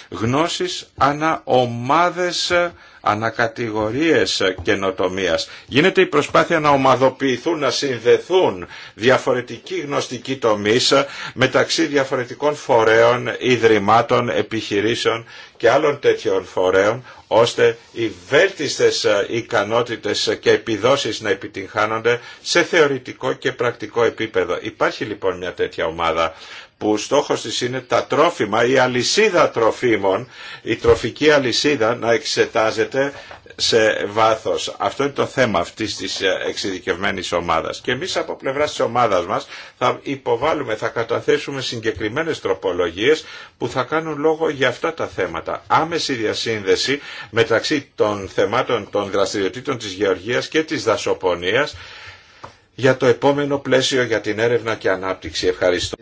γνώσεις ανά ομάδες, ανακατηγορίες καινοτομίας. Γίνεται η προσπάθεια να ομαδοποιηθούν, να συνδεθούν διαφορετικοί γνωστικοί τομείς μεταξύ διαφορετικών φορέων, ιδρυμάτων, επιχειρήσεων και άλλων τέτοιων φορέων, ώστε οι βέλτιστες ικανότητες και επιδόσεις να επιτυγχάνονται σε θεωρητικό και πρακτικό επίπεδο. Υπάρχει λοιπόν μια τέτοια ομάδα που στόχος της είναι τα τρόφιμα, η αλυσίδα τροφίμων, η τροφική αλυσίδα να εξετάζεται σε βάθος. Αυτό είναι το θέμα αυτής της ε, εξειδικευμένης ομάδας. Και εμείς από πλευράς της ομάδας μας θα υποβάλουμε, θα καταθέσουμε συγκεκριμένες τροπολογίες που θα κάνουν λόγο για αυτά τα θέματα. Άμεση διασύνδεση μεταξύ των θεμάτων των δραστηριοτήτων της γεωργίας και της δασοπονίας για το επόμενο πλαίσιο για την έρευνα και ανάπτυξη. Ευχαριστώ.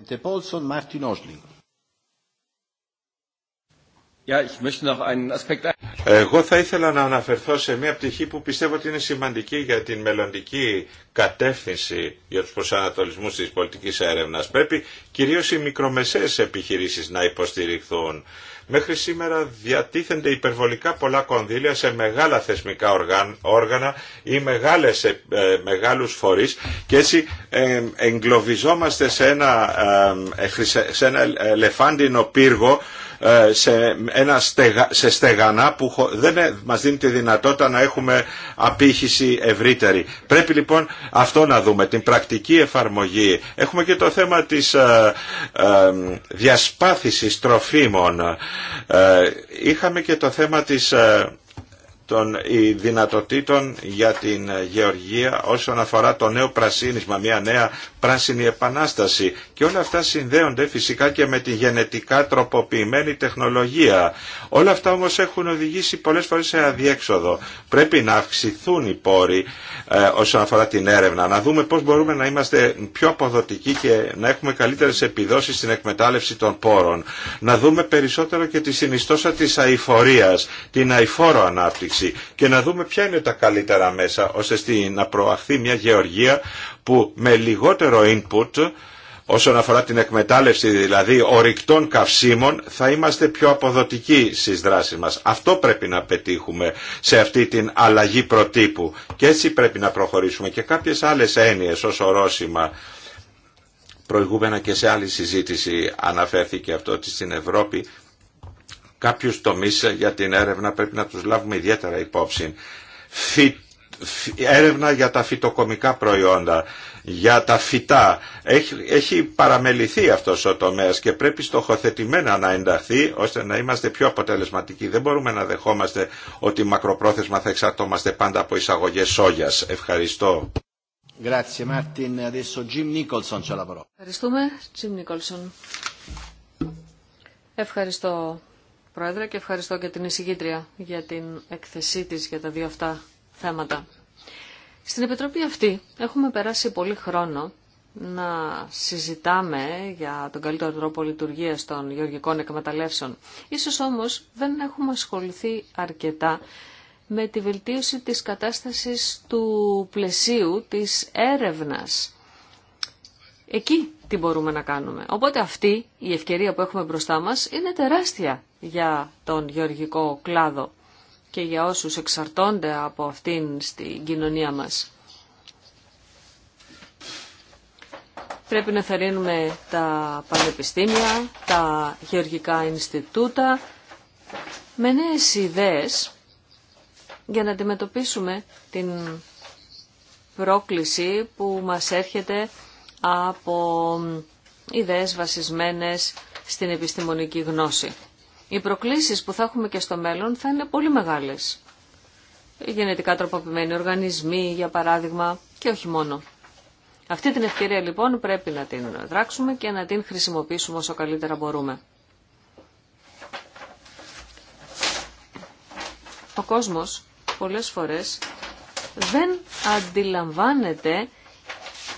Εγώ θα ήθελα να αναφερθώ σε μια πτυχή που πιστεύω ότι είναι σημαντική για την μελλοντική κατεύθυνση για τους προσανατολισμούς της πολιτικής έρευνας. Πρέπει κυρίως οι μικρομεσαίες επιχειρήσεις να υποστηριχθούν Μέχρι σήμερα διατίθενται υπερβολικά πολλά κονδύλια σε μεγάλα θεσμικά όργανα ή μεγάλες, ε, ε, μεγάλους φορείς και έτσι ε, εγκλωβιζόμαστε σε ένα, σε ένα ελεφάντινο πύργο ε, σε, ένα στεγανά που δεν ε, μας δίνει τη δυνατότητα να έχουμε απήχηση ευρύτερη. Πρέπει λοιπόν αυτό να δούμε, την πρακτική εφαρμογή. Έχουμε και το θέμα της ε, διασπάθησης τροφίμων. Είχαμε και το θέμα της των δυνατοτήτων για την γεωργία όσον αφορά το νέο πρασίνισμα, μια νέα πράσινη επανάσταση. Και όλα αυτά συνδέονται φυσικά και με τη γενετικά τροποποιημένη τεχνολογία. Όλα αυτά όμως έχουν οδηγήσει πολλές φορές σε αδιέξοδο. Πρέπει να αυξηθούν οι πόροι ε, όσον αφορά την έρευνα, να δούμε πώς μπορούμε να είμαστε πιο αποδοτικοί και να έχουμε καλύτερες επιδόσεις στην εκμετάλλευση των πόρων. Να δούμε περισσότερο και τη συνιστόσα της αηφορίας, την αηφόρο ανάπτυξη και να δούμε ποια είναι τα καλύτερα μέσα ώστε να προαχθεί μια γεωργία που με λιγότερο input όσον αφορά την εκμετάλλευση δηλαδή ορυκτών καυσίμων θα είμαστε πιο αποδοτικοί στις δράσεις μας. Αυτό πρέπει να πετύχουμε σε αυτή την αλλαγή προτύπου και έτσι πρέπει να προχωρήσουμε και κάποιες άλλες έννοιες ως ορόσημα προηγούμενα και σε άλλη συζήτηση αναφέρθηκε αυτό ότι στην Ευρώπη κάποιους τομείς για την έρευνα πρέπει να τους λάβουμε ιδιαίτερα υπόψη. Έρευνα για τα φυτοκομικά προϊόντα, για τα φυτά. Έχει, έχει παραμεληθεί αυτός ο τομέας και πρέπει στοχοθετημένα να ενταχθεί ώστε να είμαστε πιο αποτελεσματικοί. Δεν μπορούμε να δεχόμαστε ότι μακροπρόθεσμα θα εξαρτώμαστε πάντα από εισαγωγές σόγιας. Ευχαριστώ. Ευχαριστούμε. Jim Nicholson. Ευχαριστώ Πρόεδρε, και ευχαριστώ και την εισηγήτρια για την εκθεσή της για τα δύο αυτά θέματα. Στην Επιτροπή αυτή έχουμε περάσει πολύ χρόνο να συζητάμε για τον καλύτερο τρόπο λειτουργίας των γεωργικών εκμεταλλεύσεων. Ίσως όμως δεν έχουμε ασχοληθεί αρκετά με τη βελτίωση της κατάστασης του πλαισίου της έρευνας. Εκεί τι μπορούμε να κάνουμε. Οπότε αυτή η ευκαιρία που έχουμε μπροστά μας είναι τεράστια για τον γεωργικό κλάδο και για όσους εξαρτώνται από αυτήν στην κοινωνία μας. Πρέπει να θερύνουμε τα πανεπιστήμια, τα γεωργικά Ινστιτούτα, με νέες ιδέες για να αντιμετωπίσουμε την πρόκληση που μας έρχεται από ιδέες βασισμένες στην επιστημονική γνώση. Οι προκλήσεις που θα έχουμε και στο μέλλον θα είναι πολύ μεγάλες. Οι γενετικά τροποποιημένοι οργανισμοί, για παράδειγμα, και όχι μόνο. Αυτή την ευκαιρία λοιπόν πρέπει να την δράξουμε και να την χρησιμοποιήσουμε όσο καλύτερα μπορούμε. Ο κόσμος πολλές φορές δεν αντιλαμβάνεται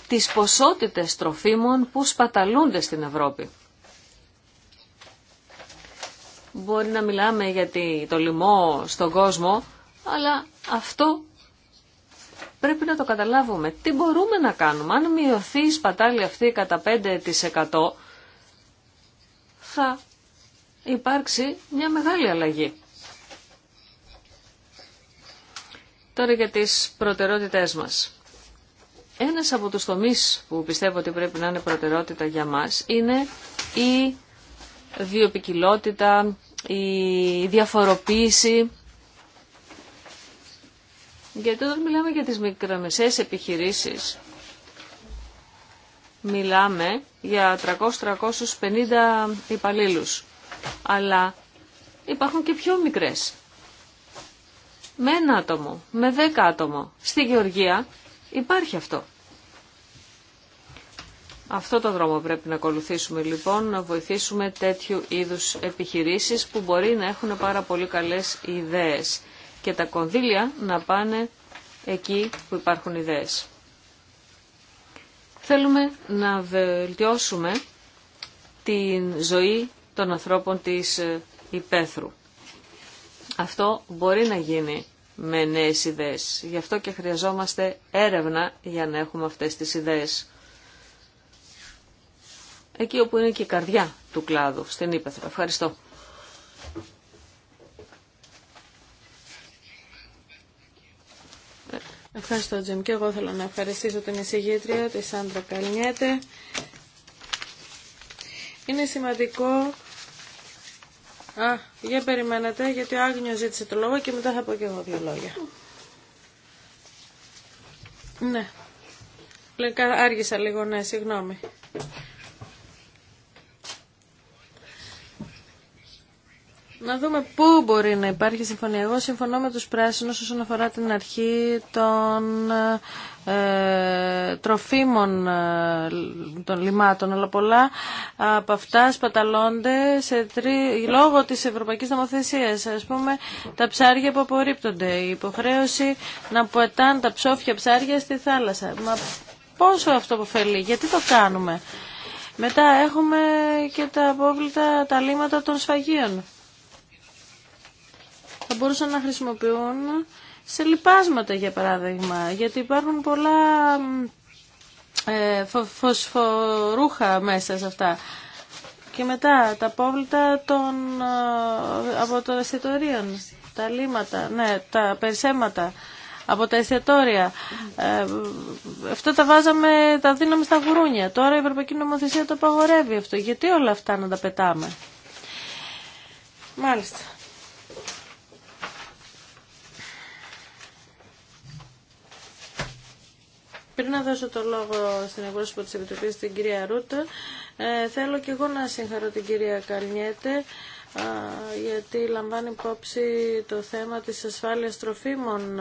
τις ποσότητες τροφίμων που σπαταλούνται στην Ευρώπη. Μπορεί να μιλάμε για το λοιμό στον κόσμο, αλλά αυτό πρέπει να το καταλάβουμε. Τι μπορούμε να κάνουμε. Αν μειωθεί η σπατάλη αυτή κατά 5% θα υπάρξει μια μεγάλη αλλαγή. Τώρα για τις προτεραιότητές μας. Ένας από τους τομείς που πιστεύω ότι πρέπει να είναι προτεραιότητα για μας είναι η βιοπικιλότητα, η διαφοροποίηση. Γιατί όταν μιλάμε για τις μικρομεσαίες επιχειρήσεις, μιλάμε για 300-350 υπαλλήλους. Αλλά υπάρχουν και πιο μικρές. Με ένα άτομο, με δέκα άτομο. Στη Γεωργία Υπάρχει αυτό. Αυτό το δρόμο πρέπει να ακολουθήσουμε λοιπόν, να βοηθήσουμε τέτοιου είδους επιχειρήσεις που μπορεί να έχουν πάρα πολύ καλές ιδέες και τα κονδύλια να πάνε εκεί που υπάρχουν ιδέες. Θέλουμε να βελτιώσουμε την ζωή των ανθρώπων της ε, υπαίθρου. Αυτό μπορεί να γίνει με νέες ιδέες. Γι' αυτό και χρειαζόμαστε έρευνα για να έχουμε αυτές τις ιδέες. Εκεί όπου είναι και η καρδιά του κλάδου, στην Ήπεθρο. Ευχαριστώ. Ευχαριστώ Τζιμ και εγώ θέλω να ευχαριστήσω την εισηγήτρια, τη Σάντρα Καλνιέτε. Είναι σημαντικό Α, για περιμένετε, γιατί ο Άγνιο ζήτησε το λόγο και μετά θα πω και εγώ δύο λόγια. Ναι. Άργησα λίγο, ναι, συγγνώμη. να δούμε πού μπορεί να υπάρχει συμφωνία. Εγώ συμφωνώ με τους πράσινους όσον αφορά την αρχή των ε, τροφίμων ε, των λιμάτων, αλλά πολλά από αυτά σπαταλώνται σε τρι... λόγω της ευρωπαϊκής νομοθεσίας. Ας πούμε, τα ψάρια που απορρίπτονται, η υποχρέωση να πουετάν τα ψόφια ψάρια στη θάλασσα. Μα πόσο αυτό αποφελεί, γιατί το κάνουμε. Μετά έχουμε και τα απόβλητα, τα λίματα των σφαγίων θα μπορούσαν να χρησιμοποιούν σε λιπάσματα για παράδειγμα, γιατί υπάρχουν πολλά ε, φωσφορούχα μέσα σε αυτά. Και μετά τα πόβλητα των, ε, από των εστιατορίων, τα λίματα, ναι, τα περισσέματα από τα εστιατόρια. Ε, αυτά τα βάζαμε, τα δίναμε στα γουρούνια. Τώρα η Ευρωπαϊκή Νομοθεσία το απαγορεύει αυτό. Γιατί όλα αυτά να τα πετάμε. Μάλιστα. Πριν να δώσω το λόγο στην εκπρόσωπο της Επιτροπής, την κυρία Ρούτα, ε, θέλω και εγώ να συγχαρώ την κυρία Καλνιέτε γιατί λαμβάνει υπόψη το θέμα της ασφάλειας τροφίμων.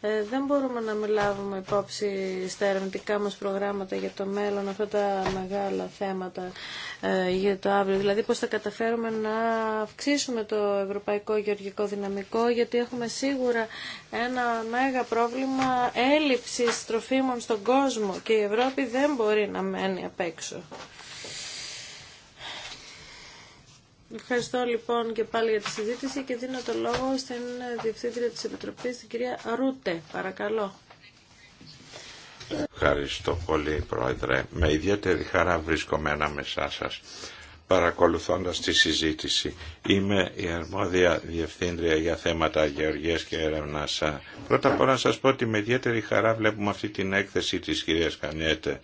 Ε, δεν μπορούμε να μιλάμε υπόψη στα ερευνητικά μας προγράμματα για το μέλλον αυτά τα μεγάλα θέματα ε, για το αύριο. Δηλαδή πώς θα καταφέρουμε να αυξήσουμε το ευρωπαϊκό γεωργικό δυναμικό γιατί έχουμε σίγουρα ένα μέγα πρόβλημα έλλειψης τροφίμων στον κόσμο και η Ευρώπη δεν μπορεί να μένει απ' έξω. Ευχαριστώ λοιπόν και πάλι για τη συζήτηση και δίνω το λόγο στην Διευθύντρια της Επιτροπής, την κυρία Ρούτε. Παρακαλώ. Ευχαριστώ πολύ Πρόεδρε. Με ιδιαίτερη χαρά βρίσκομαι ανάμεσά σας παρακολουθώντας τη συζήτηση. Είμαι η αρμόδια διευθύντρια για θέματα γεωργίας και έρευνας. Πρώτα απ' όλα να σας πω ότι με ιδιαίτερη χαρά βλέπουμε αυτή την έκθεση της κυρίας Κανιέτε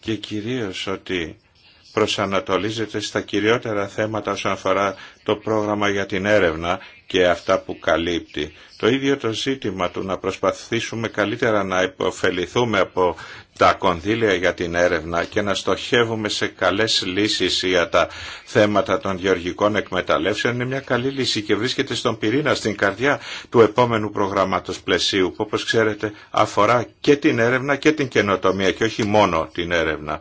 και κυρίως ότι προσανατολίζεται στα κυριότερα θέματα όσον αφορά το πρόγραμμα για την έρευνα και αυτά που καλύπτει. Το ίδιο το ζήτημα του να προσπαθήσουμε καλύτερα να υποφεληθούμε από τα κονδύλια για την έρευνα και να στοχεύουμε σε καλές λύσεις για τα θέματα των γεωργικών εκμεταλλεύσεων είναι μια καλή λύση και βρίσκεται στον πυρήνα, στην καρδιά του επόμενου προγράμματος πλαισίου που όπως ξέρετε αφορά και την έρευνα και την καινοτομία και όχι μόνο την έρευνα.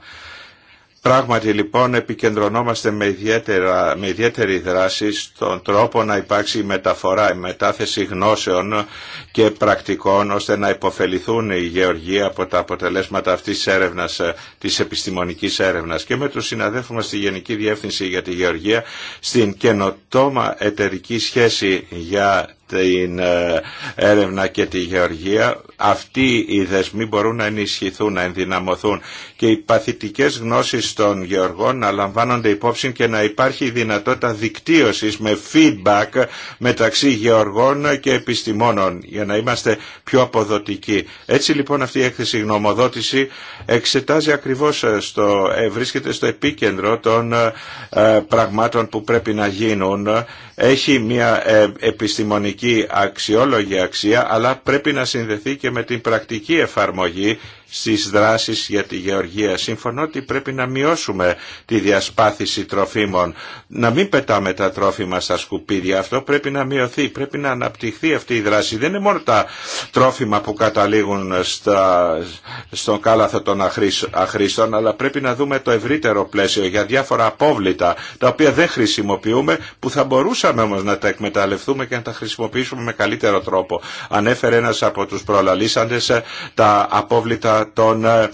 Πράγματι λοιπόν επικεντρωνόμαστε με, ιδιαίτερα, με ιδιαίτερη δράση στον τρόπο να υπάρξει η μεταφορά, η μετάθεση γνώσεων και πρακτικών ώστε να υποφεληθούν οι γεωργοί από τα αποτελέσματα αυτής της έρευνας, της επιστημονικής έρευνας και με τους συναδέλφους μας στη Γενική Διεύθυνση για τη Γεωργία στην καινοτόμα εταιρική σχέση για την ε, έρευνα και τη γεωργία, αυτοί οι δεσμοί μπορούν να ενισχυθούν, να ενδυναμωθούν και οι παθητικές γνώσεις των γεωργών να λαμβάνονται υπόψη και να υπάρχει δυνατότητα δικτύωσης με feedback μεταξύ γεωργών και επιστημόνων για να είμαστε πιο αποδοτικοί. Έτσι λοιπόν αυτή η έκθεση γνωμοδότηση εξετάζει ακριβώς, ε, στο, ε, βρίσκεται στο επίκεντρο των πραγμάτων που πρέπει να γίνουν έχει μια ε, επιστημονική αξιόλογη αξία αλλά πρέπει να συνδεθεί και με την πρακτική εφαρμογή στις δράσεις για τη γεωργία. Σύμφωνο ότι πρέπει να μειώσουμε τη διασπάθηση τροφίμων, να μην πετάμε τα τρόφιμα στα σκουπίδια. Αυτό πρέπει να μειωθεί, πρέπει να αναπτυχθεί αυτή η δράση. Δεν είναι μόνο τα τρόφιμα που καταλήγουν στα, στον κάλαθο των αχρήστων, αλλά πρέπει να δούμε το ευρύτερο πλαίσιο για διάφορα απόβλητα, τα οποία δεν χρησιμοποιούμε, που θα μπορούσαμε όμως να τα εκμεταλλευτούμε και να τα χρησιμοποιήσουμε με καλύτερο τρόπο. Ανέφερε ένας από τους προλαλήσαντες ε, τα απόβλητα των ε,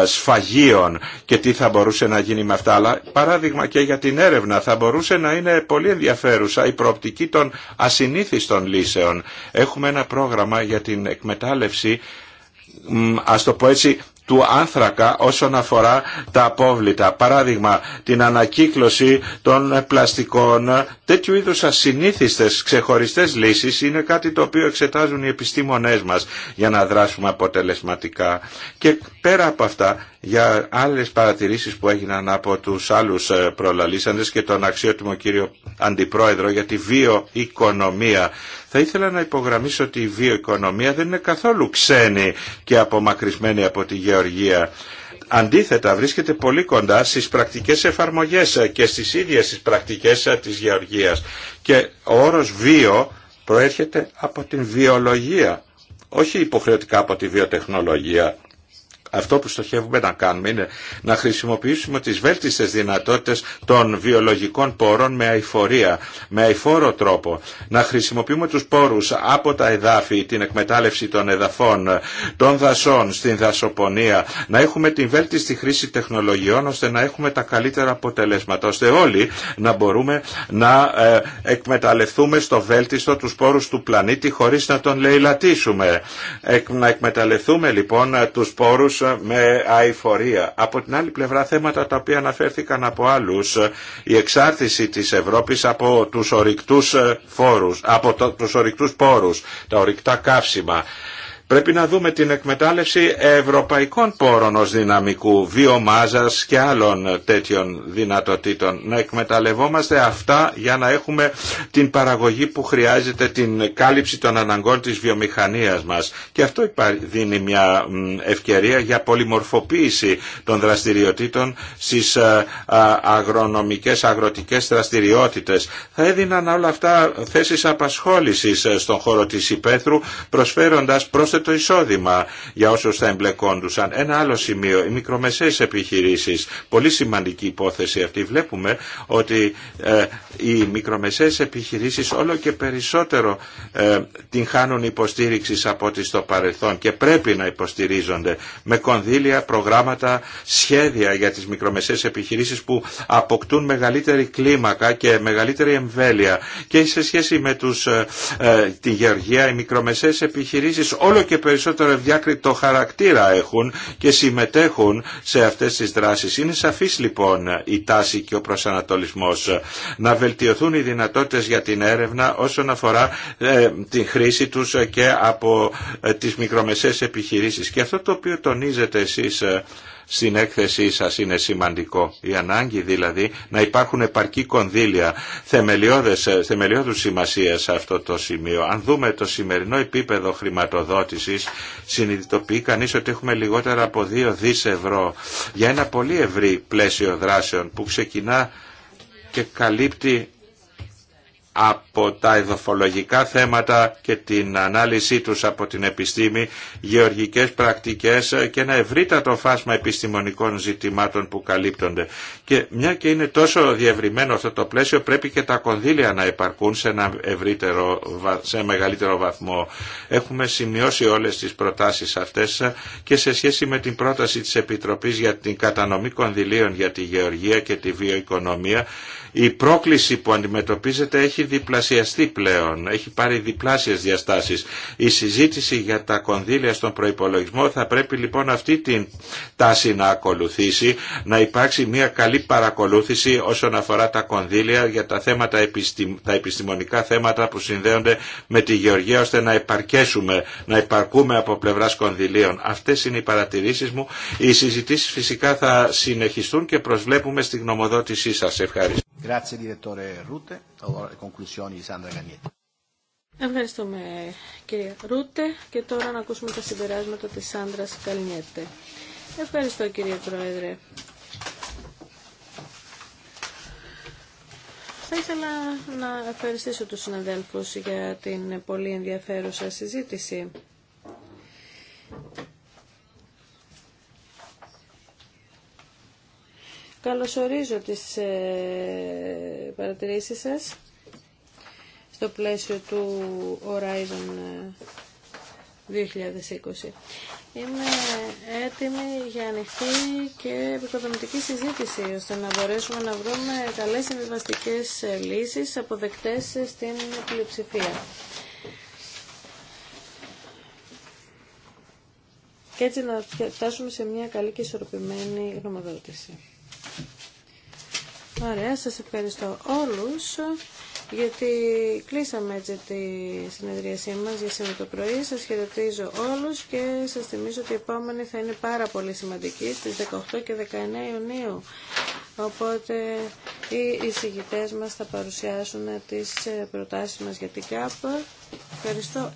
ε, σφαγίων και τι θα μπορούσε να γίνει με αυτά. Αλλά παράδειγμα και για την έρευνα θα μπορούσε να είναι πολύ ενδιαφέρουσα η προοπτική των ασυνήθιστων λύσεων. Έχουμε ένα πρόγραμμα για την εκμετάλλευση ας το πω έτσι, του άνθρακα όσον αφορά τα απόβλητα. Παράδειγμα, την ανακύκλωση των πλαστικών. Τέτοιου είδου ασυνήθιστε ξεχωριστές λύσεις είναι κάτι το οποίο εξετάζουν οι επιστήμονές μας για να δράσουμε αποτελεσματικά. Και πέρα από αυτά για άλλες παρατηρήσεις που έγιναν από τους άλλους ε, προλαλήσαντες και τον αξιότιμο κύριο Αντιπρόεδρο για τη βιοοικονομία. Θα ήθελα να υπογραμμίσω ότι η βιοοικονομία δεν είναι καθόλου ξένη και απομακρυσμένη από τη γεωργία. Αντίθετα βρίσκεται πολύ κοντά στις πρακτικές εφαρμογές ε, και στις ίδιες τις πρακτικές ε, της γεωργίας. Και ο όρος βίο προέρχεται από την βιολογία, όχι υποχρεωτικά από τη βιοτεχνολογία αυτό που στοχεύουμε να κάνουμε είναι να χρησιμοποιήσουμε τις βέλτιστες δυνατότητες των βιολογικών πόρων με αηφορία, με αηφόρο τρόπο. Να χρησιμοποιούμε τους πόρους από τα εδάφη, την εκμετάλλευση των εδαφών, των δασών, στην δασοπονία. Να έχουμε την βέλτιστη χρήση τεχνολογιών ώστε να έχουμε τα καλύτερα αποτελέσματα, ώστε όλοι να μπορούμε να ε, εκμεταλλευτούμε στο βέλτιστο τους πόρους του πλανήτη χωρίς να τον λαιλατίσουμε. να εκμεταλλευτούμε λοιπόν ε, τους πόρους με αηφορία. Από την άλλη πλευρά θέματα τα οποία αναφέρθηκαν από άλλους, η εξάρτηση της Ευρώπης από τους ορυκτούς ε, φόρους, από τους ορυκτούς πόρους, τα ορυκτά καύσιμα. Πρέπει να δούμε την εκμετάλλευση ευρωπαϊκών πόρων ως δυναμικού, βιομάζας και άλλων τέτοιων δυνατοτήτων. Να εκμεταλλευόμαστε αυτά για να έχουμε την παραγωγή που χρειάζεται, την κάλυψη των αναγκών της βιομηχανίας μας. Και αυτό δίνει μια ευκαιρία για πολυμορφοποίηση των δραστηριοτήτων στις ε, αγρονομικές, αγροτικές δραστηριότητες. Θα έδιναν όλα αυτά θέσεις απασχόλησης ε, στον χώρο της υπαίθρου, προσφέροντας το εισόδημα για όσους θα εμπλεκόντουσαν. Ένα άλλο σημείο, οι μικρομεσαίες επιχειρήσεις. Πολύ σημαντική υπόθεση αυτή. Βλέπουμε ότι ε, οι μικρομεσαίες επιχειρήσεις όλο και περισσότερο ε, την χάνουν υποστήριξη από ό,τι στο παρελθόν και πρέπει να υποστηρίζονται με κονδύλια, προγράμματα, σχέδια για τις μικρομεσαίες επιχειρήσεις που αποκτούν μεγαλύτερη κλίμακα και μεγαλύτερη εμβέλεια και σε σχέση με τους, ε, ε, τη γεωργία, οι μικρομεσαίες επιχειρήσεις όλο και περισσότερο ευδιάκριτο χαρακτήρα έχουν και συμμετέχουν σε αυτές τις δράσεις. Είναι σαφής λοιπόν η τάση και ο προσανατολισμός να βελτιωθούν οι δυνατότητες για την έρευνα όσον αφορά ε, την χρήση τους και από ε, τις μικρομεσαίες επιχειρήσεις. Και αυτό το οποίο τονίζετε εσείς ε, στην έκθεσή σας είναι σημαντικό. Η ανάγκη δηλαδή να υπάρχουν επαρκή κονδύλια θεμελιώδου ε, θεμελιώδους σημασία σε αυτό το σημείο. Αν δούμε το σημερινό επίπεδο χρηματοδότησης, συνειδητοποιεί κανείς ότι έχουμε λιγότερα από 2 δις ευρώ για ένα πολύ ευρύ πλαίσιο δράσεων που ξεκινά και καλύπτει από τα εδοφολογικά θέματα και την ανάλυση τους από την επιστήμη, γεωργικές πρακτικές και ένα ευρύτατο φάσμα επιστημονικών ζητημάτων που καλύπτονται. Και μια και είναι τόσο διευρυμένο αυτό το πλαίσιο πρέπει και τα κονδύλια να επαρκούν σε ένα ευρύτερο, σε μεγαλύτερο βαθμό. Έχουμε σημειώσει όλες τις προτάσεις αυτές και σε σχέση με την πρόταση της Επιτροπής για την κατανομή κονδυλίων για τη γεωργία και τη βιοοικονομία η πρόκληση που αντιμετωπίζεται έχει διπλασιαστεί πλέον, έχει πάρει διπλάσιες διαστάσεις. Η συζήτηση για τα κονδύλια στον προϋπολογισμό θα πρέπει λοιπόν αυτή την τάση να ακολουθήσει, να υπάρξει μια καλή παρακολούθηση όσον αφορά τα κονδύλια για τα, θέματα, τα επιστημονικά θέματα που συνδέονται με τη γεωργία ώστε να επαρκέσουμε, να υπαρκούμε από πλευράς κονδυλίων. Αυτές είναι οι παρατηρήσεις μου. Οι συζητήσεις φυσικά θα συνεχιστούν και προσβλέπουμε στη γνωμοδότησή σας. Ευχαριστώ. Ευχαριστούμε κύριε Ρούτε και τώρα να ακούσουμε τα συμπεράσματα της Σάντρας Καλνιέτε. Ευχαριστώ κύριε Πρόεδρε. Θα ήθελα να ευχαριστήσω τους συναδέλφους για την πολύ ενδιαφέρουσα συζήτηση. Καλωσορίζω τις ε, παρατηρήσεις σας στο πλαίσιο του Horizon 2020. Ε, Είμαι έτοιμη για ανοιχτή και επικοδομητική συζήτηση, ώστε να μπορέσουμε να βρούμε καλές συμβιβαστικέ ε, λύσεις αποδεκτές στην πλειοψηφία. Και έτσι να φτάσουμε σε μια καλή και ισορροπημένη γνωμοδότηση. Ωραία, σας ευχαριστώ όλους γιατί κλείσαμε έτσι τη συνεδρίασή μας για σήμερα το πρωί. Σας χαιρετίζω όλους και σας θυμίζω ότι η επόμενη θα είναι πάρα πολύ σημαντική στις 18 και 19 Ιουνίου. Οπότε οι εισηγητές μας θα παρουσιάσουν τις προτάσεις μας για την ΚΑΠ. Ευχαριστώ.